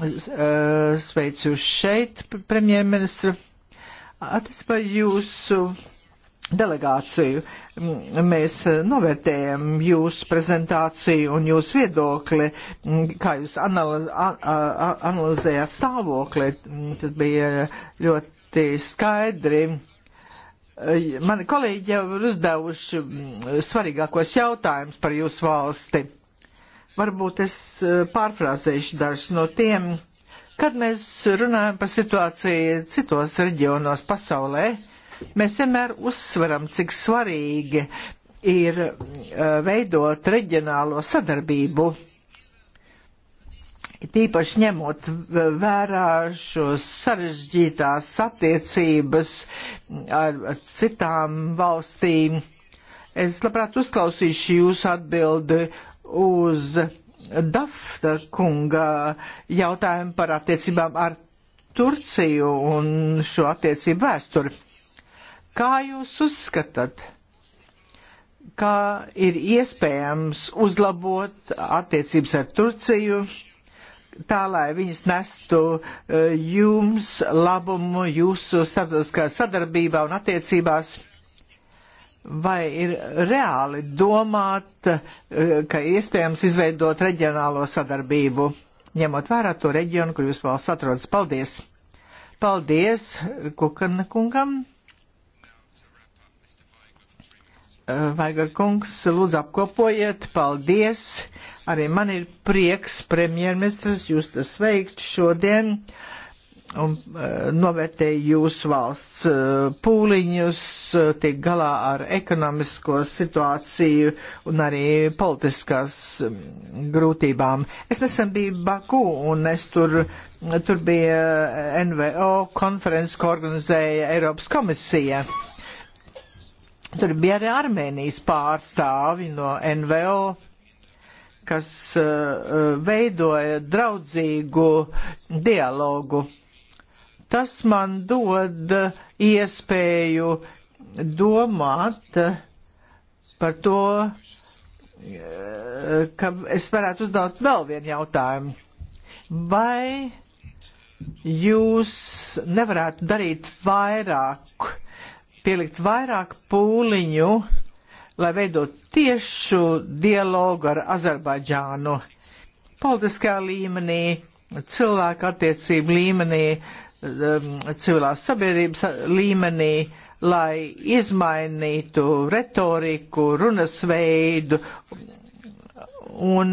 Eh, sveicu šeit, premjerministra. Attiecībā jūsu delegāciju. Mēs eh, novērtējam jūsu prezentāciju un jūsu viedokli, kā jūs analiz, analizējāt stāvokli. Tas bija ļoti skaidri. Mani kolēģi jau ir uzdevuši svarīgākos jautājumus par jūsu valsti varbūt es eh, pārfrāzēšu dažus no tiem, kad mēs runājam par situāciju citos reģionos pasaulē, mēs vienmēr uzsveram, cik svarīgi ir eh, veidot reģionālo sadarbību. Tīpaši ņemot vērā šos sarežģītās attiecības ar citām valstīm, es labprāt uzklausīšu jūsu atbildi uz Dafta kunga jautājumu par attiecībām ar Turciju un šo attiecību vēsturi. Kā jūs uzskatāt, kā ir iespējams uzlabot attiecības ar Turciju, tā lai viņas nestu eh, jums labumu jūsu starptautiskā sadarbībā un attiecībās? Vai ir reāli domāt, eh, ka iespējams izveidot reģionālo sadarbību, ņemot vērā to reģionu, kur jūs valsts atrodas? Paldies! Paldies Kukana kungam! Eh, Vaigar kungs, lūdzu apkopojiet, paldies! Arī man ir prieks, premjerministrs, jūs tas veikt šodien. Uh, un e, novērtēja jūsu valsts e, pūliņus, e, tiek galā ar ekonomisko situāciju un arī politiskās grūtībām. Es nesen biju Baku un es tur, tur bija NVO konferences, ko organizēja Eiropas komisija. Tur bija arī Armēnijas pārstāvi no NVO kas uh, veidoja draudzīgu dialogu Tas man dod uh, iespēju domāt uh, par to, uh, ka es varētu uzdot vēl vienu jautājumu. Vai jūs nevarētu darīt vairāk, pielikt vairāk pūliņu, lai veidot tiešu dialogu ar Azerbaidžānu politiskā līmenī, cilvēku attiecību līmenī, Um, civilās sabiedrības līmenī, lai izmainītu retoriku, runas veidu. Un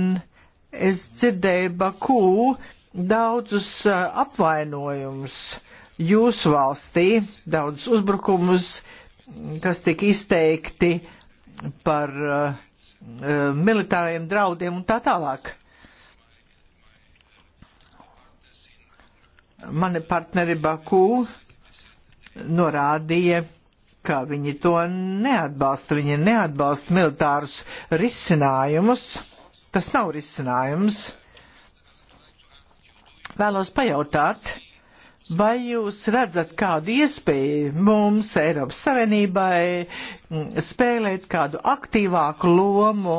es dzirdēju Bakū daudzus uh, apvainojumus jūsu valstī, daudzus uzbrukumus, kas tika izteikti par uh, uh militāriem draudiem un tā tālāk. Uh, Mani partneri Bakū norādīja, ka viņi to neatbalsta. Viņi neatbalsta militārus risinājumus. Tas nav risinājums. Vēlos pajautāt, Vai jūs redzat kādu iespēju mums, Eiropas Savienībai, spēlēt kādu aktīvāku lomu?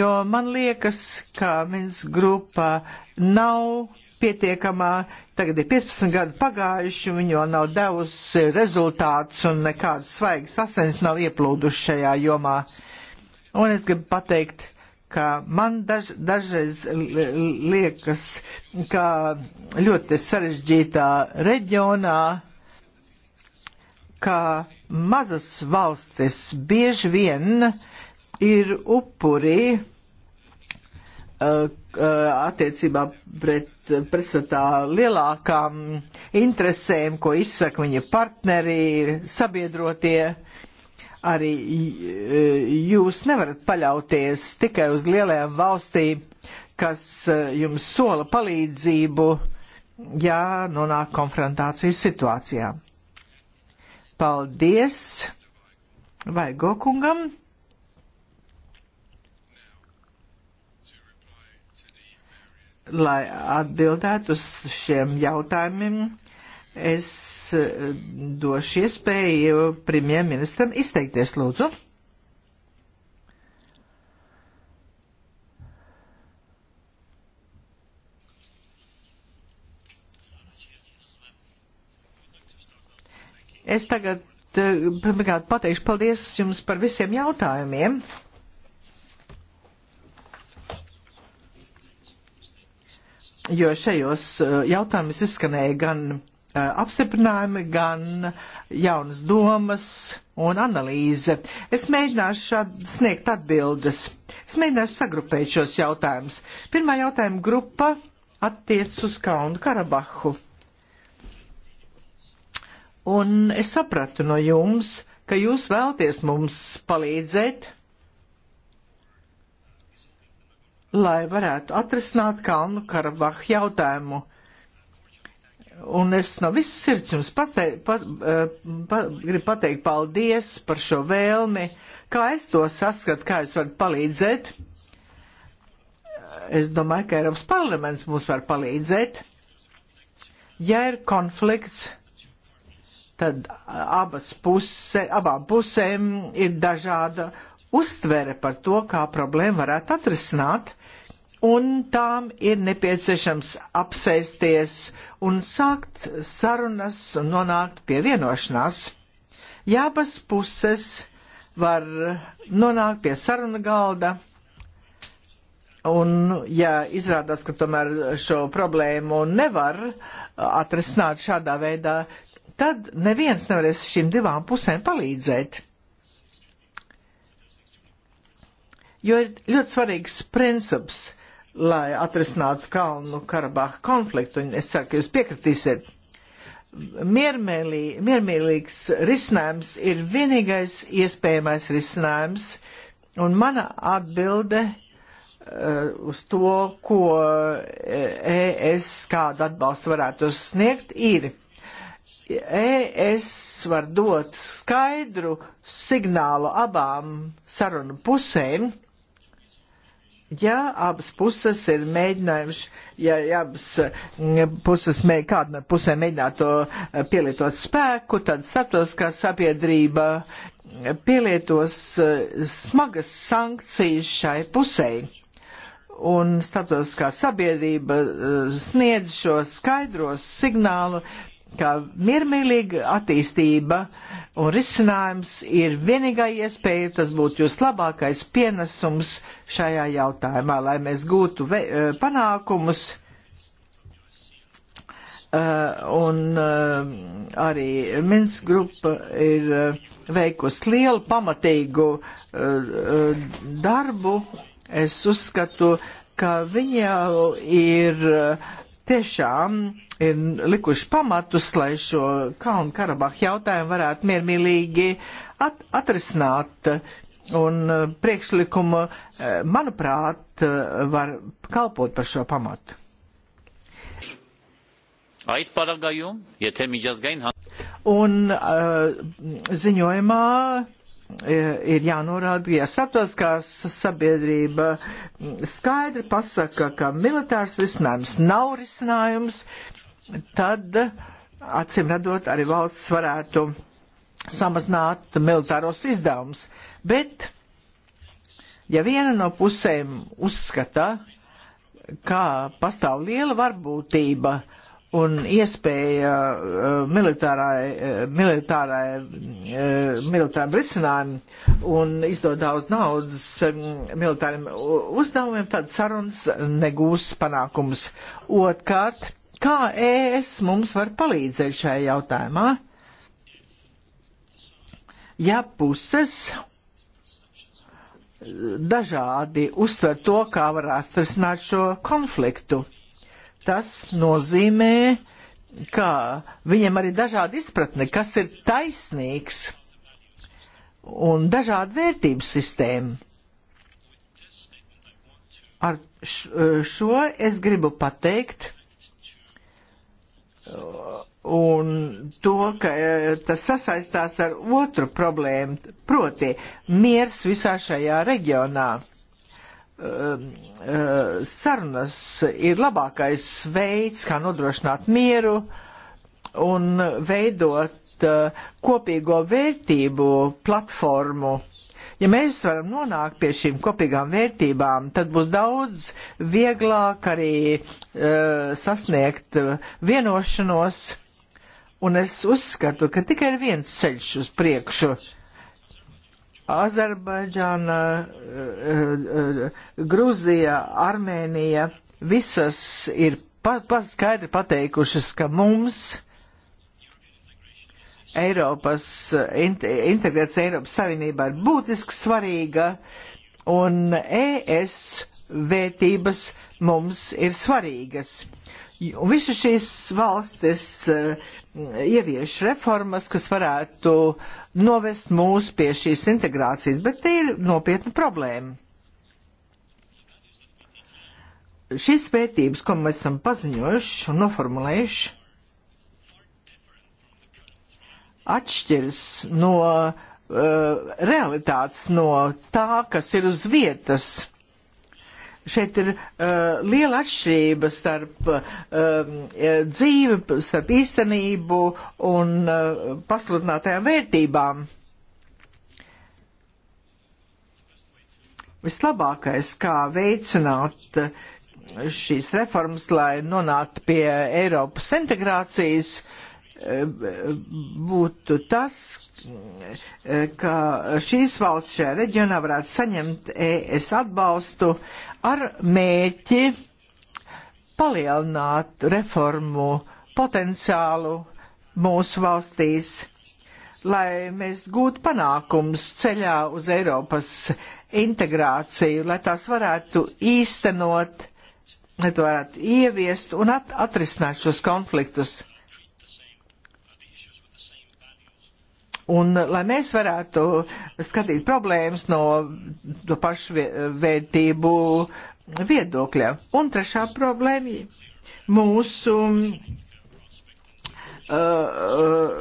Jo man liekas, ka mēs grupa nav pietiekamā. Tagad ir 15 gadi pagājuši, un viņa vēl nav devusi rezultātus, un nekādas svaigas asins nav ieplūduši šajā jomā. Un es gribu pateikt, ka man daž, dažreiz liekas, ka ļoti sarežģītā reģionā, ka mazas valstis bieži vien ir upuri, Eh, eh, attiecībā pret, pretstatā lielākām interesēm, ko izsaka viņa partneri, sabiedrotie. Arī eh, jūs nevarat paļauties tikai uz lielajām valstīm, kas jums sola palīdzību, ja nonāk konfrontācijas situācijā. Paldies Vaigokungam! lai atbildētu uz šiem jautājumiem, es e, došu iespēju premjerministram izteikties, lūdzu. Es tagad e, pirmkārt pateikšu paldies jums par visiem jautājumiem. jo šajos eh, jautājumus izskanēja gan eh, apstiprinājumi, gan jaunas domas un analīze. Es mēģināšu šād, sniegt atbildes. Es mēģināšu sagrupēt šos jautājumus. Pirmā jautājuma grupa attiec uz Kaunu Karabahu. Un es sapratu no jums, ka jūs vēlties mums palīdzēt lai varētu atrisināt Kalnu Karabahu jautājumu. Un es no visas sirds jums patei, pat, eh, pat, gribu pateikt paldies par šo vēlmi, kā es to saskatu, kā es varu palīdzēt. Es domāju, ka Eiropas parlaments mums var palīdzēt. Ja ir konflikts, tad abas puse, abām pusēm ir dažāda uztvere par to, kā problēma varētu atrisināt un tām ir nepieciešams apsēsties un sākt sarunas un nonākt pie vienošanās. Ja abas puses var nonākt pie saruna galda, un ja izrādās, ka tomēr šo problēmu nevar atrisināt šādā veidā, tad neviens nevarēs šīm divām pusēm palīdzēt. Jo ir ļoti svarīgs princips lai atrisinātu Kalnu Karabahu konfliktu, un es ceru, ka jūs piekritīsiet. Miermēlī, miermīlīgs risinājums ir vienīgais iespējamais risinājums, un mana atbilde uh, uz to, ko uh, ES kādu atbalstu varētu sniegt, ir. ES var dot skaidru signālu abām sarunu pusēm, ja abas puses ir mēģinājums, ja, ja abas mm, puses, mēģ, kāda no pusēm mēģinātu eh, pielietot spēku, tad starptautiskā sabiedrība mm, pielietos eh, smagas sankcijas šai pusēji. Un starptautiskā sabiedrība eh, sniedz šo skaidro signālu ka miermīlīga attīstība un risinājums ir vienīgā iespēja, tas būtu jūs labākais pienesums šajā jautājumā, lai mēs gūtu eh, panākumus eh, un uh, arī Minsk grupa ir uh, veikusi lielu pamatīgu uh, darbu. Es uzskatu, ka viņa ir tiešām ir likuši pamatus, lai šo Kalnu Karabahu jautājumu varētu miermīlīgi at atrisināt. Un eh, priekšlikumu, eh, manuprāt, eh, var kalpot par šo pamatu. Un uh, ziņojumā ir jānorāda, ja starptautiskā sabiedrība mm, skaidri pasaka, ka militārs risinājums nav risinājums, tad acīm redot arī valsts varētu samazināt militāros izdevumus. Bet, ja viena no pusēm uzskata, ka pastāv liela varbūtība un iespēja uh, militārai, uh, militārai, uh, militāram risinājumam un izdot daudz naudas um, militāriem uzdevumiem, tad sarunas negūs panākumus. Otkārt, Kā ES mums var palīdzēt šajā jautājumā? Ja puses dažādi uztver to, kā var atrisināt šo konfliktu, tas nozīmē, ka viņiem arī dažādi izpratne, kas ir taisnīgs un dažādi vērtības sistēma. Ar šo es gribu pateikt, un to, ka e, tas sasaistās ar otru problēmu, proti miers visā šajā reģionā. Ehm, e, sarunas ir labākais veids, kā nodrošināt mieru un veidot e, kopīgo vērtību platformu Ja mēs varam nonākt pie šīm kopīgām vērtībām, tad būs daudz vieglāk arī uh, sasniegt e, vienošanos, un es uzskatu, ka tikai ir viens ceļš uz priekšu. Azerbaidžāna, uh, uh, Gruzija, Armēnija, visas ir pa, pa skaidri pateikušas, ka mums Eiropas, integrācija Eiropas Savienībā ir būtiski svarīga, un ES vērtības mums ir svarīgas. Un visu šīs valstis eh, ievieš reformas, kas varētu novest mūs pie šīs integrācijas, bet te ir nopietna problēma. Šīs vērtības, ko mēs esam paziņojuši un noformulējuši, atšķiras no uh, realitātes, no tā, kas ir uz vietas. Šeit ir uh, liela atšķirība starp uh, dzīvi, starp īstenību un uh, pasludinātajām vērtībām. Vislabākais, kā veicināt šīs reformas, lai nonāktu pie Eiropas integrācijas, uh, būtu tas, ka šīs valsts šajā reģionā varētu saņemt ES atbalstu ar mēķi palielināt reformu potenciālu mūsu valstīs, lai mēs gūtu panākums ceļā uz Eiropas integrāciju, lai tās varētu īstenot, lai to varētu ieviest un at atrisināt šos konfliktus Un, eh, lai mēs varētu skatīt problēmas no, no pašvērtību viedokļa. Un trešā problēma - mūsu uh, uh,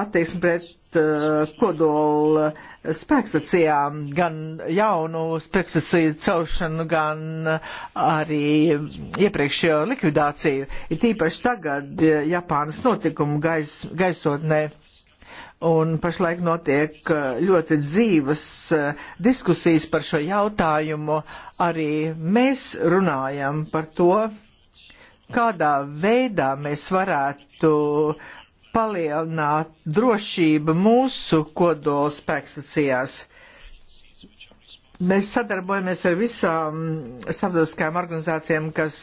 attieksme pret uh, kodola spēkstacijām, gan jaunu spēkstaciju celšanu, gan arī iepriekšējo likvidāciju. Ir tīpaši tagad Japānas notikumu gais, gaisotnē. Uh, un pašlaik notiek eh, ļoti dzīvas eh, diskusijas par šo jautājumu. Arī mēs runājam par to, kādā veidā mēs varētu palielināt drošību mūsu kodolspēkstacijās. Mēs sadarbojamies ar visām starptautiskajām organizācijām kas,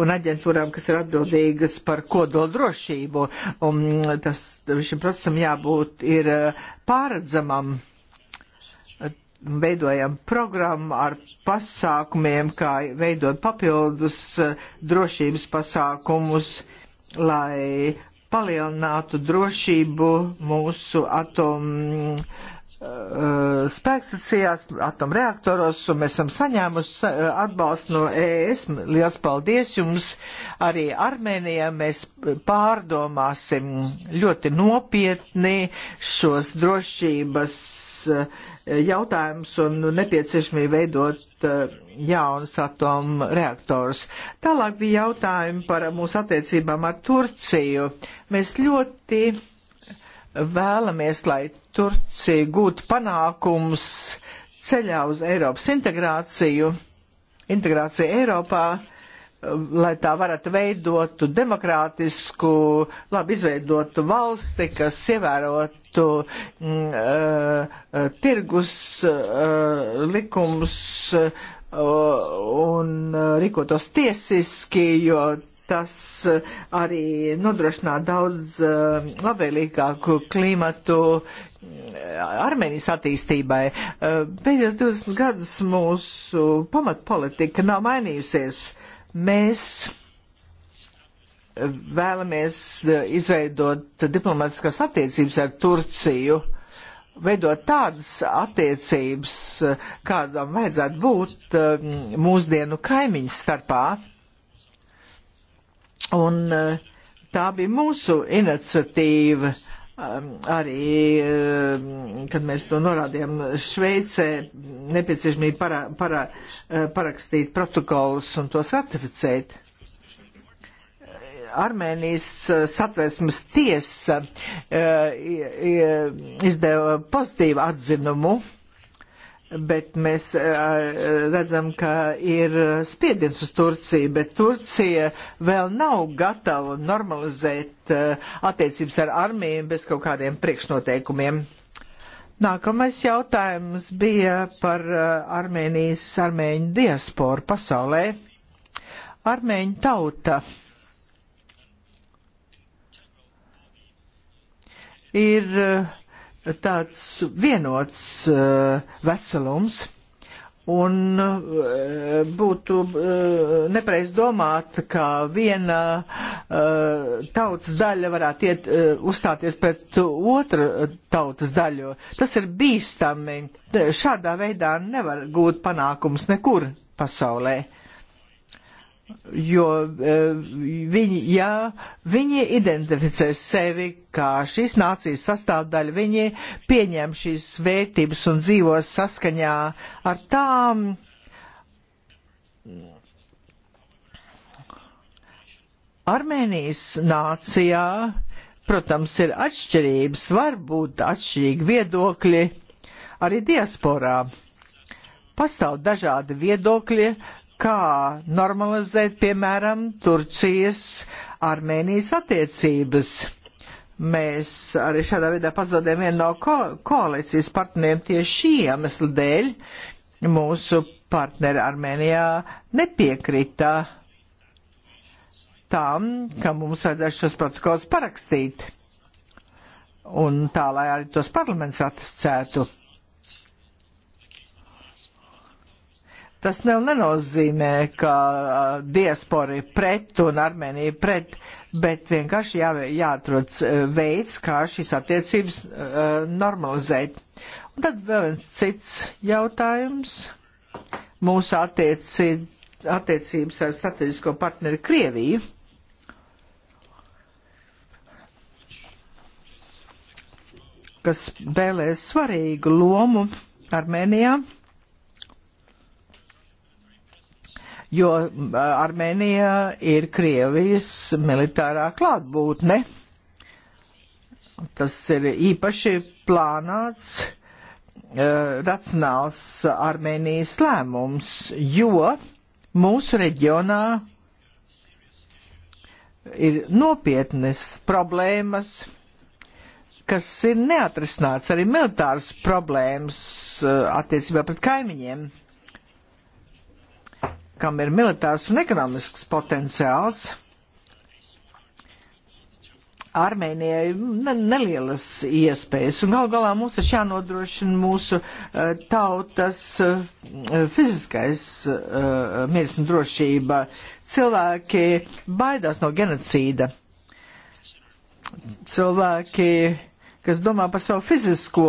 un aģentūrām, kas ir atbildīgas par kodoldrošību. Un tas šim procesam jābūt ir pāredzamam. Veidojam programmu ar pasākumiem, kā veidot papildus drošības pasākumus, lai palielinātu drošību mūsu atomu spēkstacijās, atomreaktoros, un mēs esam saņēmuši atbalstu no ES. Liels paldies jums arī Armēnijā. Mēs pārdomāsim ļoti nopietni šos drošības eh, jautājumus un nepieciešamību veidot eh, jaunus atomreaktorus. Tālāk bija jautājumi par mūsu attiecībām ar Turciju. Mēs ļoti vēlamies, lai Turcija gūtu panākums ceļā uz Eiropas integrāciju, integrāciju Eiropā, lai tā varētu veidotu demokrātisku, labi izveidotu valsti, kas ievērotu mm, uh, tirgus uh, eh, likums uh, eh, un uh, rīkotos tiesiski, jo Tas eh, arī nodrošinā daudz eh, labvēlīgāku klimatu eh, Armēnijas attīstībai. Pēdējos 20 gadus mūsu pamatpolitika nav mainījusies. Mēs vēlamies izveidot diplomatiskās attiecības ar Turciju, veidot tādas attiecības, kādam vajadzētu būt mūsdienu kaimiņu starpā Un eh, tā bija mūsu iniciatīva ehm, arī, ehm, kad mēs to norādījām, Šveicē nepieciešamība para, para, eh, parakstīt protokolus un tos ratificēt. Armēnijas eh, satversmes tiesa izdeva pozitīvu atzinumu Bet mēs redzam, ka ir spiediens uz Turciju, bet Turcija vēl nav gatava normalizēt attiecības ar armiju bez kaut kādiem priekšnoteikumiem. Nākamais jautājums bija par Armēnijas armēņu diasporu pasaulē. Armēņu tauta ir tāds vienots eh, veselums. Un eh, būtu eh, nepreiz domāt, ka viena tautas daļa varētu iet, uzstāties pret otru tautas daļu. Tas ir bīstami. Šādā veidā nevar gūt panākums nekur pasaulē jo e, viņi, ja viņi identificē sevi kā šīs nācijas sastāvdaļa, viņi pieņem šīs vērtības un dzīvo saskaņā ar tām. Armēnijas nācijā, protams, ir atšķirības, var būt atšķirīgi viedokļi arī diasporā. Pastāv dažādi viedokļi, uh, kā normalizēt, piemēram, Turcijas Armēnijas attiecības. Mēs arī šādā veidā pazaudējam vienu no ko koalīcijas partneriem tieši šī iemesla dēļ. Mūsu partneri Armēnijā nepiekrita tam, ka mums vajadzētu šos protokols parakstīt. Un tā, lai arī tos parlaments ratificētu. Tas nav nenozīmē, ka uh, diaspori pret un Armēnija pret, bet vienkārši jā, jāatrod uh, veids, kā šīs attiecības uh, normalizēt. Un tad vēl viens cits jautājums. Mūsu attieci, attiecības ar strateģisko partneri Krieviju. kas spēlēs svarīgu lomu Armēnijā jo Armēnija ir Krievijas militārā klātbūtne. Tas ir īpaši plānots e, racionāls Armēnijas lēmums, jo mūsu reģionā ir nopietnas problēmas, kas ir neatrisināts, arī militāras problēmas e, attiecībā pret kaimiņiem kam ir militārs un ekonomisks potenciāls. Armēnijai ne, nelielas iespējas, un gal galā mums taču jānodrošina mūsu uh, tautas uh, fiziskais uh, miers un drošība. Cilvēki baidās no genocīda. Cilvēki, kas domā par savu fizisko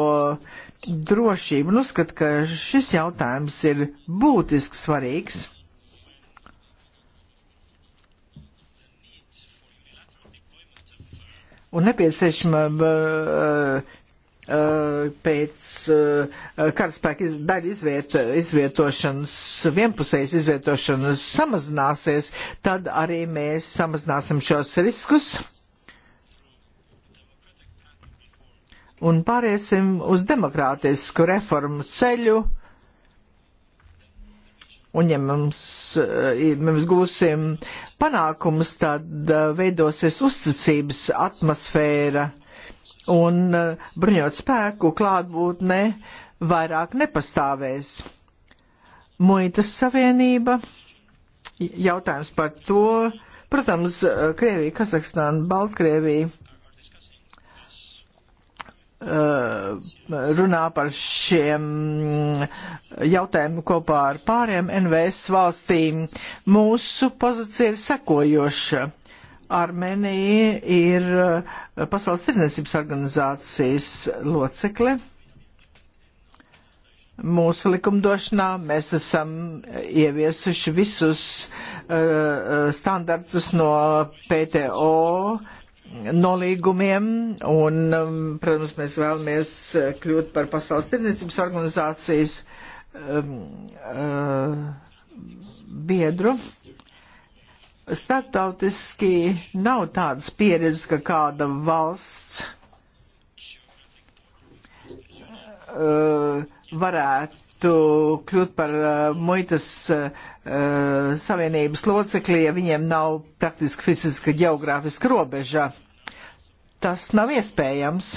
drošību, un uzskata, ka šis jautājums ir būtiski svarīgs. Mm. un nepieciešamība uh, uh, pēc uh, karaspēka daļu izviet, izvietošanas, vienpusējas izvietošanas samazināsies, tad arī mēs samazināsim šos riskus un pāriesim uz demokrātisku reformu ceļu un ja mums, eh, mēs gūsim panākumus, tad eh, veidosies uzticības atmosfēra un eh, bruņot spēku klātbūtne vairāk nepastāvēs. Muitas savienība, jautājums par to, protams, Krievija, Kazahstāna, Baltkrievija Uh, runā par šiem mm, jautājumiem kopā ar pāriem NVS valstīm. Mūsu pozīcija ir sekojoša. Armēnija ir uh, Pasaules tirdzniecības organizācijas locekle. Mūsu likumdošanā mēs esam ieviesuši visus uh, uh standartus no PTO uh, nolīgumiem, un, um, protams, mēs vēlamies uh, kļūt par pasaules tirdzniecības organizācijas um, uh, biedru. Startautiski nav tādas pieredzes, ka kāda valsts uh, varētu drīkstu kļūt par uh, muitas uh, savienības locekli, ja viņiem nav praktiski fiziska geogrāfiska robeža. Tas nav iespējams.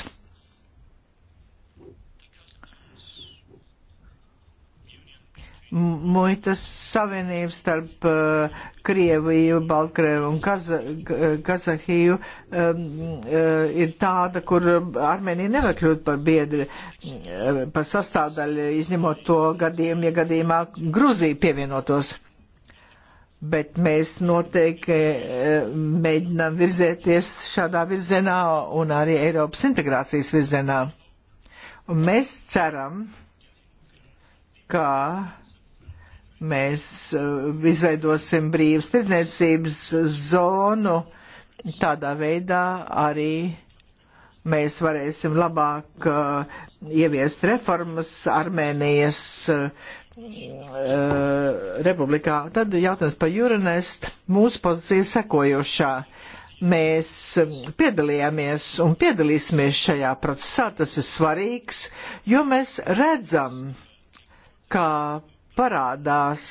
muitas savienības starp uh, Krieviju, Baltkrievu un Kaza, eh, Kazahiju um, uh, ir tāda, kur Armēnija nevar kļūt par biedri, uh, par sastāvdaļu, izņemot to gadījumu, ja gadījumā Gruzija pievienotos. Bet mēs noteikti uh, mēģinām virzēties šādā virzienā un arī Eiropas integrācijas virzienā. Un mēs ceram, ka Mēs eh, izveidosim brīvas tirdzniecības zonu. Tādā veidā arī mēs varēsim labāk uh, ieviest reformas Armēnijas uh, republikā. Tad jautājums par Euronest. Mūsu pozīcija sekojošā. Mēs piedalījāmies un piedalīsimies šajā procesā, tas ir svarīgs, jo mēs redzam, ka parādās,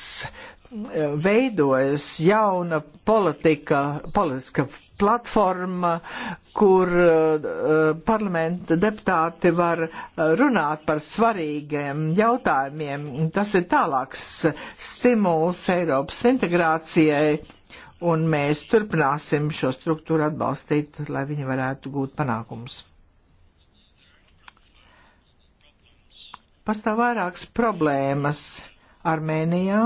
e, veidojas jauna politika, politiska platforma, kur uh, parlamenta deputāti var e, runāt par svarīgiem jautājumiem. Tas ir tālāks stimuls Eiropas integrācijai, un mēs turpināsim šo struktūru atbalstīt, lai viņi varētu gūt panākumus. Pastāv vairākas problēmas Armēnijā.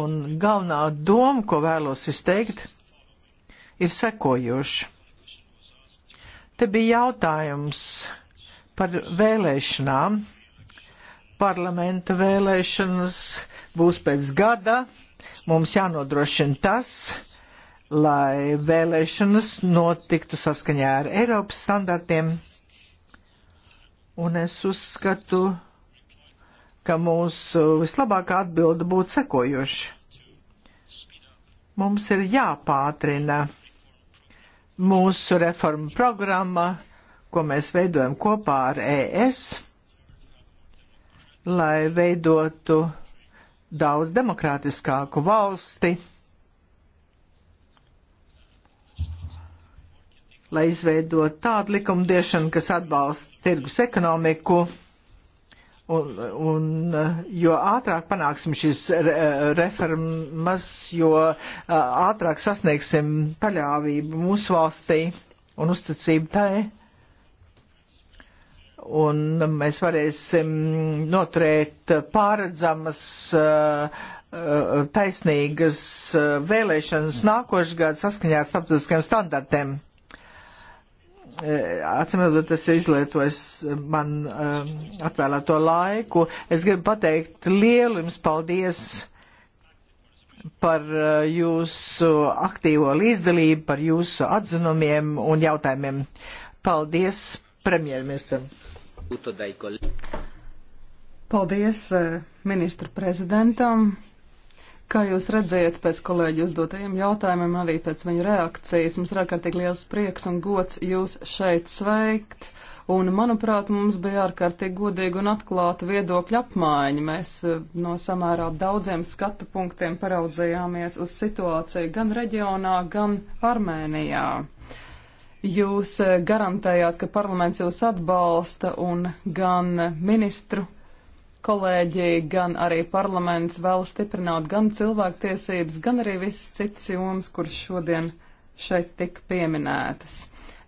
Un galvenā doma, ko vēlos izteikt, ir sekojoša. Te bija jautājums par vēlēšanām. Parlamenta vēlēšanas būs pēc gada. Mums jānodrošina tas, lai vēlēšanas notiktu saskaņā ar Eiropas standartiem. Un es uzskatu, ka mūsu vislabākā atbilde būtu sekojoša. Mums ir jāpātrina mūsu reformu programma, ko mēs veidojam kopā ar ES, lai veidotu daudz demokrātiskāku valsti. lai izveidot tādu likumdiešanu, kas atbalsta tirgus ekonomiku, un, un jo ātrāk panāksim šīs re, reformas, jo ātrāk sasniegsim paļāvību mūsu valstī un uzticību tai un mēs varēsim noturēt pāredzamas, taisnīgas vēlēšanas nākošajā gadā saskaņā ar starptautiskiem standartiem. Eh, Atsimot, tas ir izlietojis man um, atvēlēto laiku. Es gribu pateikt lielu jums paldies par eh, jūsu aktīvo līdzdalību, par jūsu atzinumiem un jautājumiem. Paldies premjerministram. Paldies ministru prezidentam. Kā jūs redzējat pēc kolēģi uzdotajiem jautājumiem, arī pēc viņu reakcijas, mums ir ārkārtīgi liels prieks un gods jūs šeit sveikt. Un, manuprāt, mums bija ārkārtīgi godīga un atklāta viedokļa apmaiņa. Mēs eh, no samērā daudziem skatu punktiem paraudzējāmies uz situāciju gan reģionā, gan Armēnijā. Jūs eh, garantējāt, ka parlaments jūs atbalsta un gan ministru kolēģi, gan arī parlaments vēl stiprināt gan cilvēktiesības, gan arī visas citas jomas, kuras šodien šeit tika pieminētas.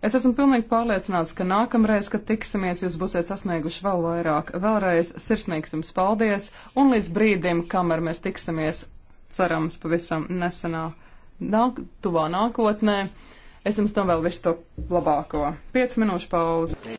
Es esmu pilnīgi pārliecināts, ka nākamreiz, kad tiksimies, jūs būsiet sasnieguši vēl vairāk. Vēlreiz sirsnīgs jums paldies, un līdz brīdim, kamēr mēs tiksimies, cerams, pavisam nesenā, nāk, tuvā nākotnē, es jums tam vēl visu to labāko. 5 minūšu pauze.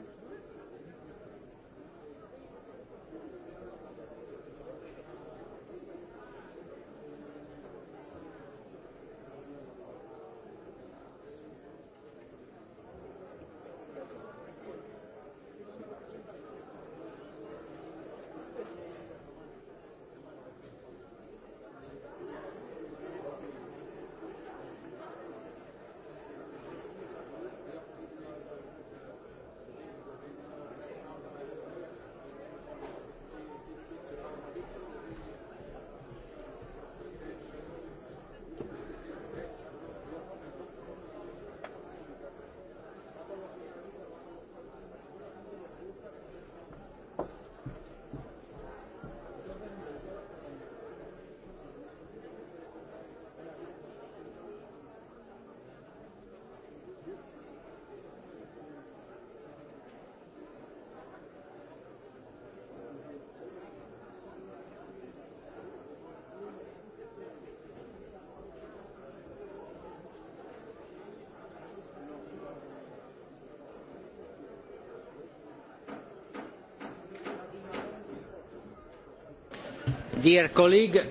Dear colleague.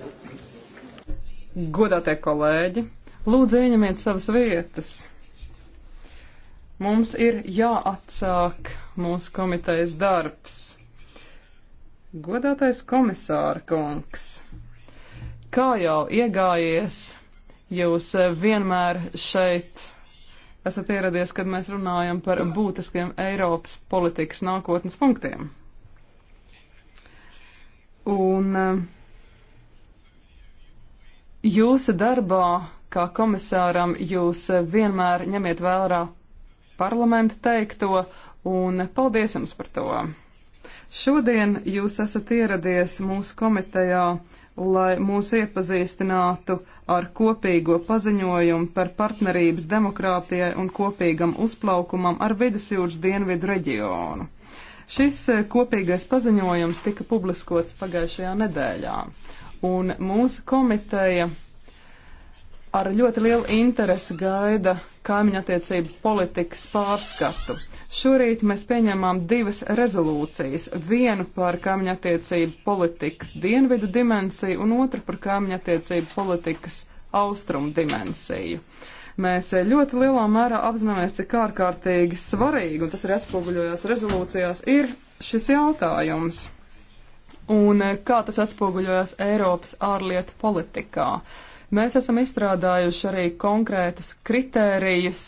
Godātie kolēģi, lūdzu ieņemiet savas vietas. Mums ir jāatsāk mūsu komitejas darbs. Godātais komisāra kungs, kā jau iegājies, jūs vienmēr šeit esat ieradies, kad mēs runājam par būtiskiem Eiropas politikas nākotnes punktiem. Un Jūsu darbā, kā komisāram, jūs eh, vienmēr ņemiet vērā parlamenta teikto, un paldies jums par to. Šodien jūs esat ieradies mūsu komitejā, lai mūs iepazīstinātu ar kopīgo paziņojumu par partnerības demokrātijai un kopīgam uzplaukumam ar vidusjūras dienvidu reģionu. Šis eh, kopīgais paziņojums tika publiskots pagājušajā nedēļā un mūsu komiteja ar ļoti lielu interesi gaida kaimiņa attiecību politikas pārskatu. Šorīt mēs pieņēmām divas rezolūcijas. Vienu par kaimiņa attiecību politikas dienvidu dimensiju un otru par kaimiņa attiecību politikas austrumu dimensiju. Mēs ļoti lielā mērā apzināmies, cik ārkārtīgi svarīgi, un tas ir atspoguļojās rezolūcijās, ir šis jautājums un eh, kā tas atspoguļojas Eiropas ārlietu politikā. Mēs esam izstrādājuši arī konkrētas kritērijas,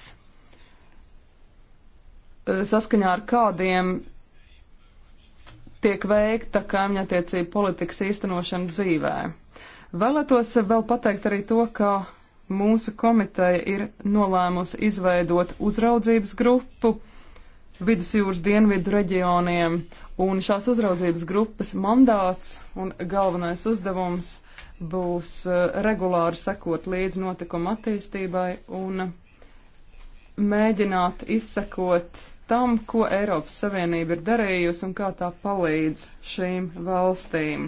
eh, saskaņā ar kādiem tiek veikta kaimiņattiecību politikas īstenošana dzīvē. Vēlētos vēl pateikt arī to, ka mūsu komiteja ir nolēmusi izveidot uzraudzības grupu vidusjūras dienvidu reģioniem, Un šās uzraudzības grupas mandāts un galvenais uzdevums būs eh, regulāri sekot līdz notikuma attīstībai un mēģināt izsekot tam, ko Eiropas Savienība ir darījusi un kā tā palīdz šīm valstīm.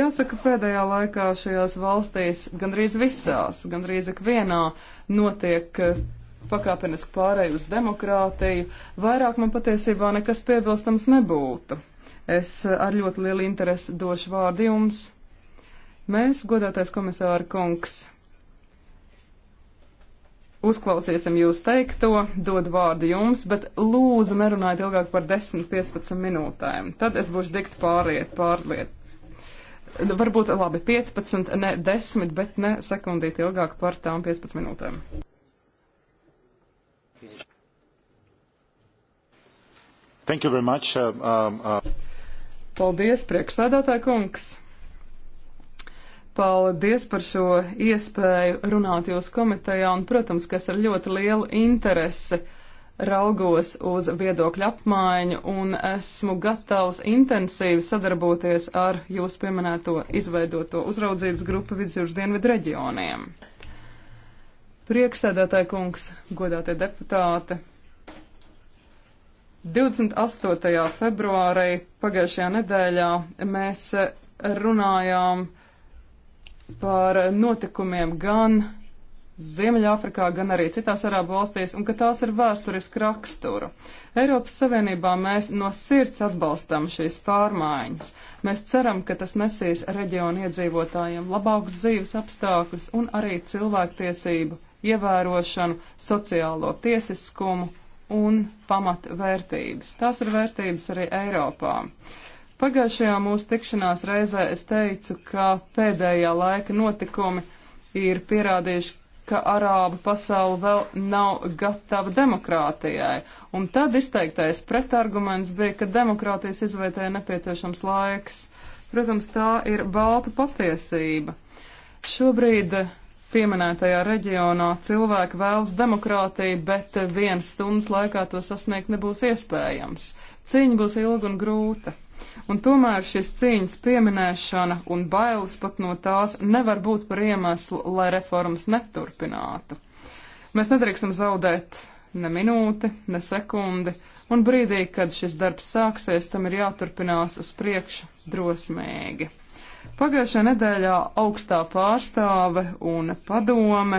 Jāsaka, pēdējā laikā šajās valstīs, gandrīz visās, gandrīz ikvienā, notiek uh, pakāpeniski pārēju uz demokrātiju, vairāk man patiesībā nekas piebilstams nebūtu. Es ar ļoti lielu interesi došu vārdu jums. Mēs, godātais komisāra kungs, uzklausīsim jūs teikto, dod vārdu jums, bet lūdzu nerunājiet ilgāk par 10-15 minūtēm. Tad es būšu dikt pārliet, pārliet. Varbūt labi 15, ne 10, bet ne sekundīt ilgāk par tām 15 minūtēm. Thank you very much. Um, uh, uh... Paldies, priekšsēdētāja kungs. Paldies par šo iespēju runāt jūsu komitejā un, protams, kas ar ļoti lielu interesi raugos uz viedokļu apmaiņu un esmu gatavs intensīvi sadarboties ar jūs pieminēto izveidoto uzraudzības grupu vidusjūras dienvidu reģioniem. Prieksēdētāji kungs, godātie deputāti, 28. februārī pagājušajā nedēļā mēs runājām par notikumiem gan Ziemeļāfrikā, gan arī citās arābu valstīs, un ka tās ir vēsturiski rakstura. Eiropas Savienībā mēs no sirds atbalstam šīs pārmaiņas. Mēs ceram, ka tas nesīs reģionu iedzīvotājiem labākus dzīves apstākļus un arī cilvēktiesību ievērošanu, sociālo tiesiskumu un pamatvērtības. Tās ir vērtības arī Eiropā. Pagājušajā mūsu tikšanās reizē es teicu, ka pēdējā laika notikumi ir pierādījuši, ka arābu pasauli vēl nav gatava demokrātijai. Un tad izteiktais pretarguments bija, ka demokrātijas izvērtēja nepieciešams laiks. Protams, tā ir balta patiesība. Šobrīd pieminētajā reģionā cilvēki vēlas demokrātiju, bet vienas stundas laikā to sasniegt nebūs iespējams. Cīņa būs ilga un grūta. Un tomēr šis cīņas pieminēšana un bailes pat no tās nevar būt par iemeslu, lai reformas neturpinātu. Mēs nedrīkstam zaudēt ne minūti, ne sekundi, un brīdī, kad šis darbs sāksies, tam ir jāturpinās uz priekšu drosmīgi. Pagājušajā nedēļā augstā pārstāve un padome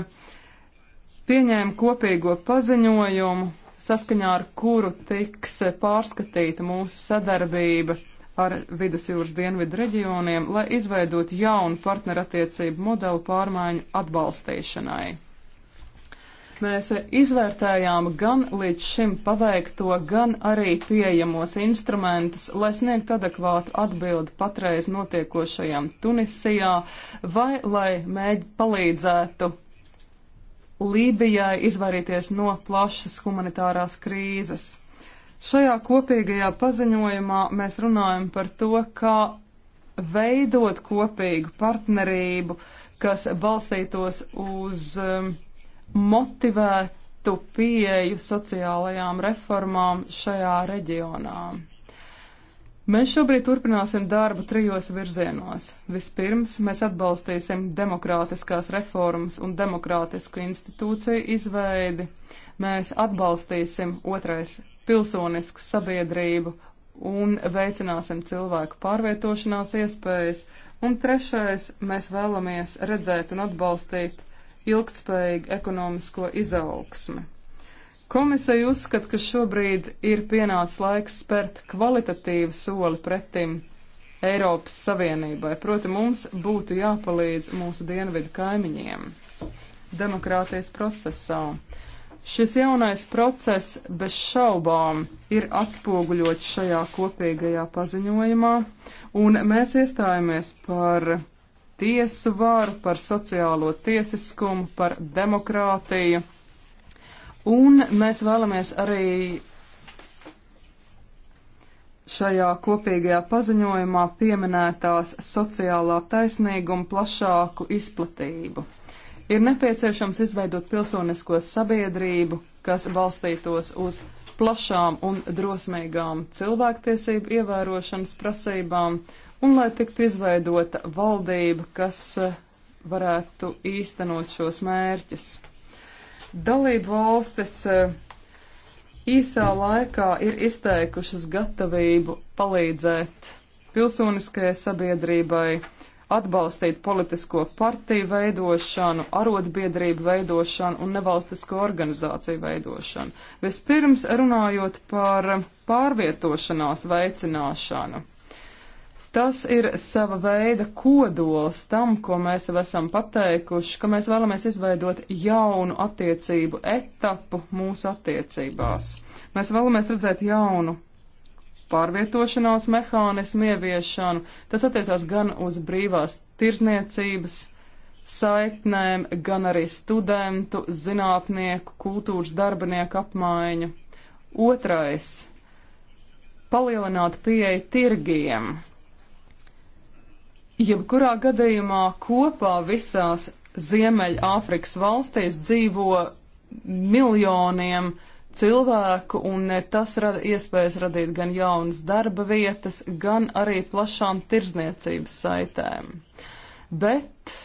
pieņēma kopīgo paziņojumu, saskaņā ar kuru tiks pārskatīta mūsu sadarbība ar vidusjūras dienvidu reģioniem, lai izveidot jaunu partnerattiecību modelu pārmaiņu atbalstīšanai. Mēs izvērtējām gan līdz šim paveikto, gan arī pieejamos instrumentus, lai sniegtu adekvātu atbildi patreiz notiekošajam Tunisijā vai lai mēģi palīdzētu Lībijai izvairīties no plašas humanitārās krīzes. Šajā kopīgajā paziņojumā mēs runājam par to, kā veidot kopīgu partnerību, kas balstītos uz um, motivētu pieeju sociālajām reformām šajā reģionā. Mēs šobrīd turpināsim darbu trijos virzienos. Vispirms mēs atbalstīsim demokrātiskās reformas un demokrātisku institūciju izveidi. Mēs atbalstīsim otrais pilsonisku sabiedrību un veicināsim cilvēku pārvietošanās iespējas. Un trešais mēs vēlamies redzēt un atbalstīt ilgtspējīgu ekonomisko izaugsmi. Komisija uzskata, ka šobrīd ir pienācis laiks spērt kvalitatīvu soli pretim Eiropas Savienībai. Proti, mums būtu jāpalīdz mūsu dienvidu kaimiņiem demokrātijas procesā. Šis jaunais process bez šaubām ir atspoguļots šajā kopīgajā paziņojumā, un mēs iestājāmies par tiesu varu, par sociālo tiesiskumu, par demokrātiju. Un mēs vēlamies arī šajā kopīgajā paziņojumā pieminētās sociālā taisnīguma plašāku izplatību. Ir nepieciešams izveidot pilsonisko sabiedrību, kas balstītos uz plašām un drosmīgām cilvēktiesību ievērošanas prasībām un lai tiktu izveidota valdība, kas eh, varētu īstenot šos mērķus. Dalību valstis eh, īsā laikā ir izteikušas gatavību palīdzēt pilsoniskajai sabiedrībai, atbalstīt politisko partiju veidošanu, arotbiedrību veidošanu un nevalstisko organizāciju veidošanu. Vispirms runājot par pārvietošanās veicināšanu. Tas ir sava veida kodols tam, ko mēs jau esam pateikuši, ka mēs vēlamies izveidot jaunu attiecību etapu mūsu attiecībās. Mēs vēlamies redzēt jaunu pārvietošanās mehānismu ieviešanu. Tas attiecās gan uz brīvās tirzniecības saiknēm, gan arī studentu, zinātnieku, kultūras darbinieku apmaiņu. Otrais - palielināt pieeja tirgiem. Jebkurā gadījumā kopā visās Ziemeļāfrikas valstīs dzīvo miljoniem cilvēku, un tas rada iespējas radīt gan jaunas darba vietas, gan arī plašām tirzniecības saitēm. Bet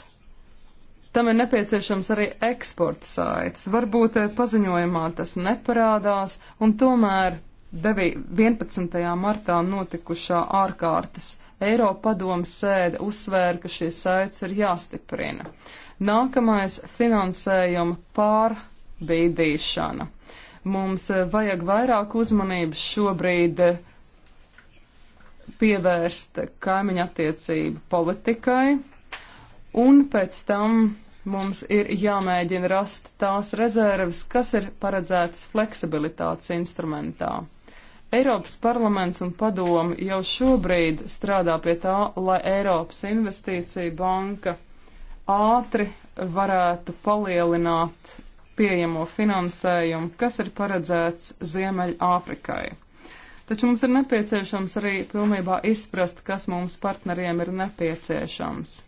tam ir nepieciešams arī eksporta saites. Varbūt eh, paziņojumā tas neparādās, un tomēr 11. martā notikušā ārkārtas Eiropa padomu sēde uzsvēra, ka šīs saites ir jāstiprina. Nākamais - finansējuma pārbīdīšana. Mums eh, vajag vairāk uzmanības šobrīd eh, pievērst kaimiņu attiecību politikai, un pēc tam mums ir jāmēģina rast tās rezerves, kas ir paredzētas fleksibilitātes instrumentā. Eiropas parlaments un padomu jau šobrīd strādā pie tā, lai Eiropas investīcija banka ātri varētu palielināt pieejamo finansējumu, kas ir paredzēts Ziemeļāfrikai. Taču mums ir nepieciešams arī pilnībā izprast, kas mums partneriem ir nepieciešams.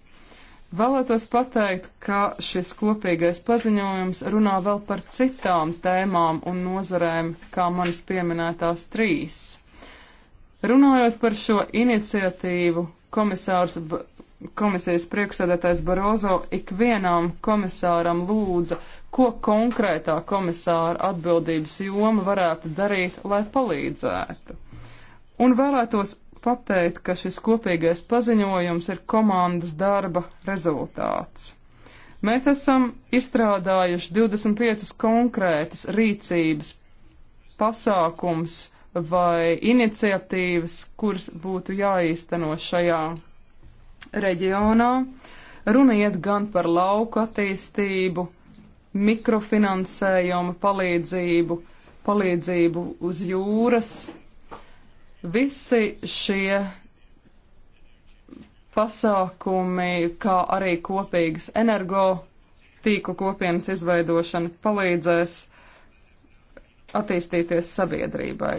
Vēlētos pateikt, ka šis kopīgais paziņojums runā vēl par citām tēmām un nozarēm, kā manas pieminētās trīs. Runājot par šo iniciatīvu, komisārs, komisijas priekšsēdētājs Barozo ikvienam komisāram lūdza, ko konkrētā komisāra atbildības joma varētu darīt, lai palīdzētu. Un vēlētos pateikt, ka šis kopīgais paziņojums ir komandas darba rezultāts. Mēs esam izstrādājuši 25 konkrētus rīcības pasākums vai iniciatīvas, kuras būtu jāīsteno šajā reģionā. Runa iet gan par lauku attīstību, mikrofinansējumu palīdzību, palīdzību uz jūras Visi šie pasākumi, kā arī kopīgas energo tīku kopienas izveidošana palīdzēs attīstīties sabiedrībai.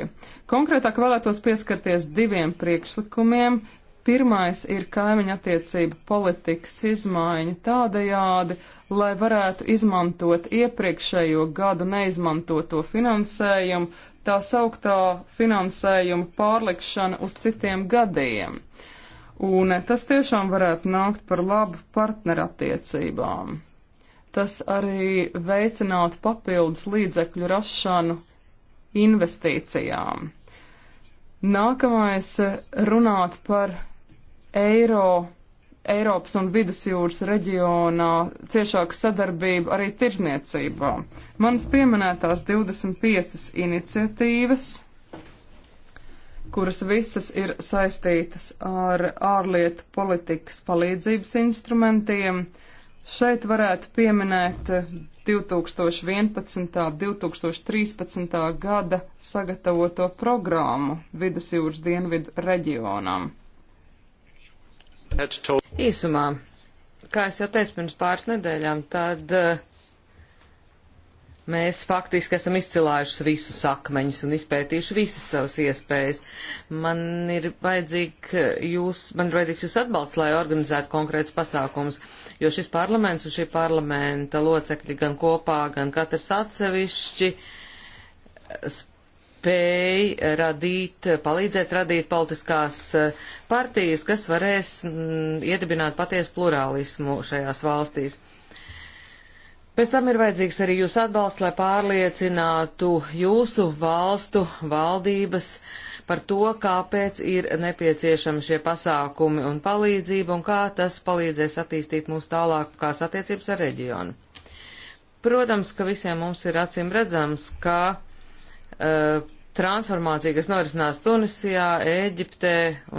Konkrētāk vēlētos pieskarties diviem priekšlikumiem. Pirmais ir kaimiņa attiecība politikas izmaiņa tādajādi, lai varētu izmantot iepriekšējo gadu neizmantoto finansējumu, tā sauktā finansējuma pārlikšana uz citiem gadiem. Un tas tiešām varētu nākt par labu partnerattiecībām. Tas arī veicinātu papildus līdzekļu rašanu investīcijām. Nākamais runāt par eiro Eiropas un Vidusjūras reģionā ciešāku sadarbību arī tirzniecībā. Manas pieminētās 25 iniciatīvas, kuras visas ir saistītas ar ārlietu politikas palīdzības instrumentiem, Šeit varētu pieminēt 2011. 2013. gada sagatavoto programmu Vidusjūras dienvidu reģionam. Īsumā, kā es jau teicu pirms pāris nedēļām, tad eh, mēs faktiski esam izcilājuši visus akmeņus un izpētījuši visas savas iespējas. Man ir, eh, jūs, man ir vajadzīgs jūs atbalsts, lai organizētu konkrēts pasākums, jo šis parlaments un šī parlamenta locekļi gan kopā, gan katrs atsevišķi eh, spēj radīt, palīdzēt radīt politiskās eh, partijas, kas varēs mm, iedibināt patiesu plurālismu šajās valstīs. Pēc tam ir vajadzīgs arī jūsu atbalsts, lai pārliecinātu jūsu valstu valdības par to, kāpēc ir nepieciešami šie pasākumi un palīdzība un kā tas palīdzēs attīstīt mūsu tālākās attiecības ar reģionu. Protams, ka visiem mums ir acīm redzams, ka Uh, transformācija, kas norisinās Tunisijā, Ēģiptē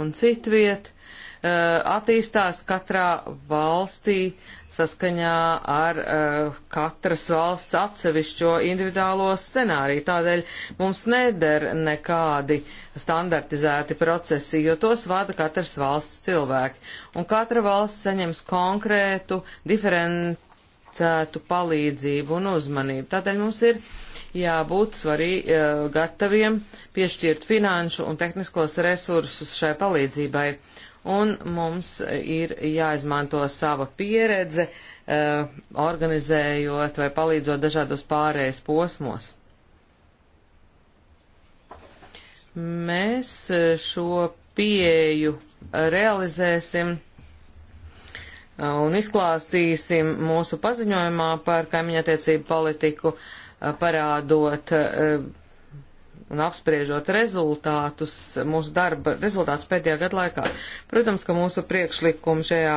un citviet, uh, attīstās katrā valstī saskaņā ar uh, katras valsts atsevišķo individuālo scenāriju. Tādēļ mums neder nekādi standartizēti procesi, jo tos vada katras valsts cilvēki. Un katra valsts saņems konkrētu, diferencētu palīdzību un uzmanību. Tādēļ mums ir uh, jābūt svarī e, gataviem piešķirt finanšu un tehniskos resursus šai palīdzībai. Un mums ir jāizmanto sava pieredze, e, organizējot vai palīdzot dažādos pārējais posmos. Mēs e, šo pieeju realizēsim un izklāstīsim mūsu paziņojumā par kaimiņattiecību politiku. Uh, parādot eh, un apspriežot rezultātus, mūsu darba rezultātus pēdējā gada laikā. Protams, ka mūsu priekšlikumi šajā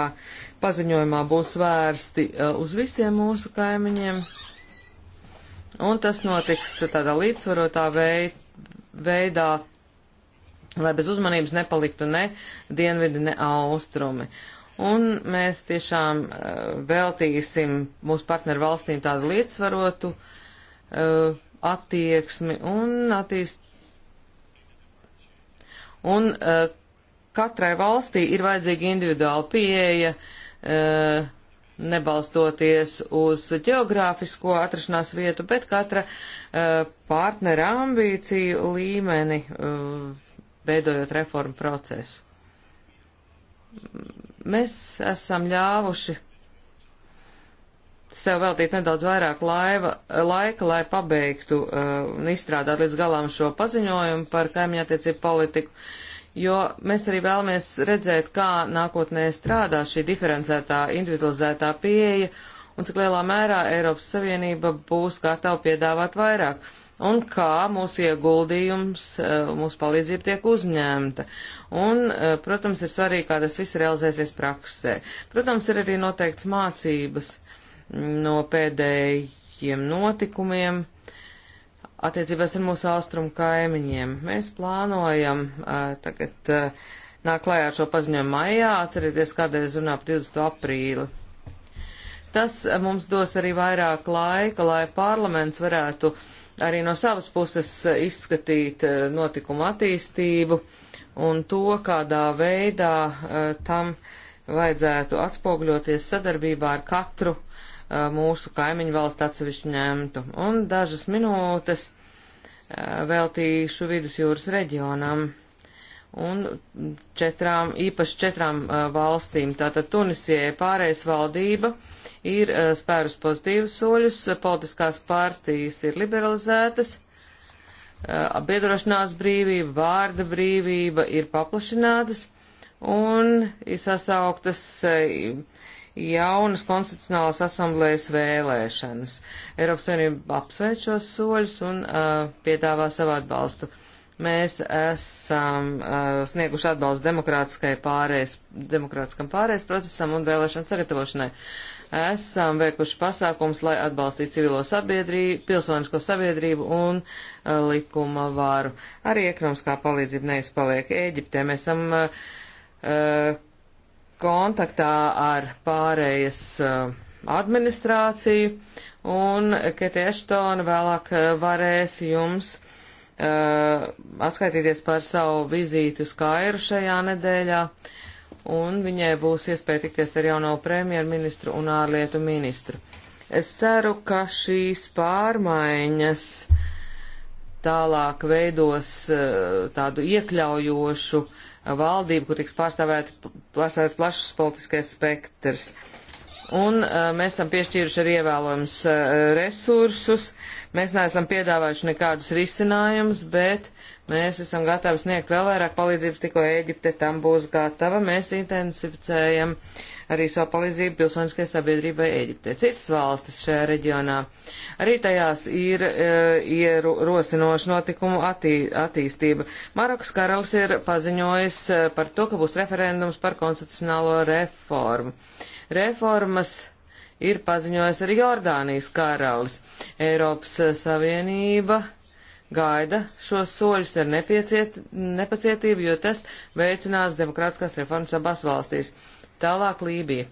paziņojumā būs vērsti eh, uz visiem mūsu kaimiņiem, un tas notiks tādā līdzsvarotā veidā, lai bez uzmanības nepaliktu ne dienvidi, ne austrumi. Un mēs tiešām eh, veltīsim mūsu partneru valstīm tādu līdzsvarotu uh, uh, attieksmi un attīst. Un uh, katrai valstī ir vajadzīga individuāla pieeja, uh, nebalstoties uz geogrāfisko atrašanās vietu, bet katra uh, partnera ambīciju līmeni, uh, veidojot reformu procesu. Mēs esam ļāvuši sev veltīt nedaudz vairāk laiva, laika, lai pabeigtu uh, un izstrādāt līdz galām šo paziņojumu par kaimiņu attiecību politiku, jo mēs arī vēlamies redzēt, kā nākotnē strādā šī diferencētā, individualizētā pieeja un cik lielā mērā Eiropas Savienība būs gatava piedāvāt vairāk un kā mūsu ieguldījums, uh, mūsu palīdzība tiek uzņemta. Un, uh, protams, ir svarīgi, kā tas viss realizēsies praksē. Protams, ir arī noteikts mācības no pēdējiem notikumiem attiecībās ar mūsu austrumu kaimiņiem. Mēs plānojam uh, tagad uh, nāk klājā ar šo paziņojumu maijā, atcerieties, kādreiz runā par 20. aprīli. Tas mums dos arī vairāk laika, lai parlaments varētu arī no savas puses izskatīt notikumu attīstību un to, kādā veidā uh, tam vajadzētu atspogļoties sadarbībā ar katru uh, mūsu kaimiņu valsts atsevišķi ņemtu. Un dažas minūtes veltīšu vidusjūras reģionam un četrām, īpaši četrām valstīm. Tātad Tunisijai pārējais valdība ir spērus pozitīvus soļus, politiskās partijas ir liberalizētas, biedrošanās brīvība, vārda brīvība ir paplašinātas un ir sasauktas jaunas konstitucionālas asamblējas vēlēšanas. Eiropas Savienība apsveic šos soļus un uh, piedāvā savu atbalstu. Mēs esam uh, snieguši atbalstu demokrātiskai pārējais, demokrātiskam pārējais procesam un vēlēšanu sagatavošanai. Esam veikuši pasākums, lai atbalstītu civilo sabiedrību, pilsonisko sabiedrību un uh, likuma varu. Arī ekonomiskā palīdzība neizpaliek Ēģiptē. Mēs esam uh, uh, kontaktā ar pārējas uh, administrāciju, un Keti Eštona vēlāk uh, varēs jums uh, atskaitīties par savu vizīti uz Kairu šajā nedēļā, un viņai būs iespēja tikties ar jauno premjerministru un ārlietu ministru. Es ceru, ka šīs pārmaiņas tālāk veidos uh, tādu iekļaujošu uh, valdību, kur tiks pārstāvēt, pārstāvēt plašs politiskais spektrs. Un uh, mēs esam piešķīruši arī ievēlojums uh, resursus. Mēs neesam piedāvājuši nekādus risinājumus, bet mēs esam gatavi sniegt vēl vairāk palīdzības, tikko Ēģipte tam būs gatava. Mēs intensificējam uh, arī savu palīdzību pilsoniskai sabiedrībai Eģiptē. Citas valstis šajā reģionā arī tajās ir e, ierosinoša notikumu attī, attīstība. Marokas karalis ir paziņojis e, par to, ka būs referendums par konstitucionālo reformu. Reformas ir paziņojis arī Jordānijas karalis. Eiropas e, Savienība gaida šos soļus ar nepacietību, jo tas veicinās demokrātiskās reformas abās valstīs. Tālāk Lībija.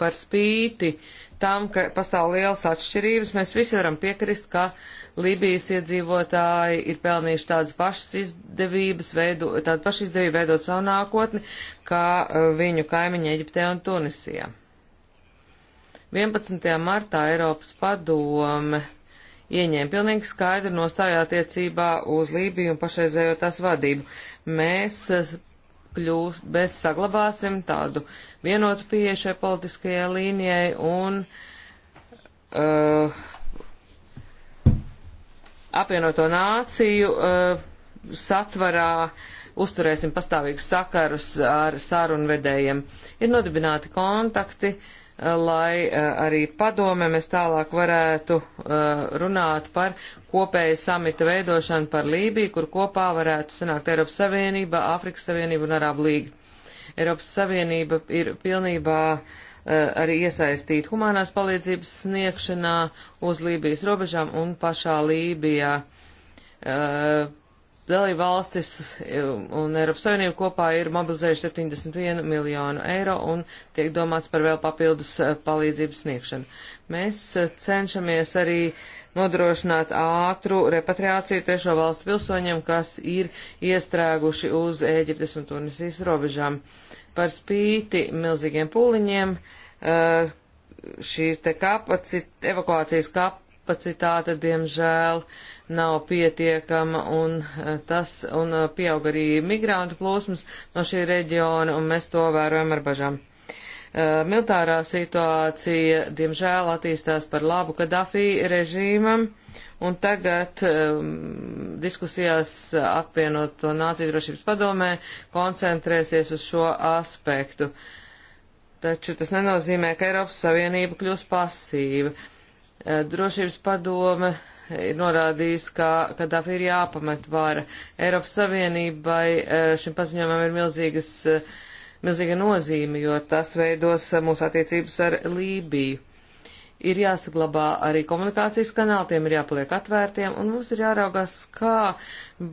Par spīti tam, ka pastāv lielas atšķirības, mēs visi varam piekrist, ka Lībijas iedzīvotāji ir pelnījuši tādas pašas izdevības, veido, tādu pašu izdevību veidot savu nākotni, kā uh, viņu kaimiņi Eģiptē un Tunisijā. 11. martā Eiropas padome ieņēma pilnīgi skaidru nostāju attiecībā uz Lībiju un pašreizējo tās vadību. Mēs uh, kļūs, mēs saglabāsim tādu vienotu pieeju šai politiskajai līnijai un uh, apvienoto nāciju uh, satvarā uzturēsim pastāvīgus sakarus ar sarunvedējiem. Ir nodibināti kontakti uh, lai eh, arī padome mēs tālāk varētu eh, runāt par kopēju samita veidošanu par Lībiju, kur kopā varētu sanākt Eiropas Savienība, Āfrikas Savienība un Arābu Līga. Eiropas Savienība ir pilnībā eh, arī iesaistīta humanās palīdzības sniegšanā uz Lībijas robežām un pašā Lībijā. Uh, Dalība valstis um, un Eiropas Savienība kopā ir mobilizējuši 71 miljonu eiro un tiek domāts par vēl papildus uh, palīdzības sniegšanu. Mēs uh, cenšamies arī nodrošināt ātru repatriāciju tiešo valstu pilsoņiem, kas ir iestrēguši uz Ēģiptes un Tunisijas robežām. Par spīti milzīgiem pūliņiem uh, šīs te kapacit, evakuācijas kapacitāte, diemžēl, uh, nav pietiekama un eh, tas un eh, pieaug arī migrantu plūsmas no šī reģiona un mēs to vērojam ar bažām. Eh, militārā situācija, diemžēl, attīstās par labu Kadafī režīmam, un tagad um, diskusijās apvienoto nāciju drošības padomē koncentrēsies uz šo aspektu. Uh, taču tas nenozīmē, ka Eiropas Savienība kļūs pasīva. Drošības padome ir norādījis, ka Kadafi ir jāpamet vara. Eiropas Savienībai e, šim paziņojumam ir milzīgas, e, milzīga nozīme, jo tas veidos mūsu attiecības ar Lībiju. Ir jāsaglabā arī komunikācijas kanāli, tiem ir jāpaliek atvērtiem, un mums ir jāraugās, kā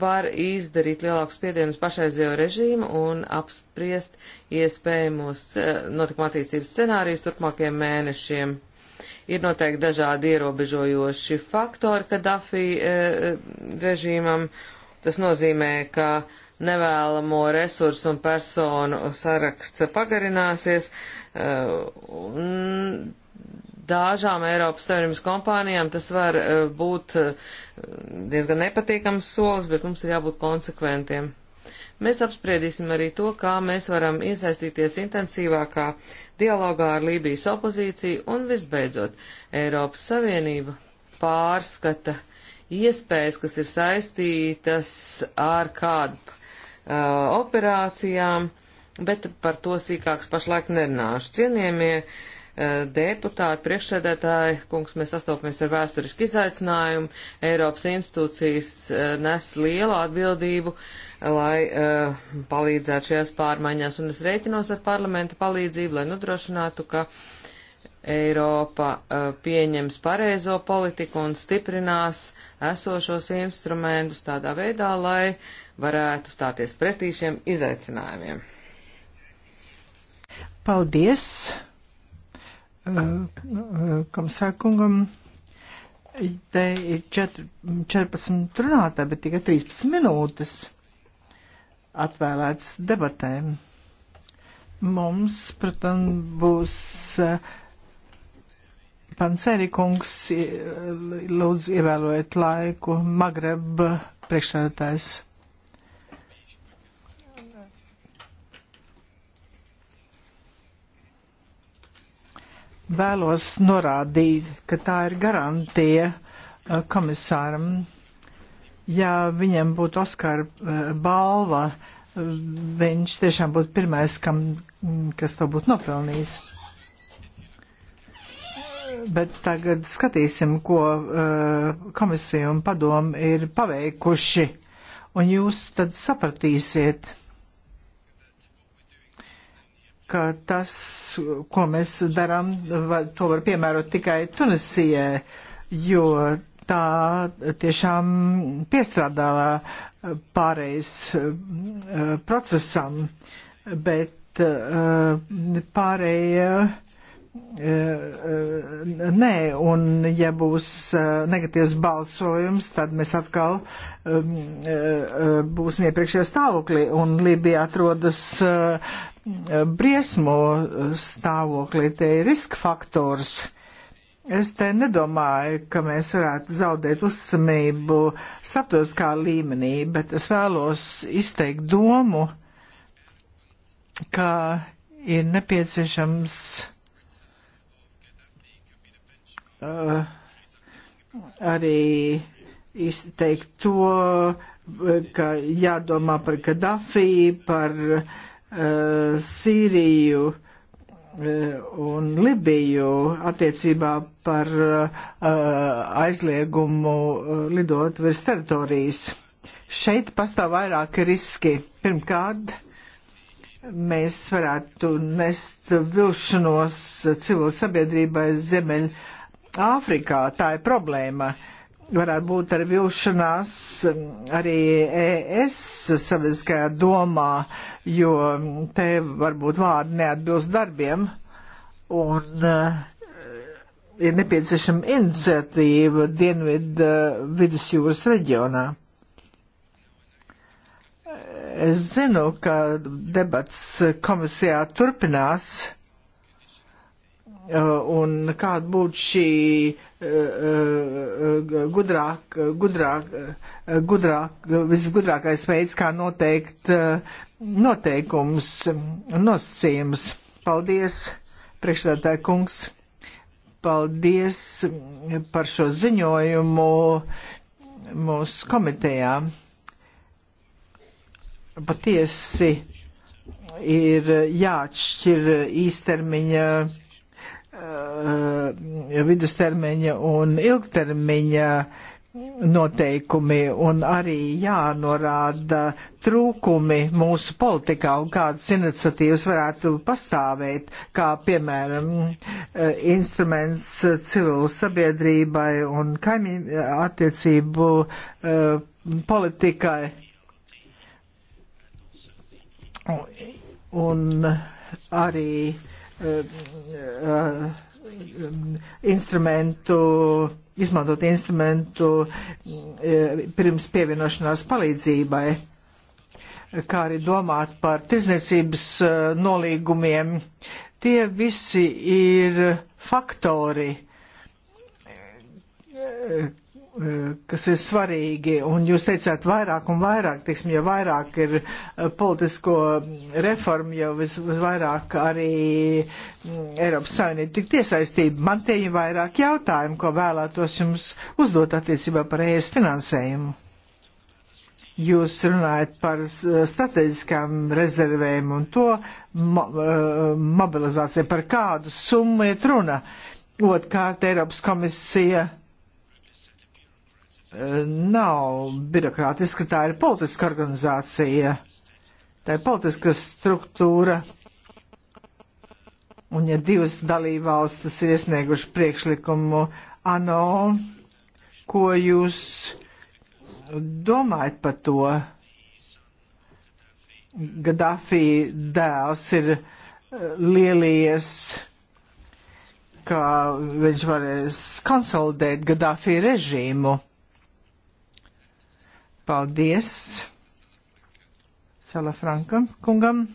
var izdarīt lielākus spiedienus pašreizējo režīmu un apspriest iespējamos e, notikuma attīstības scenārijus turpmākajiem mēnešiem ir noteikti dažādi ierobežojoši faktori Kadafī e, e, režīmam. Tas nozīmē, ka nevēlamo resursu un personu saraksts pagarināsies. E, un Dāžām Eiropas Savienības kompānijām tas var e, būt e, diezgan nepatīkams solis, bet mums ir jābūt konsekventiem. Mēs apspriedīsim arī to, kā mēs varam iesaistīties intensīvākā dialogā ar Lībijas opozīciju un visbeidzot Eiropas Savienība pārskata iespējas, kas ir saistītas ar kādu uh, operācijām, bet par to sīkāks pašlaik nerunāšu. Cienījamie uh, Eh, deputāti, priekšsēdētāji, kungs, mēs sastopamies ar vēsturisku izaicinājumu. Eiropas institūcijas eh, nes lielu atbildību, eh, lai palīdzētu šajās pārmaiņās, un es rēķinos ar parlamenta palīdzību, lai nodrošinātu, ka Eiropa pieņems pareizo politiku un stiprinās esošos instrumentus tādā veidā, lai varētu stāties pretī šiem izaicinājumiem. Paldies! Eh, eh, komisārkungam. Te ir 14 runātāji, bet tikai 13 minūtes atvēlēts debatēm. Mums, protams, būs eh, pancerikungs, lūdzu ievēlojiet laiku, Magreb priekšsēdētājs. vēlos norādīt, ka tā ir garantija eh, komisāram. Ja viņam būtu Oskara eh, balva, eh, viņš tiešām būtu pirmais, kam, kas to būtu nopelnījis. Bet tagad skatīsim, ko komisija un padomu ir paveikuši, un jūs tad sapratīsiet ka tas, ko mēs darām, to var piemērot tikai Tunisijai, jo tā tiešām piestrādā pārējais eh, procesam, bet eh, pārējie eh, nē, un ja būs negatīvs balsojums, tad mēs atkal būsim iepriekšējā stāvoklī, un Libija atrodas briesmu stāvoklī, tie ir riska faktors. Es te nedomāju, ka mēs varētu zaudēt uzsamību starptautiskā līmenī, bet es vēlos izteikt domu, ka ir nepieciešams uh, arī izteikt to, ka jādomā par Gaddafi, par uh, Eh, Sīriju eh, un Libiju attiecībā par eh, aizliegumu lidot virs teritorijas. Šeit pastāv vairāki riski. Pirmkārt, mēs varētu nest vilšanos civil sabiedrībai Ziemeļ Āfrikā. Tā ir problēma. Uh, varētu būt arī vilšanās um, arī ES sabiedriskajā domā, jo te varbūt vārdi neatbilst darbiem. Un uh, ir nepieciešama iniciatīva Dienvidu uh, vidusjūras reģionā. Es zinu, ka debats komisijā turpinās Eh, un kāda būtu šī eh, eh, gudrāk, gudrāk, gudrāk, visgudrākais veids, kā noteikt noteikums un nosacījums. Paldies, priekšstādātāja kungs, paldies par šo ziņojumu mūsu komitejā. Patiesi ir jāatšķir īstermiņa Uh, vidustermiņa un ilgtermiņa noteikumi un arī jānorāda trūkumi mūsu politikā un kādas iniciatīvas varētu pastāvēt, kā piemēram uh, instruments civilu sabiedrībai un kaimiņu attiecību uh, politikai. Un arī uh, Eh, eh, instrumentu, izmantot instrumentu eh, pirms pievienošanās palīdzībai, kā arī domāt par tirzniecības nolīgumiem. Tie visi ir faktori, Eh, kas ir svarīgi, un jūs teicāt vairāk un vairāk, teiksim, jo vairāk ir eh, politisko reformu, jo visvairāk arī mm, Eiropas Savienība tik tiesaistība. Man tie ir vairāk jautājumu, ko vēlētos jums uzdot attiecībā par ES finansējumu. Jūs runājat par strateģiskām rezervēm un to eh, mobilizāciju, par kādu summu iet runa. Otkārt, Eiropas komisija nav birokrātiska, tā ir politiska organizācija, tā ir politiska struktūra. Un ja divas dalībvalstis ir iesnieguši priekšlikumu ANO, ko jūs domājat par to? Gaddafi dēls ir eh, lielies ka viņš varēs konsolidēt Gaddafi režīmu. Paldies Salafranka kungam,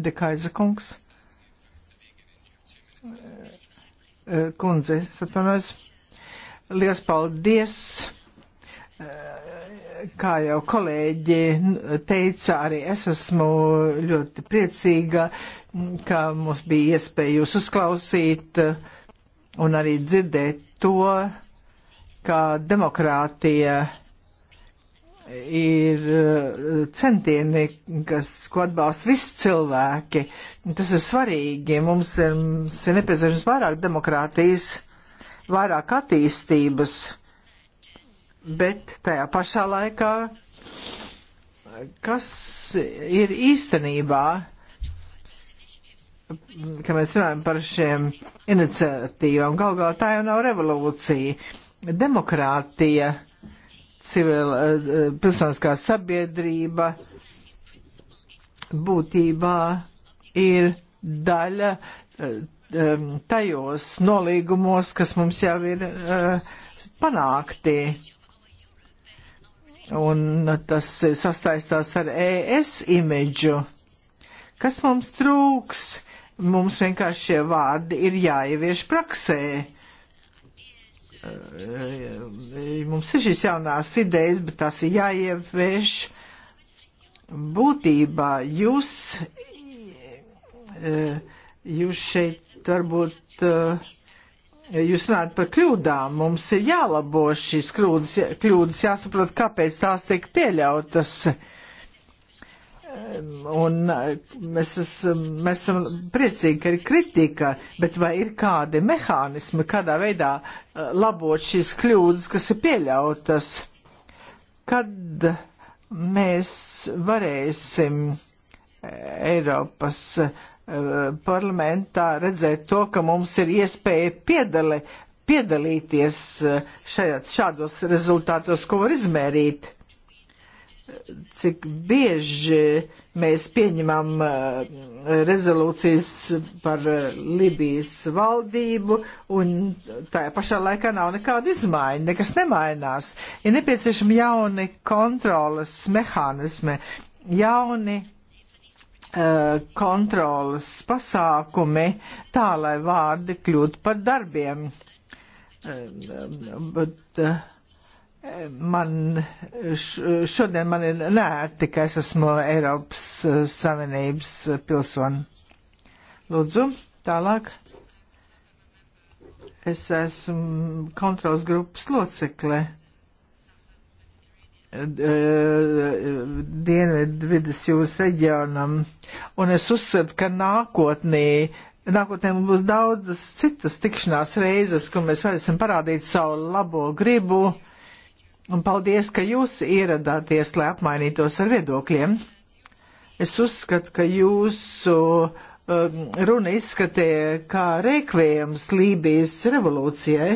Dekaiza kungs, eh, eh, kundze, sapanojas. Liels paldies! Eh, kā jau kolēģi teica, arī es esmu ļoti priecīga, ka mums bija iespēja jūs uzklausīt un arī dzirdēt to, kā demokrātija uh, ir eh, centieni, kas, ko atbalsta visi cilvēki. Tas ir svarīgi. Mums ir, mums ir nepieciešams vairāk demokrātijas, vairāk attīstības, bet tajā pašā laikā, kas ir īstenībā, ka mēs runājam par šiem iniciatīvām, galvā tā jau nav revolūcija. Demokrātija civila eh, eh, pilsoniskā sabiedrība būtībā ir daļa eh, tajos nolīgumos, kas mums jau ir panākti. Un tas sastaistās ar ES imidžu. Kas mums trūks? Mums vienkārši šie vārdi ir jāievieš praksē. Uh, mums ir šīs jaunās idejas, bet tās ir jāievieš būtībā. Jūs, jūs šeit varbūt. Jūs runājat par kļūdām, mums ir jālabo šīs kļūdas, kļūdas jāsaprot, kāpēc tās tiek pieļautas. Uh, Un e, mēs, esam, mēs esam priecīgi, ka ir kritika, bet vai ir kādi mehānismi, kādā veidā e, labot šīs kļūdas, kas ir pieļautas? Kad mēs varēsim e, Eiropas parlamentā redzēt to, ka mums ir iespēja piedali, piedalīties šajā, šādos rezultātos, ko var izmērīt? cik bieži mēs pieņemam eh, rezolūcijas par eh, Libijas valdību, un tajā pašā laikā nav nekāda izmaiņa, nekas nemainās. Ir nepieciešami jauni kontrolas mehānismi, jauni uh, kontrolas pasākumi tā, lai vārdi kļūtu par darbiem. Uh, but, uh, Man šodien man ir nērti, ka es esmu Eiropas eh, Savienības eh, pilsoni. Lūdzu, tālāk. Es esmu kontrols grupas locekle. Eh, Dienvidu vidus jūras reģionam. Un es uzskatu, ka nākotnī Nākotnē mums būs daudzas citas tikšanās reizes, kur mēs varēsim parādīt savu labo gribu, uh, Un paldies, ka jūs ieradāties, lai apmainītos ar viedokļiem. Es uzskatu, ka jūsu um, runa izskatīja kā rekvējums Lībijas revolūcijai.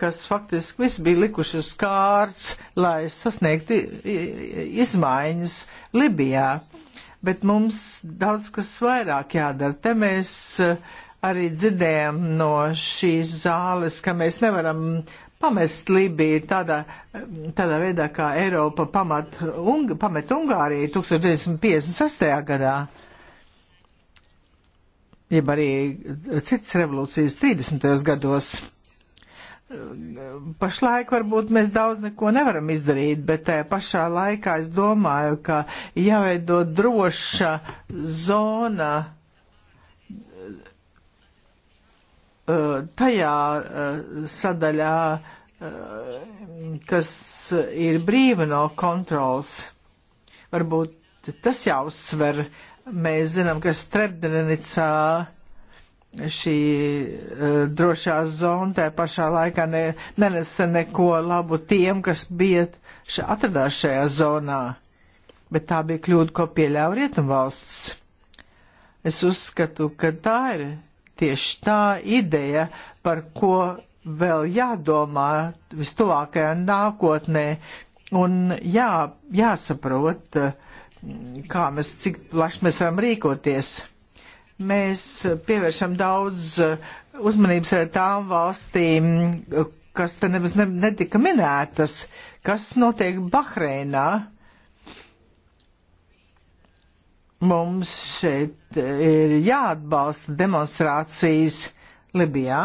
kas faktiski viss bija likuši uz kārts, lai sasniegtu izmaiņas Libijā. Bet mums daudz kas vairāk jādara. Te mēs uh, arī dzirdējām no šīs zāles, ka mēs nevaram pamest Libiju tādā, tādā veidā, kā Eiropa pamat, un, pamet Ungāriju 1956. gadā, jeb arī citas revolūcijas 30. gados. Pašlaik varbūt mēs daudz neko nevaram izdarīt, bet tajā pašā laikā es domāju, ka jāveido droša zona Uh, tajā uh, sadaļā, uh, kas ir brīva no kontrols. Varbūt tas jāuzsver. Mēs zinām, ka Strebdenicā šī drošā zona tajā pašā laikā ne, nenesa neko labu tiem, kas bija še, atradās šajā zonā. Bet tā bija kļūda, ko pieļāva Rietumvalsts. Es uzskatu, ka tā ir Tieši tā ideja, par ko vēl jādomā vistuvākajā nākotnē un jā, jāsaprot, kā mēs, cik plaši mēs varam rīkoties. Mēs pievēršam daudz uzmanības ar tām valstīm, kas te nemaz netika minētas, kas notiek Bahreinā Mums šeit eh, ir jāatbalsta demonstrācijas Libijā.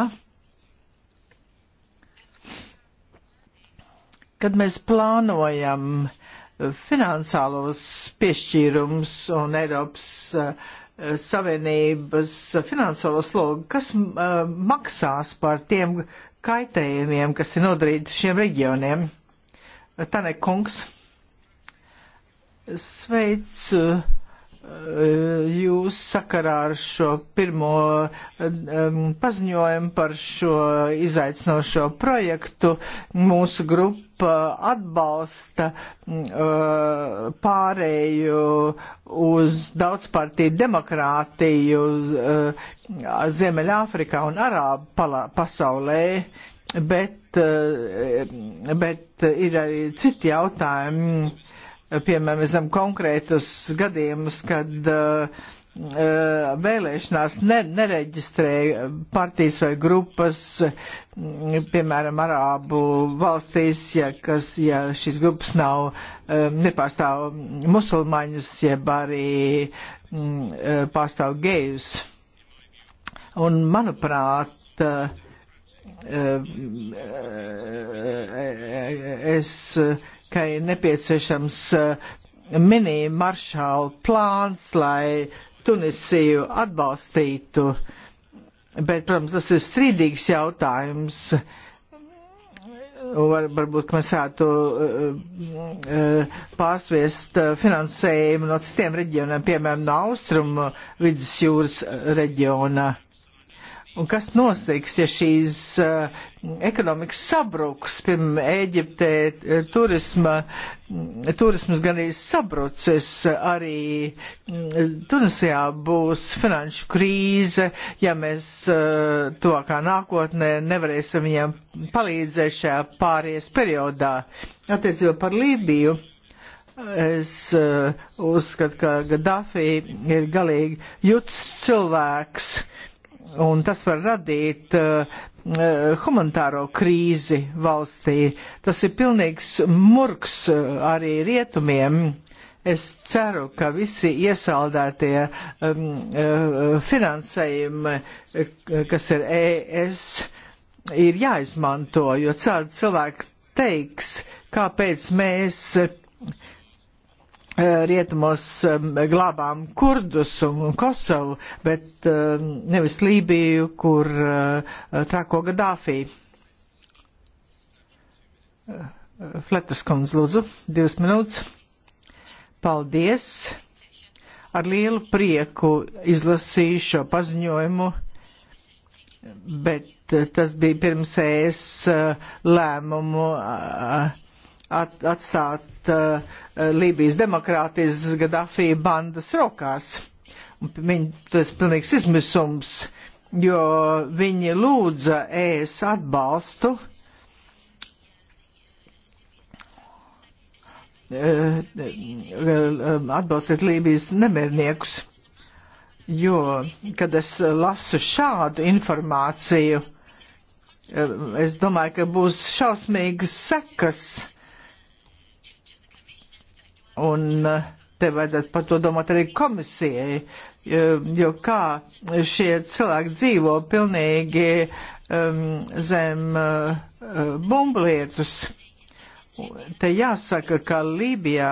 Kad mēs plānojam finansālos piešķīrums un Eiropas uh, Savienības finansālo slogu, kas uh, maksās par tiem kaitējumiem, kas ir nodarīti šiem reģioniem. Tane kungs, sveicu jūs sakarā ar šo pirmo paziņojumu par šo izaicinošo projektu mūsu grupa atbalsta e, pārēju uz daudzpartiju demokrātiju e, Ziemeļāfrikā un Arābu pasaulē, bet, e, bet ir arī citi jautājumi Piemēram, mēs zinām konkrētus gadījumus, kad uh, vēlēšanās ne, nereģistrēja partijas vai grupas, mm, piemēram, Arābu valstīs, ja, kas, ja šīs grupas nav, eh, nepārstāv musulmaņus, jeb arī mm, pārstāv gejus. Un, manuprāt, es ka ir nepieciešams eh, mini maršāla plāns, lai Tunisiju atbalstītu. Bet, protams, tas ir strīdīgs jautājums. Var, varbūt mēs varētu uh, uh, pārsviest finansējumu no citiem reģioniem, piemēram, no austrumu vidusjūras reģiona. Un kas notiks, ja šīs uh, ekonomikas sabruks, piemēram, Ēģiptē uh, turisma, mm, turismas gan arī sabrucis, arī mm, Tunisijā būs finanšu krīze, ja mēs uh, to kā nākotnē nevarēsim viņiem palīdzēt šajā pāries periodā. Attiecībā par Lībiju. Es uh, uzskatu, ka Gaddafi ir galīgi juts cilvēks. Uh, un tas var radīt uh, humanitāro krīzi valstī. Tas ir pilnīgs murgs uh, arī rietumiem. Es ceru, ka visi iesaldētie um, uh, finansējumi, kas ir ES, ir jāizmanto, jo cilvēki teiks, kāpēc mēs rietumos um, glābām kurdus un Kosovu, bet um, nevis Lībiju, kur uh, trako Gadāfī. Uh, Fletas kundze, lūdzu, divas minūtes. Paldies! Ar lielu prieku izlasīju šo paziņojumu, bet uh, tas bija pirms es lēmumu. Uh, at, atstāt uh, Lībijas demokrātijas Gadafī bandas rokās. Viņi, tas pilnīgs izmisums, jo viņi lūdza ēs atbalstu. Uh, um, atbalstīt Lībijas nemierniekus, jo, kad es lasu šādu informāciju, uh, es domāju, ka būs šausmīgas sekas Un eh, te vajadzētu par to domāt arī komisijai, eh, jo kā šie cilvēki dzīvo pilnīgi um, zem uh, bumblietus. Te jāsaka, ka Lībijā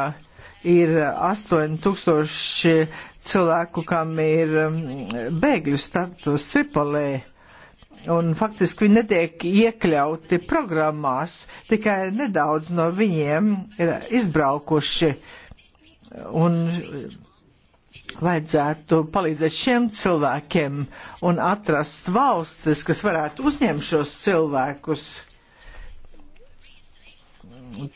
ir 8000 cilvēku, kam ir ehm, bēgļu status Tripolē un faktiski viņi netiek iekļauti programmās, tikai nedaudz no viņiem ir izbraukuši. Un vajadzētu palīdzēt šiem cilvēkiem un atrast valstis, kas varētu uzņemt šos cilvēkus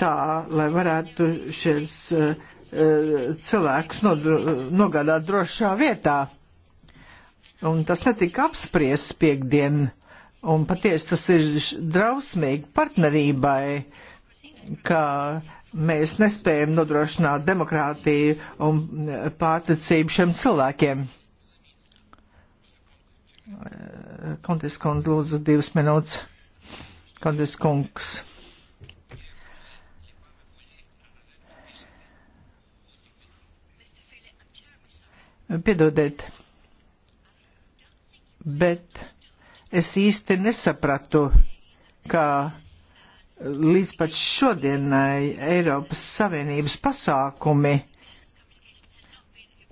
tā, lai varētu šis uh, eh, eh, cilvēks nogādāt drošā vietā. Un tas netika apspriests piekdien. Un patiesi tas ir drausmīgi partnerībai, ka mēs nespējam nodrošināt demokrātiju un eh, pārticību šiem cilvēkiem. Eh, Kontis kundz, lūdzu, divas minūtes. Kontis kungs. Piedodiet bet es īsti nesapratu, kā līdz pat šodienai Eiropas Savienības pasākumi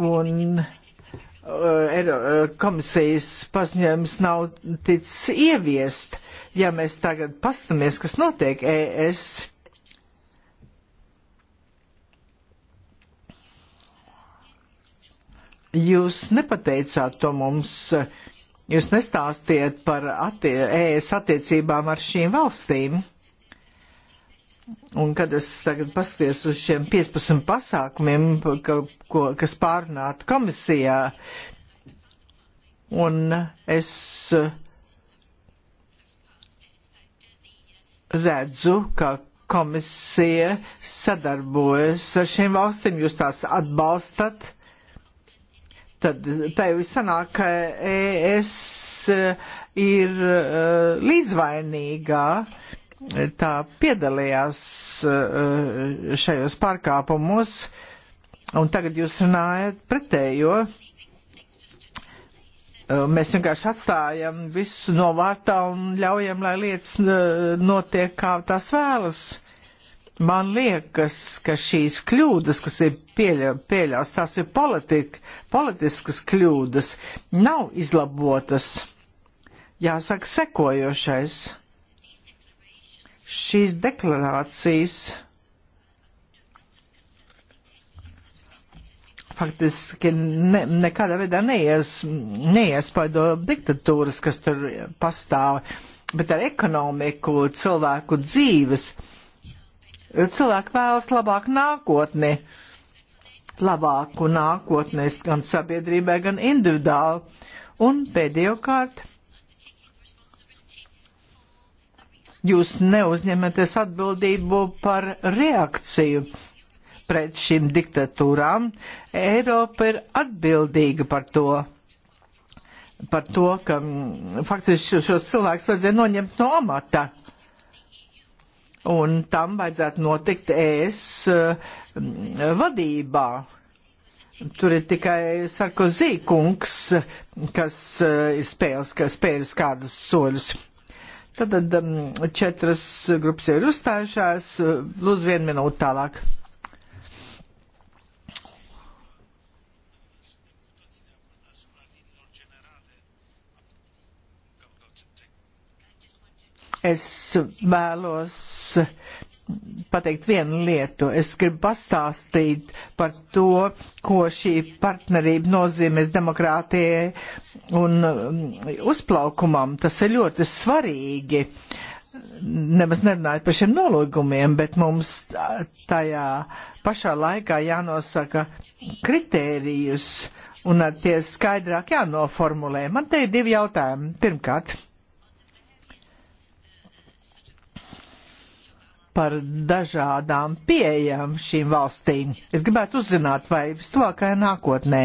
un uh, komisijas paziņojums nav ticis ieviest. Ja mēs tagad pastamies, kas notiek ES. Jūs nepateicāt to mums uh, Jūs nestāstiet par attie ES attiecībām ar šīm valstīm. Un kad es tagad paskaties uz šiem 15 pasākumiem, ka, ko, kas pārunāti komisijā, un es uh, redzu, ka komisija sadarbojas ar šīm valstīm, jūs tās atbalstat tad tev sanāk, ka es ir eh, līdzvainīgā. Tā piedalījās eh, šajos pārkāpumos, un tagad jūs runājat pretējo. Eh, mēs vienkārši atstājam visu novārtā un ļaujam, lai lietas notiek kā tās vēlas. Man liekas, ka šīs kļūdas, kas ir pieļa, pieļās, tās ir politika, politiskas kļūdas, nav izlabotas. Jāsaka sekojošais. Šīs deklarācijas faktiski ne, nekādā veidā neies, neiespaido diktatūras, kas tur pastāv, bet ar ekonomiku, cilvēku dzīves. Uh, Cilvēki vēlas labāku nākotni, labāku nākotnes gan sabiedrībai, gan individuāli. Un pēdējo kārtu. Jūs neuzņematies atbildību par reakciju pret šīm diktatūrām. Eiropa ir atbildīga par to par to, ka faktiski šos cilvēkus vajadzēja noņemt no amata un tam vajadzētu notikt ES eh, vadībā. Tur ir tikai Sarkozī kungs, kas eh, spēles, kas spēles kādus soļus. Tad, tad mm, četras grupas jau ir uzstājušās, eh, lūdzu vienu minūtu tālāk. Es vēlos pateikt vienu lietu. Es gribu pastāstīt par to, ko šī partnerība nozīmēs demokrātijai un um, uzplaukumam. Tas ir ļoti svarīgi. Nemaz nerunājot par šiem nolūgumiem, bet mums tajā pašā laikā jānosaka kritērijus un ar tie skaidrāk jānoformulē. Man te ir divi jautājumi. Pirmkārt, par dažādām pieejām šīm valstīm. Es gribētu uzzināt, vai stuvākajā nākotnē,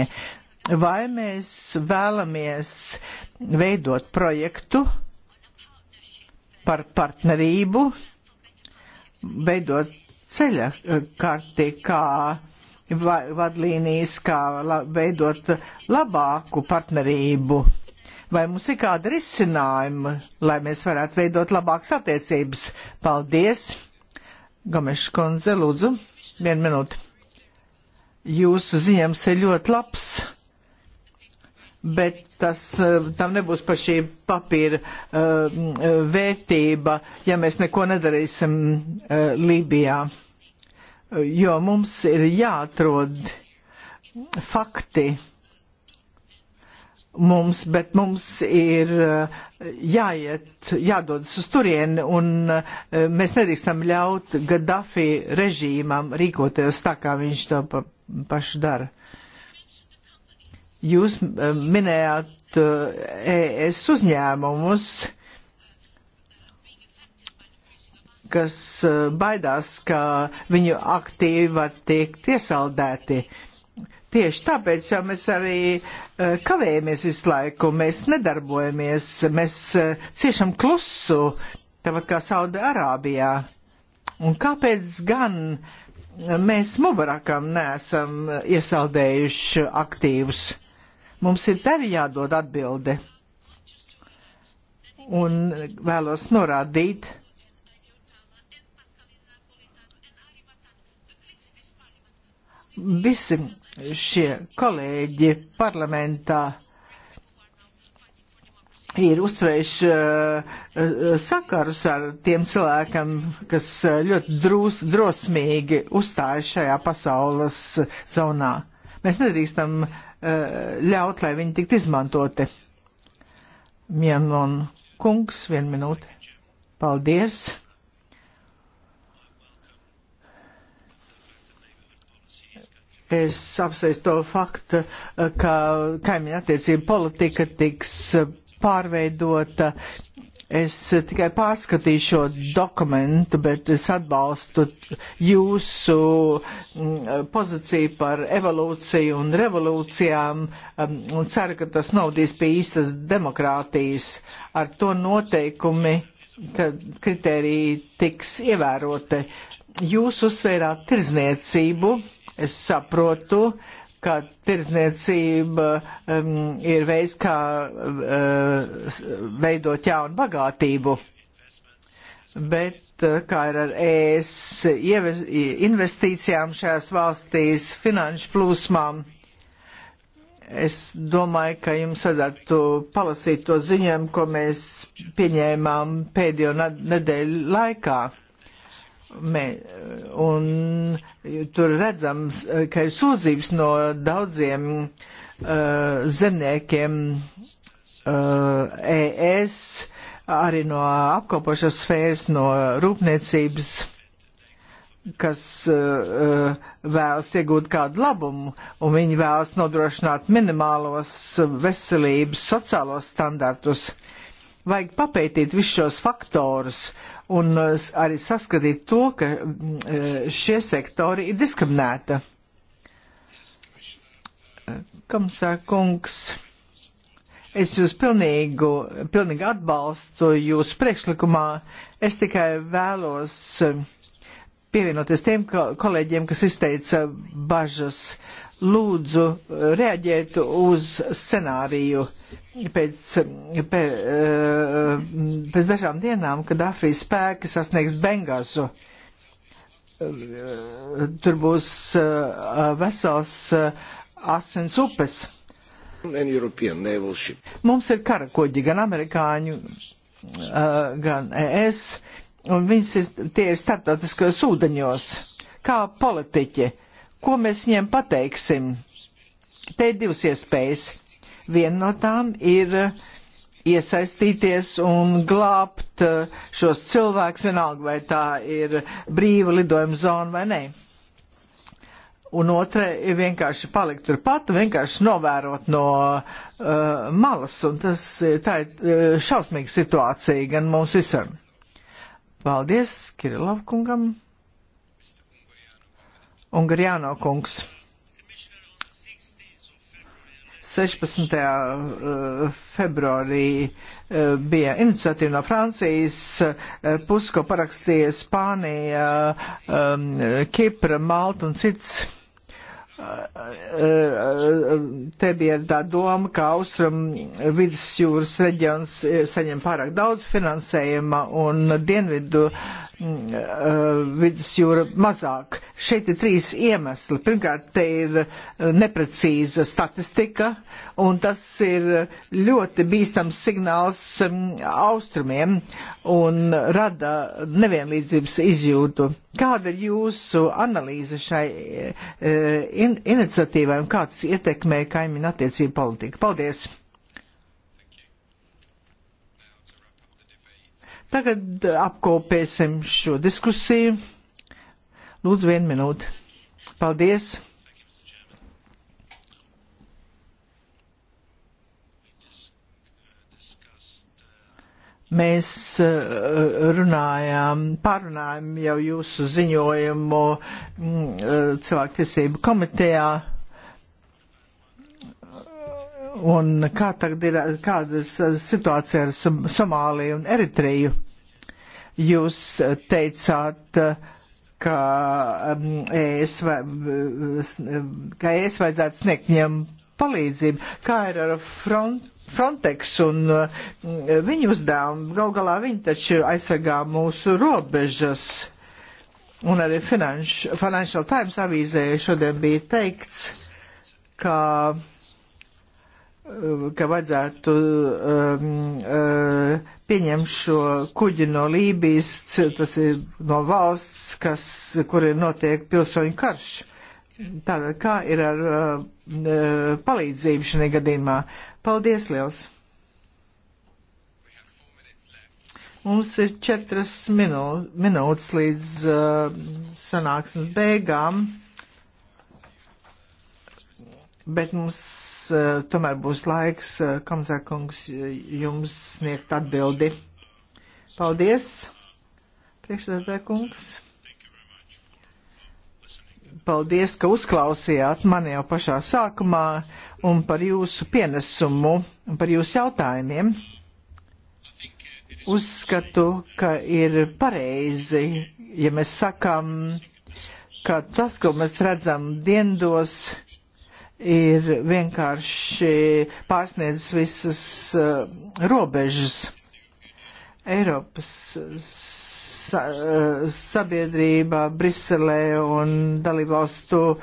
vai mēs vēlamies veidot projektu par partnerību, veidot ceļa karti, kā vadlīnijas, kā la, veidot labāku partnerību. Vai mums ir kāda risinājuma, lai mēs varētu veidot labākas attiecības? Paldies! Gameša kundze, lūdzu, vienu minūti. Jūsu ziņams ir ļoti labs, bet tas, eh, tam nebūs pa šī papīra uh, vērtība, ja mēs neko nedarīsim uh, Lībijā, jo mums ir jāatrod fakti mums, bet mums ir eh, jāiet, jādodas uz turieni, un eh, mēs nedrīkstam ļaut Gaddafi režīmam rīkoties tā, kā viņš to pa, pašu dara. Jūs eh, minējāt ES e uzņēmumus, kas baidās, ka viņu aktīvi var tiek tiesaldēti. Uh, Tieši tāpēc, jo mēs arī e, kavējamies visu laiku, mēs nedarbojamies, mēs e, ciešam klusu, tāpat kā Sauda Arābijā. Un kāpēc gan mēs Mubarakam neesam iesaldējuši aktīvus? Mums ir tevi jādod atbilde. Un vēlos norādīt, visi šie kolēģi parlamentā ir uzturējuši uh, sakarus ar tiem cilvēkiem, kas eh, ļoti drūs, drosmīgi uzstājas šajā pasaules zonā. Mēs nedrīkstam uh, ļaut, lai viņi tiktu izmantoti. Mienlon kungs, vienu minūti. Paldies! Es apsveicu to faktu, ka kaimiņa attiecība politika tiks pārveidota. Es tikai pārskatīju šo dokumentu, bet es atbalstu jūsu mm, pozīciju par evolūciju un revolūcijām mm, un ceru, ka tas naudīs pie īstas demokrātijas. Ar to noteikumi, ka kritēriji tiks ievēroti. Jūs uzsvērāt tirzniecību Es saprotu, ka tirdzniecība um, ir veids, kā uh, veidot jaunu bagātību, bet eh, kā ir ar ES investīcijām šajās valstīs, finanšu plūsmām. Es domāju, ka jums vajadzētu palasīt to ziņojumu, ko mēs pieņēmām pēdējo nedēļu laikā. Mē, un tur redzams, ka ir sūdzības no daudziem uh, zemniekiem uh, ES, arī no apkopošas sfēras, no rūpniecības kas uh, uh, vēlas iegūt kādu labumu, un viņi vēlas nodrošināt minimālos veselības sociālos standartus vajag papētīt visus šos faktorus un uh, arī saskatīt to, ka mm, uh, šie sektori ir diskriminēta. Uh, Kamsā kungs, es jūs pilnīgu, pilnīgi atbalstu jūsu priekšlikumā. Es tikai vēlos pievienoties tiem kolēģiem, kas izteica bažas lūdzu reaģēt uz scenāriju pēc, pe, eh, pēc dažām dienām, kad Afrijas spēki sasniegs Bengāzu. Eh, tur būs eh, vesels asins upes. Mums ir karakoģi gan amerikāņu, gan ES, un viņas ir, tie ir starptautiskos ūdeņos, kā politiķi Ko mēs viņiem pateiksim? Te ir divas iespējas. Viena no tām ir iesaistīties un glābt eh, šos cilvēkus, vienalga vai tā ir brīva lidojuma zona vai nē. Un otra ir vienkārši palikt tur pat, vienkārši novērot no uh, malas, un tas eh, tā ir šausmīga situācija gan mums visam. Paldies Kirilovkungam! Ungarjāno kungs. 16. Eh, februārī eh, bija iniciatīva no Francijas, eh, Pusko parakstīja Spānija, Kipra, Malta un cits te bija tā doma, ka austrum vidusjūras reģions saņem pārāk daudz finansējuma un dienvidu Mm, eh, vidusjūra mazāk. Šeit ir trīs iemesli. Pirmkārt, te ir eh, neprecīza statistika, un tas ir ļoti bīstams signāls mm, austrumiem un rada nevienlīdzības izjūtu. Kāda ir jūsu analīze šai eh, in iniciatīvai un kāds ietekmē kaimiņu attiecību politiku? Paldies! Tagad apkopēsim šo diskusiju. Lūdzu, vienu minūti. Paldies! Mēs eh, runājām, pārunājām jau jūsu ziņojumu mm, eh, cilvēktiesību komitejā Un kā tagad ir, kāda situācija ar Somāliju un Eritreju? Jūs teicāt, ka um, es, ka es vajadzētu sniegt viņiem palīdzību. Kā ir ar front, Frontex un mm, viņu uzdevumu? Gal galā viņi taču aizsargā mūsu robežas. Un arī Financial, Financial Times avīzē šodien bija teikts, ka Um, ka vajadzētu um, uh, pieņemt šo kuģi no Lībijas, tas ir no valsts, kas, kur ir notiek pilsoņu karš. Tātad kā ir ar uh, uh palīdzību šajā gadījumā? Paldies liels! Mums ir četras minū, minūtes līdz uh, sanāksmes beigām, bet mums Eh, tomēr būs laiks, eh, Kamzākungs, eh, jums sniegt atbildi. Paldies, priekšsēdētājkungs. Paldies, ka uzklausījāt mani jau pašā sākumā un par jūsu pienesumu un par jūsu jautājumiem. Uzskatu, ka ir pareizi, ja mēs sakam, ka tas, ko mēs redzam dienos, ir vienkārši pārsniedzis visas uh, robežas. Eiropas sa, uh, sabiedrība Briselē un dalībvalstu uh,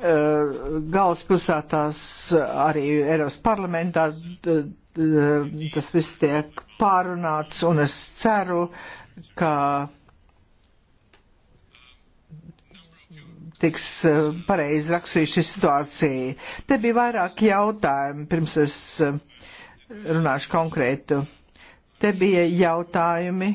galvaspilsētās, arī Eiropas parlamentā tas viss tiek pārunāts un es ceru, ka tiks eh, pareizi raksturīta šī situācija. Te bija vairāk jautājumu, pirms es eh, runāšu konkrētu. Te bija jautājumi,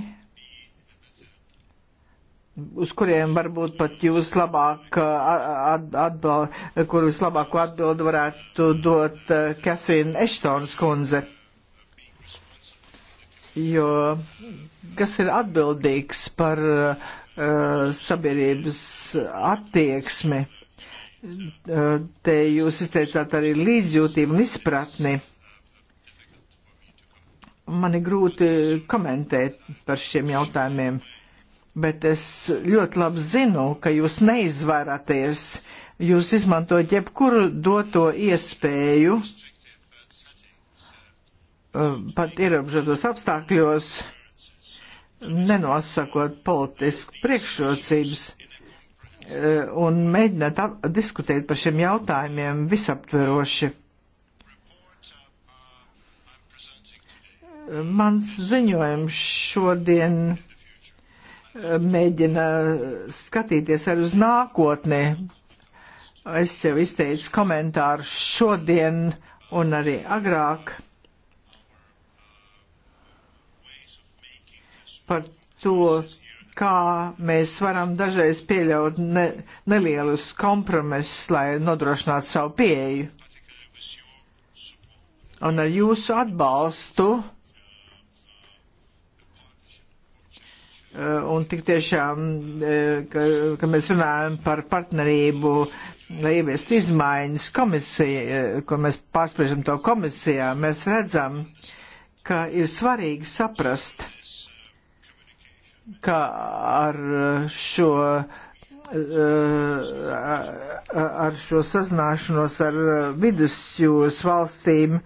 uz kuriem varbūt pat jūs labāk eh, atbild, kurus labāko atbildi varētu dot Katrīna Eštons kundze. Jo kas ir atbildīgs par uh, Uh, sabiedrības attieksmi. Uh, te jūs izteicāt arī līdzjūtību un izpratni. Man ir grūti komentēt par šiem jautājumiem, bet es ļoti labi zinu, ka jūs neizvaraties. Jūs izmantojat jebkuru doto iespēju, uh, pat ierobežotos apstākļos, uh, nenosakot politisku priekšrocības e, un mēģināt diskutēt par šiem jautājumiem visaptveroši. Mans ziņojums šodien e, mēģina skatīties arī uz nākotni. Es jau izteicu komentāru šodien un arī agrāk. par to, kā mēs varam dažreiz pieļaut ne, nelielus kompromisus, lai nodrošinātu savu pieeju. Un ar jūsu atbalstu eh, un tik tiešām, eh, ka, ka mēs runājam par partnerību, lai ieviestu izmaiņas komisija, eh, ko mēs pārspriežam to komisijā, mēs redzam, ka ir svarīgi saprast, ka ar šo eh, ar šo sazināšanos ar vidusjūras valstīm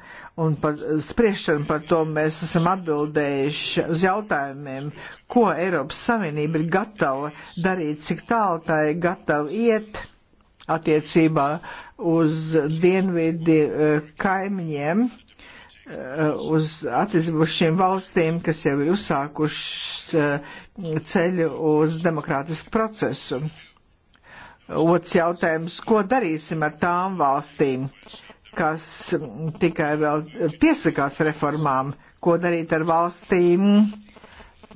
un par spriešanu par to mēs esam atbildējuši uz jautājumiem, ko Eiropas Savienība ir gatava darīt, cik tālu tā ir gatava iet attiecībā uz dienvidi eh, kaimiņiem, eh, uz attīstībušiem valstīm, kas jau ir uzsākušas ceļu uz demokrātisku procesu. Otrs jautājums, ko darīsim ar tām valstīm, kas tikai vēl piesakās reformām, ko darīt ar valstīm,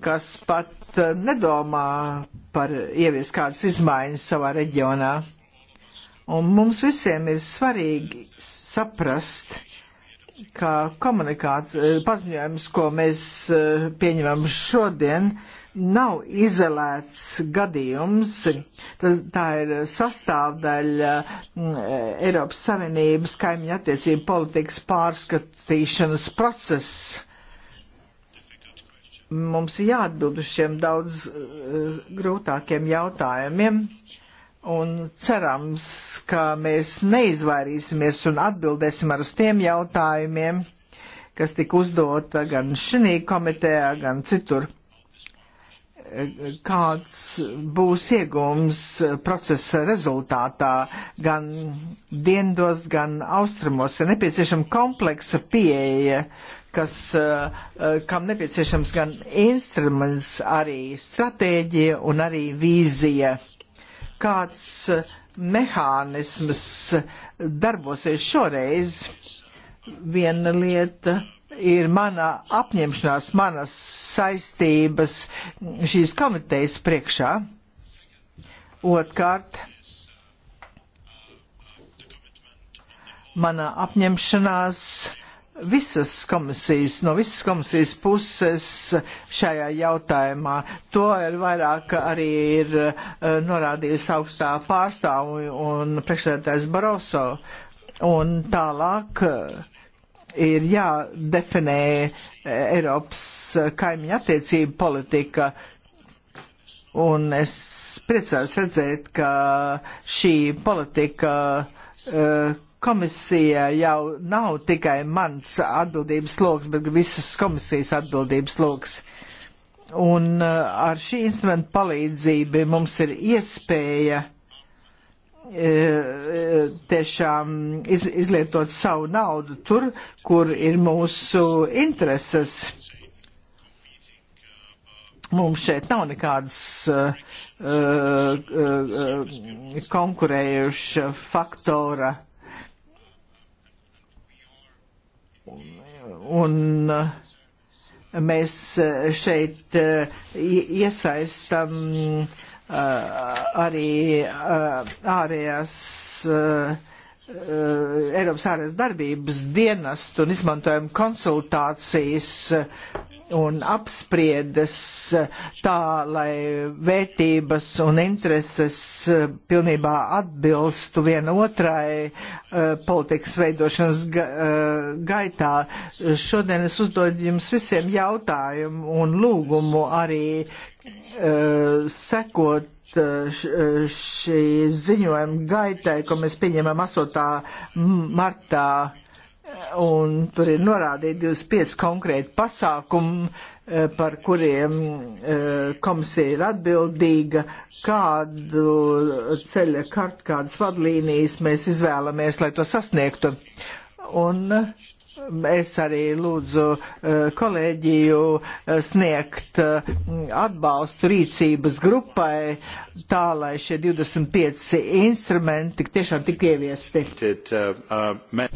kas pat nedomā par ievies kādas izmaiņas savā reģionā. Un mums visiem ir svarīgi saprast, ka komunikācija, eh, paziņojums, ko mēs eh, pieņemam šodien, uh, nav izolēts gadījums, tas, tā ir sastāvdaļa mm, Eiropas Savienības kaimiņa attiecību politikas pārskatīšanas process. Mums ir jāatbild uz šiem daudz uh, grūtākiem jautājumiem, un cerams, ka mēs neizvairīsimies un atbildēsim ar uz tiem jautājumiem, kas tika uzdota gan šī komitejā, gan citur kāds būs iegūms procesa rezultātā gan dienvidos, gan austrumos. Ir nepieciešama kompleksa pieeja, kas, eh, kam nepieciešams gan instruments, arī stratēģija un arī vīzija. Kāds eh, mehānisms darbosies šoreiz? Viena lieta ir mana apņemšanās, manas saistības šīs komitejas priekšā. Otkārt, mana apņemšanās visas komisijas, no visas komisijas puses šajā jautājumā. To ir vairāk arī ir eh, norādījis augstā pārstāvu un priekšsēdētājs Baroso. Un tālāk uh, ir jādefinē eh, Eiropas eh, kaimiņa attiecība politika. Un es priecājos redzēt, ka šī politika eh, komisija jau nav tikai mans atbildības sloks, bet visas komisijas atbildības sloks. Un ar šī instrumenta palīdzību mums ir iespēja uh, E, e, tiešām iz, izlietot savu naudu tur, kur ir mūsu intereses. Mums šeit nav nekādas uh, uh, konkurējuša faktora. Un mēs šeit iesaistam uh, Eh, arī eh, ārējās eh, Eiropas ārējās darbības dienestu un izmantojam konsultācijas un apspriedes tā, lai vērtības un intereses pilnībā atbilstu viena otrai politikas veidošanas gaitā. Šodien es uzdodu jums visiem jautājumu un lūgumu arī, Eh, sekot eh, eh, šī ziņojuma gaitai, ko mēs pieņemam 8. martā, un tur ir norādīti 25 konkrēti pasākumi, par kuriem komisija ir atbildīga, kādu ceļa kartu, kādas vadlīnijas mēs izvēlamies, lai to sasniegtu. Un uh, Es arī lūdzu eh, kolēģiju eh, sniegt eh, atbalstu rīcības grupai tā, lai šie 25 instrumenti tik tiešām tik ieviesti. Uh, uh,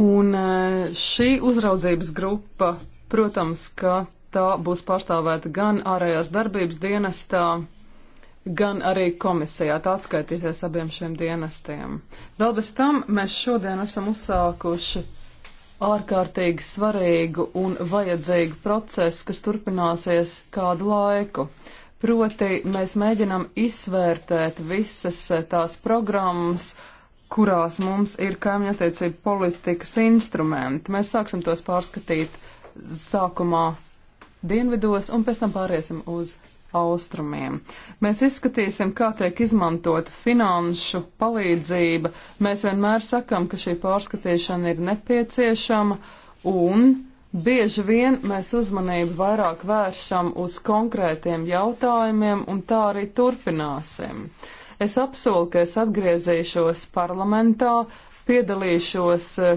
Un uh, šī uzraudzības grupa, protams, ka tā būs pārstāvēta gan ārējās darbības dienestā, gan arī komisijā tā atskaitīties abiem šiem dienestiem. Vēl bez tam mēs šodien esam uzsākuši ārkārtīgi svarīgu un vajadzīgu procesu, kas turpināsies kādu laiku. Proti mēs mēģinam izvērtēt visas eh, tās programmas, kurās mums ir kaimiņattiecība politikas instrumenti. Mēs sāksim tos pārskatīt sākumā dienvidos un pēc tam pāriesim uz austrumiem. Mēs izskatīsim, kā tiek izmantota finanšu palīdzība. Mēs vienmēr sakam, ka šī pārskatīšana ir nepieciešama un bieži vien mēs uzmanību vairāk vēršam uz konkrētiem jautājumiem un tā arī turpināsim. Es apsolu, ka es atgriezīšos parlamentā, piedalīšos eh,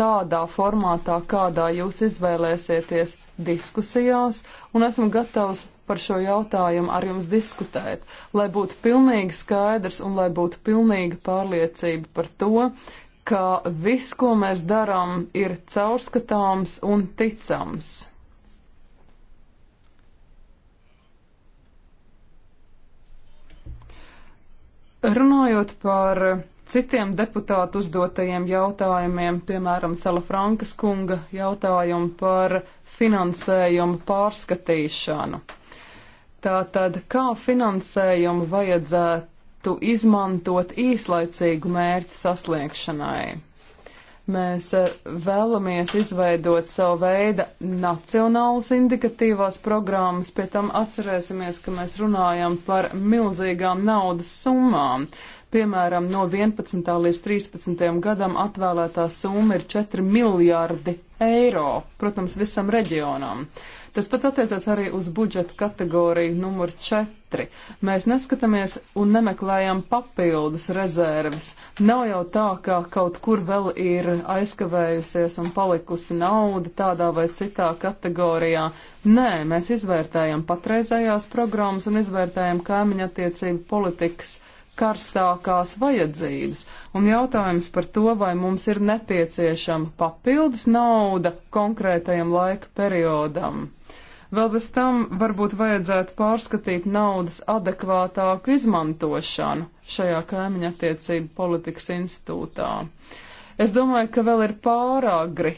tādā formātā, kādā jūs izvēlēsieties diskusijās, un esmu gatavs par šo jautājumu ar jums diskutēt, lai būtu pilnīgi skaidrs un lai būtu pilnīga pārliecība par to, ka viss, ko mēs darām, ir caurskatāms un ticams. Runājot par citiem deputātu uzdotajiem jautājumiem, piemēram, Salafrankas kunga jautājumu par finansējumu pārskatīšanu. Tātad, kā finansējumu vajadzētu izmantot īslaicīgu mērķu sasniegšanai? Mēs eh, vēlamies izveidot savu veidu nacionālas indikatīvās programmas, pie tam atcerēsimies, ka mēs runājam par milzīgām naudas summām. Piemēram, no 11. līdz 13. gadam atvēlētā summa ir 4 miljardi eiro, protams, visam reģionam. Tas pats attiecas arī uz budžeta kategoriju numur 4. Mēs neskatāmies un nemeklējam papildus rezerves. Nav jau tā, ka kaut kur vēl ir aizkavējusies un palikusi nauda tādā vai citā kategorijā. Nē, mēs izvērtējam patreizējās programmas un izvērtējam kaimiņattiecību politikas karstākās vajadzības, un jautājums par to, vai mums ir nepieciešama papildus nauda konkrētajam laika periodam. Vēl bez tam varbūt vajadzētu pārskatīt naudas adekvātāku izmantošanu šajā kaimiņa attiecību politikas institūtā. Es domāju, ka vēl ir pāragri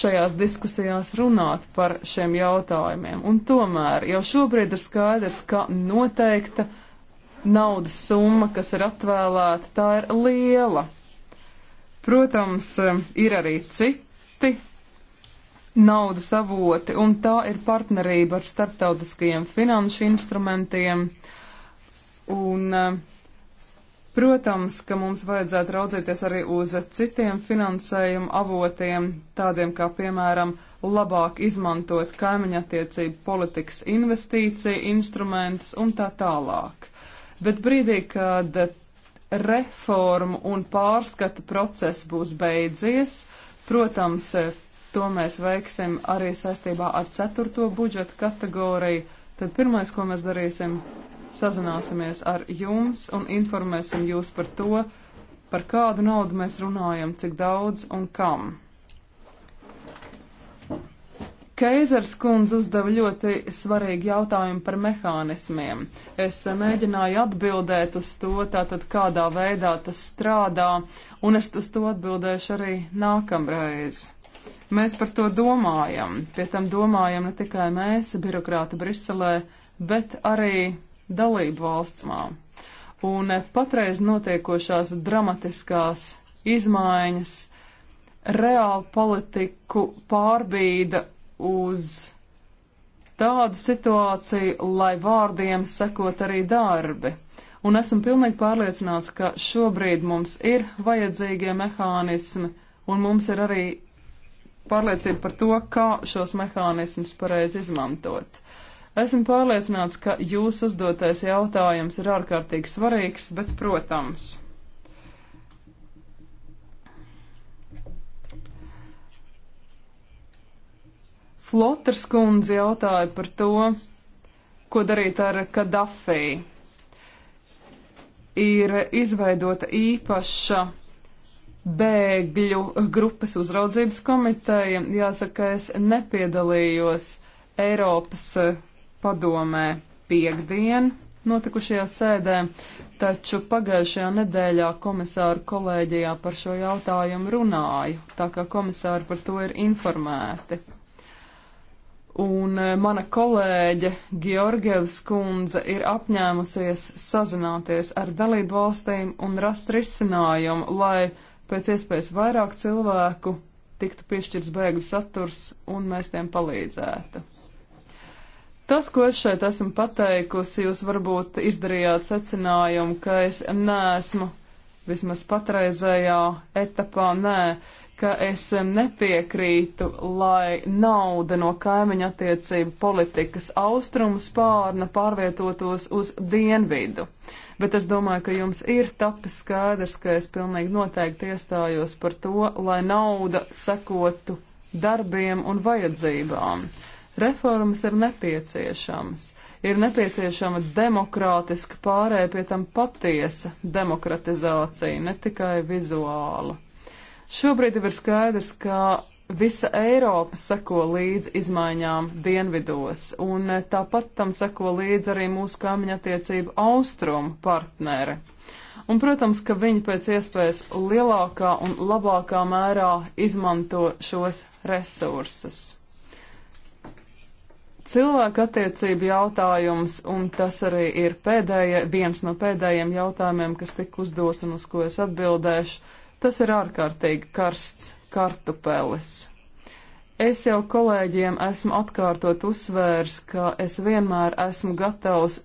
šajās diskusijās runāt par šiem jautājumiem, un tomēr jau šobrīd ir skaidrs, ka noteikta naudas summa, kas ir atvēlēta, tā ir liela. Protams, eh, ir arī citi naudas avoti, un tā ir partnerība ar starptautiskajiem finanšu instrumentiem. Un, eh, protams, ka mums vajadzētu raudzīties arī uz citiem finansējuma avotiem, tādiem kā, piemēram, labāk izmantot kaimiņattiecību politikas investīciju instrumentus un tā tālāk. Bet brīdī, kad reformu un pārskata process būs beidzies, protams, to mēs veiksim arī saistībā ar ceturto budžeta kategoriju, tad pirmais, ko mēs darīsim, sazināsimies ar jums un informēsim jūs par to, par kādu naudu mēs runājam, cik daudz un kam. Keizers kundze uzdeva ļoti svarīgu jautājumu par mehānismiem. Es mēģināju atbildēt uz to, tātad kādā veidā tas strādā, un es uz to atbildēšu arī nākamreiz. Mēs par to domājam, pie tam domājam ne tikai mēs, birokrāti Briselē, bet arī dalību valstsmā. Un patreiz notiekošās dramatiskās izmaiņas reāli politiku pārbīda uz tādu situāciju, lai vārdiem sekot arī darbi. Un esam pilnīgi pārliecināts, ka šobrīd mums ir vajadzīgie mehānismi, un mums ir arī pārliecība par to, kā šos mehānismus pareizi izmantot. Esmu pārliecināts, ka jūsu uzdotais jautājums ir ārkārtīgi svarīgs, bet, protams, Flotras kundze jautāja par to, ko darīt ar Kadafī. Ir izveidota īpaša bēgļu grupas uzraudzības komiteja. Jāsaka, es nepiedalījos Eiropas eh, padomē piekdien notikušajā sēdē, taču pagājušajā nedēļā komisāru kolēģijā par šo jautājumu runāju, tā kā komisāri par to ir informēti. Un eh, mana kolēģe Georgievs kundze ir apņēmusies sazināties ar dalību valstīm un rast risinājumu, lai pēc iespējas vairāk cilvēku tiktu piešķirts bēgļu saturs un mēs tiem palīdzētu. Tas, ko es šeit esmu pateikusi, jūs varbūt izdarījāt secinājumu, ka es neesmu vismaz patreizējā etapā, nē, ka es nepiekrītu, lai nauda no kaimiņa attiecību politikas austrumu spārna pārvietotos uz dienvidu. Bet es domāju, ka jums ir tapis skaidrs, ka es pilnīgi noteikti iestājos par to, lai nauda sekotu darbiem un vajadzībām. Reformas ir nepieciešamas ir nepieciešama demokrātiska pārēja pie tam patiesa demokratizācija, ne tikai vizuāla. Šobrīd jau ir skaidrs, ka visa Eiropa seko līdzi izmaiņām dienvidos, un tāpat tam seko līdzi arī mūsu kaimiņa attiecību austrumu partneri. Un, protams, ka viņi pēc iespējas lielākā un labākā mērā izmanto šos resursus. Cilvēka attiecība jautājums, un tas arī ir pēdējie, viens no pēdējiem jautājumiem, kas tika uzdots un uz ko es atbildēšu, Tas ir ārkārtīgi karsts kartupelis. Es jau kolēģiem esmu atkārtot uzsvērs, ka es vienmēr esmu gatavs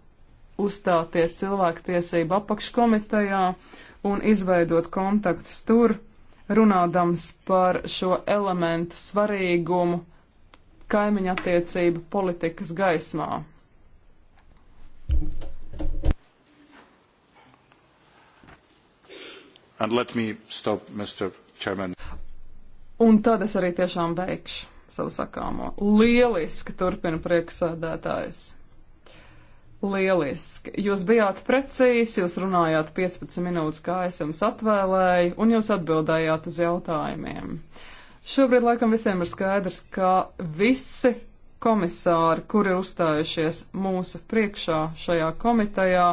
uzstāties cilvēktiesību apakškomitejā un izveidot kontaktus tur, runādams par šo elementu svarīgumu kaimiņattiecību politikas gaismā. And let me stop, Mr. Chairman. Un tad es arī tiešām beigšu savu sakāmo. Lieliski turpina priekšsēdētājs. Lieliski. Jūs bijāt precīzi, jūs runājāt 15 minūtes, kā es jums atvēlēju, un jūs atbildējāt uz jautājumiem. Šobrīd laikam visiem ir skaidrs, ka visi komisāri, kur ir uzstājušies mūsu priekšā šajā komitejā.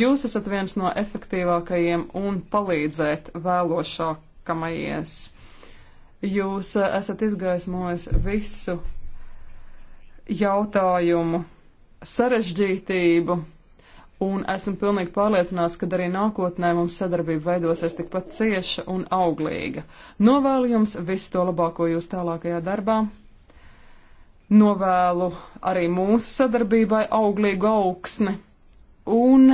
Jūs esat viens no efektīvākajiem un palīdzēt vēlošākamajies. Jūs eh, esat izgaismojis visu jautājumu sarežģītību, un esmu pilnīgi pārliecināts, ka arī nākotnē mums sadarbība veidosies tikpat cieša un auglīga. Novēlu jums visu to labāko jūs tālākajā darbā. Novēlu arī mūsu sadarbībai auglīgu augsni, un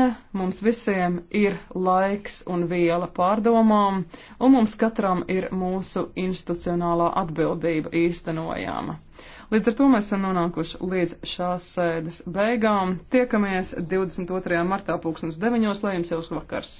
mums visiem ir laiks un viela pārdomām, un mums katram ir mūsu institucionālā atbildība īstenojama. Līdz ar to mēs esam nonākuši līdz šās sēdes beigām. Tiekamies 22. martā pulkstens 9. lai jums jauks vakars!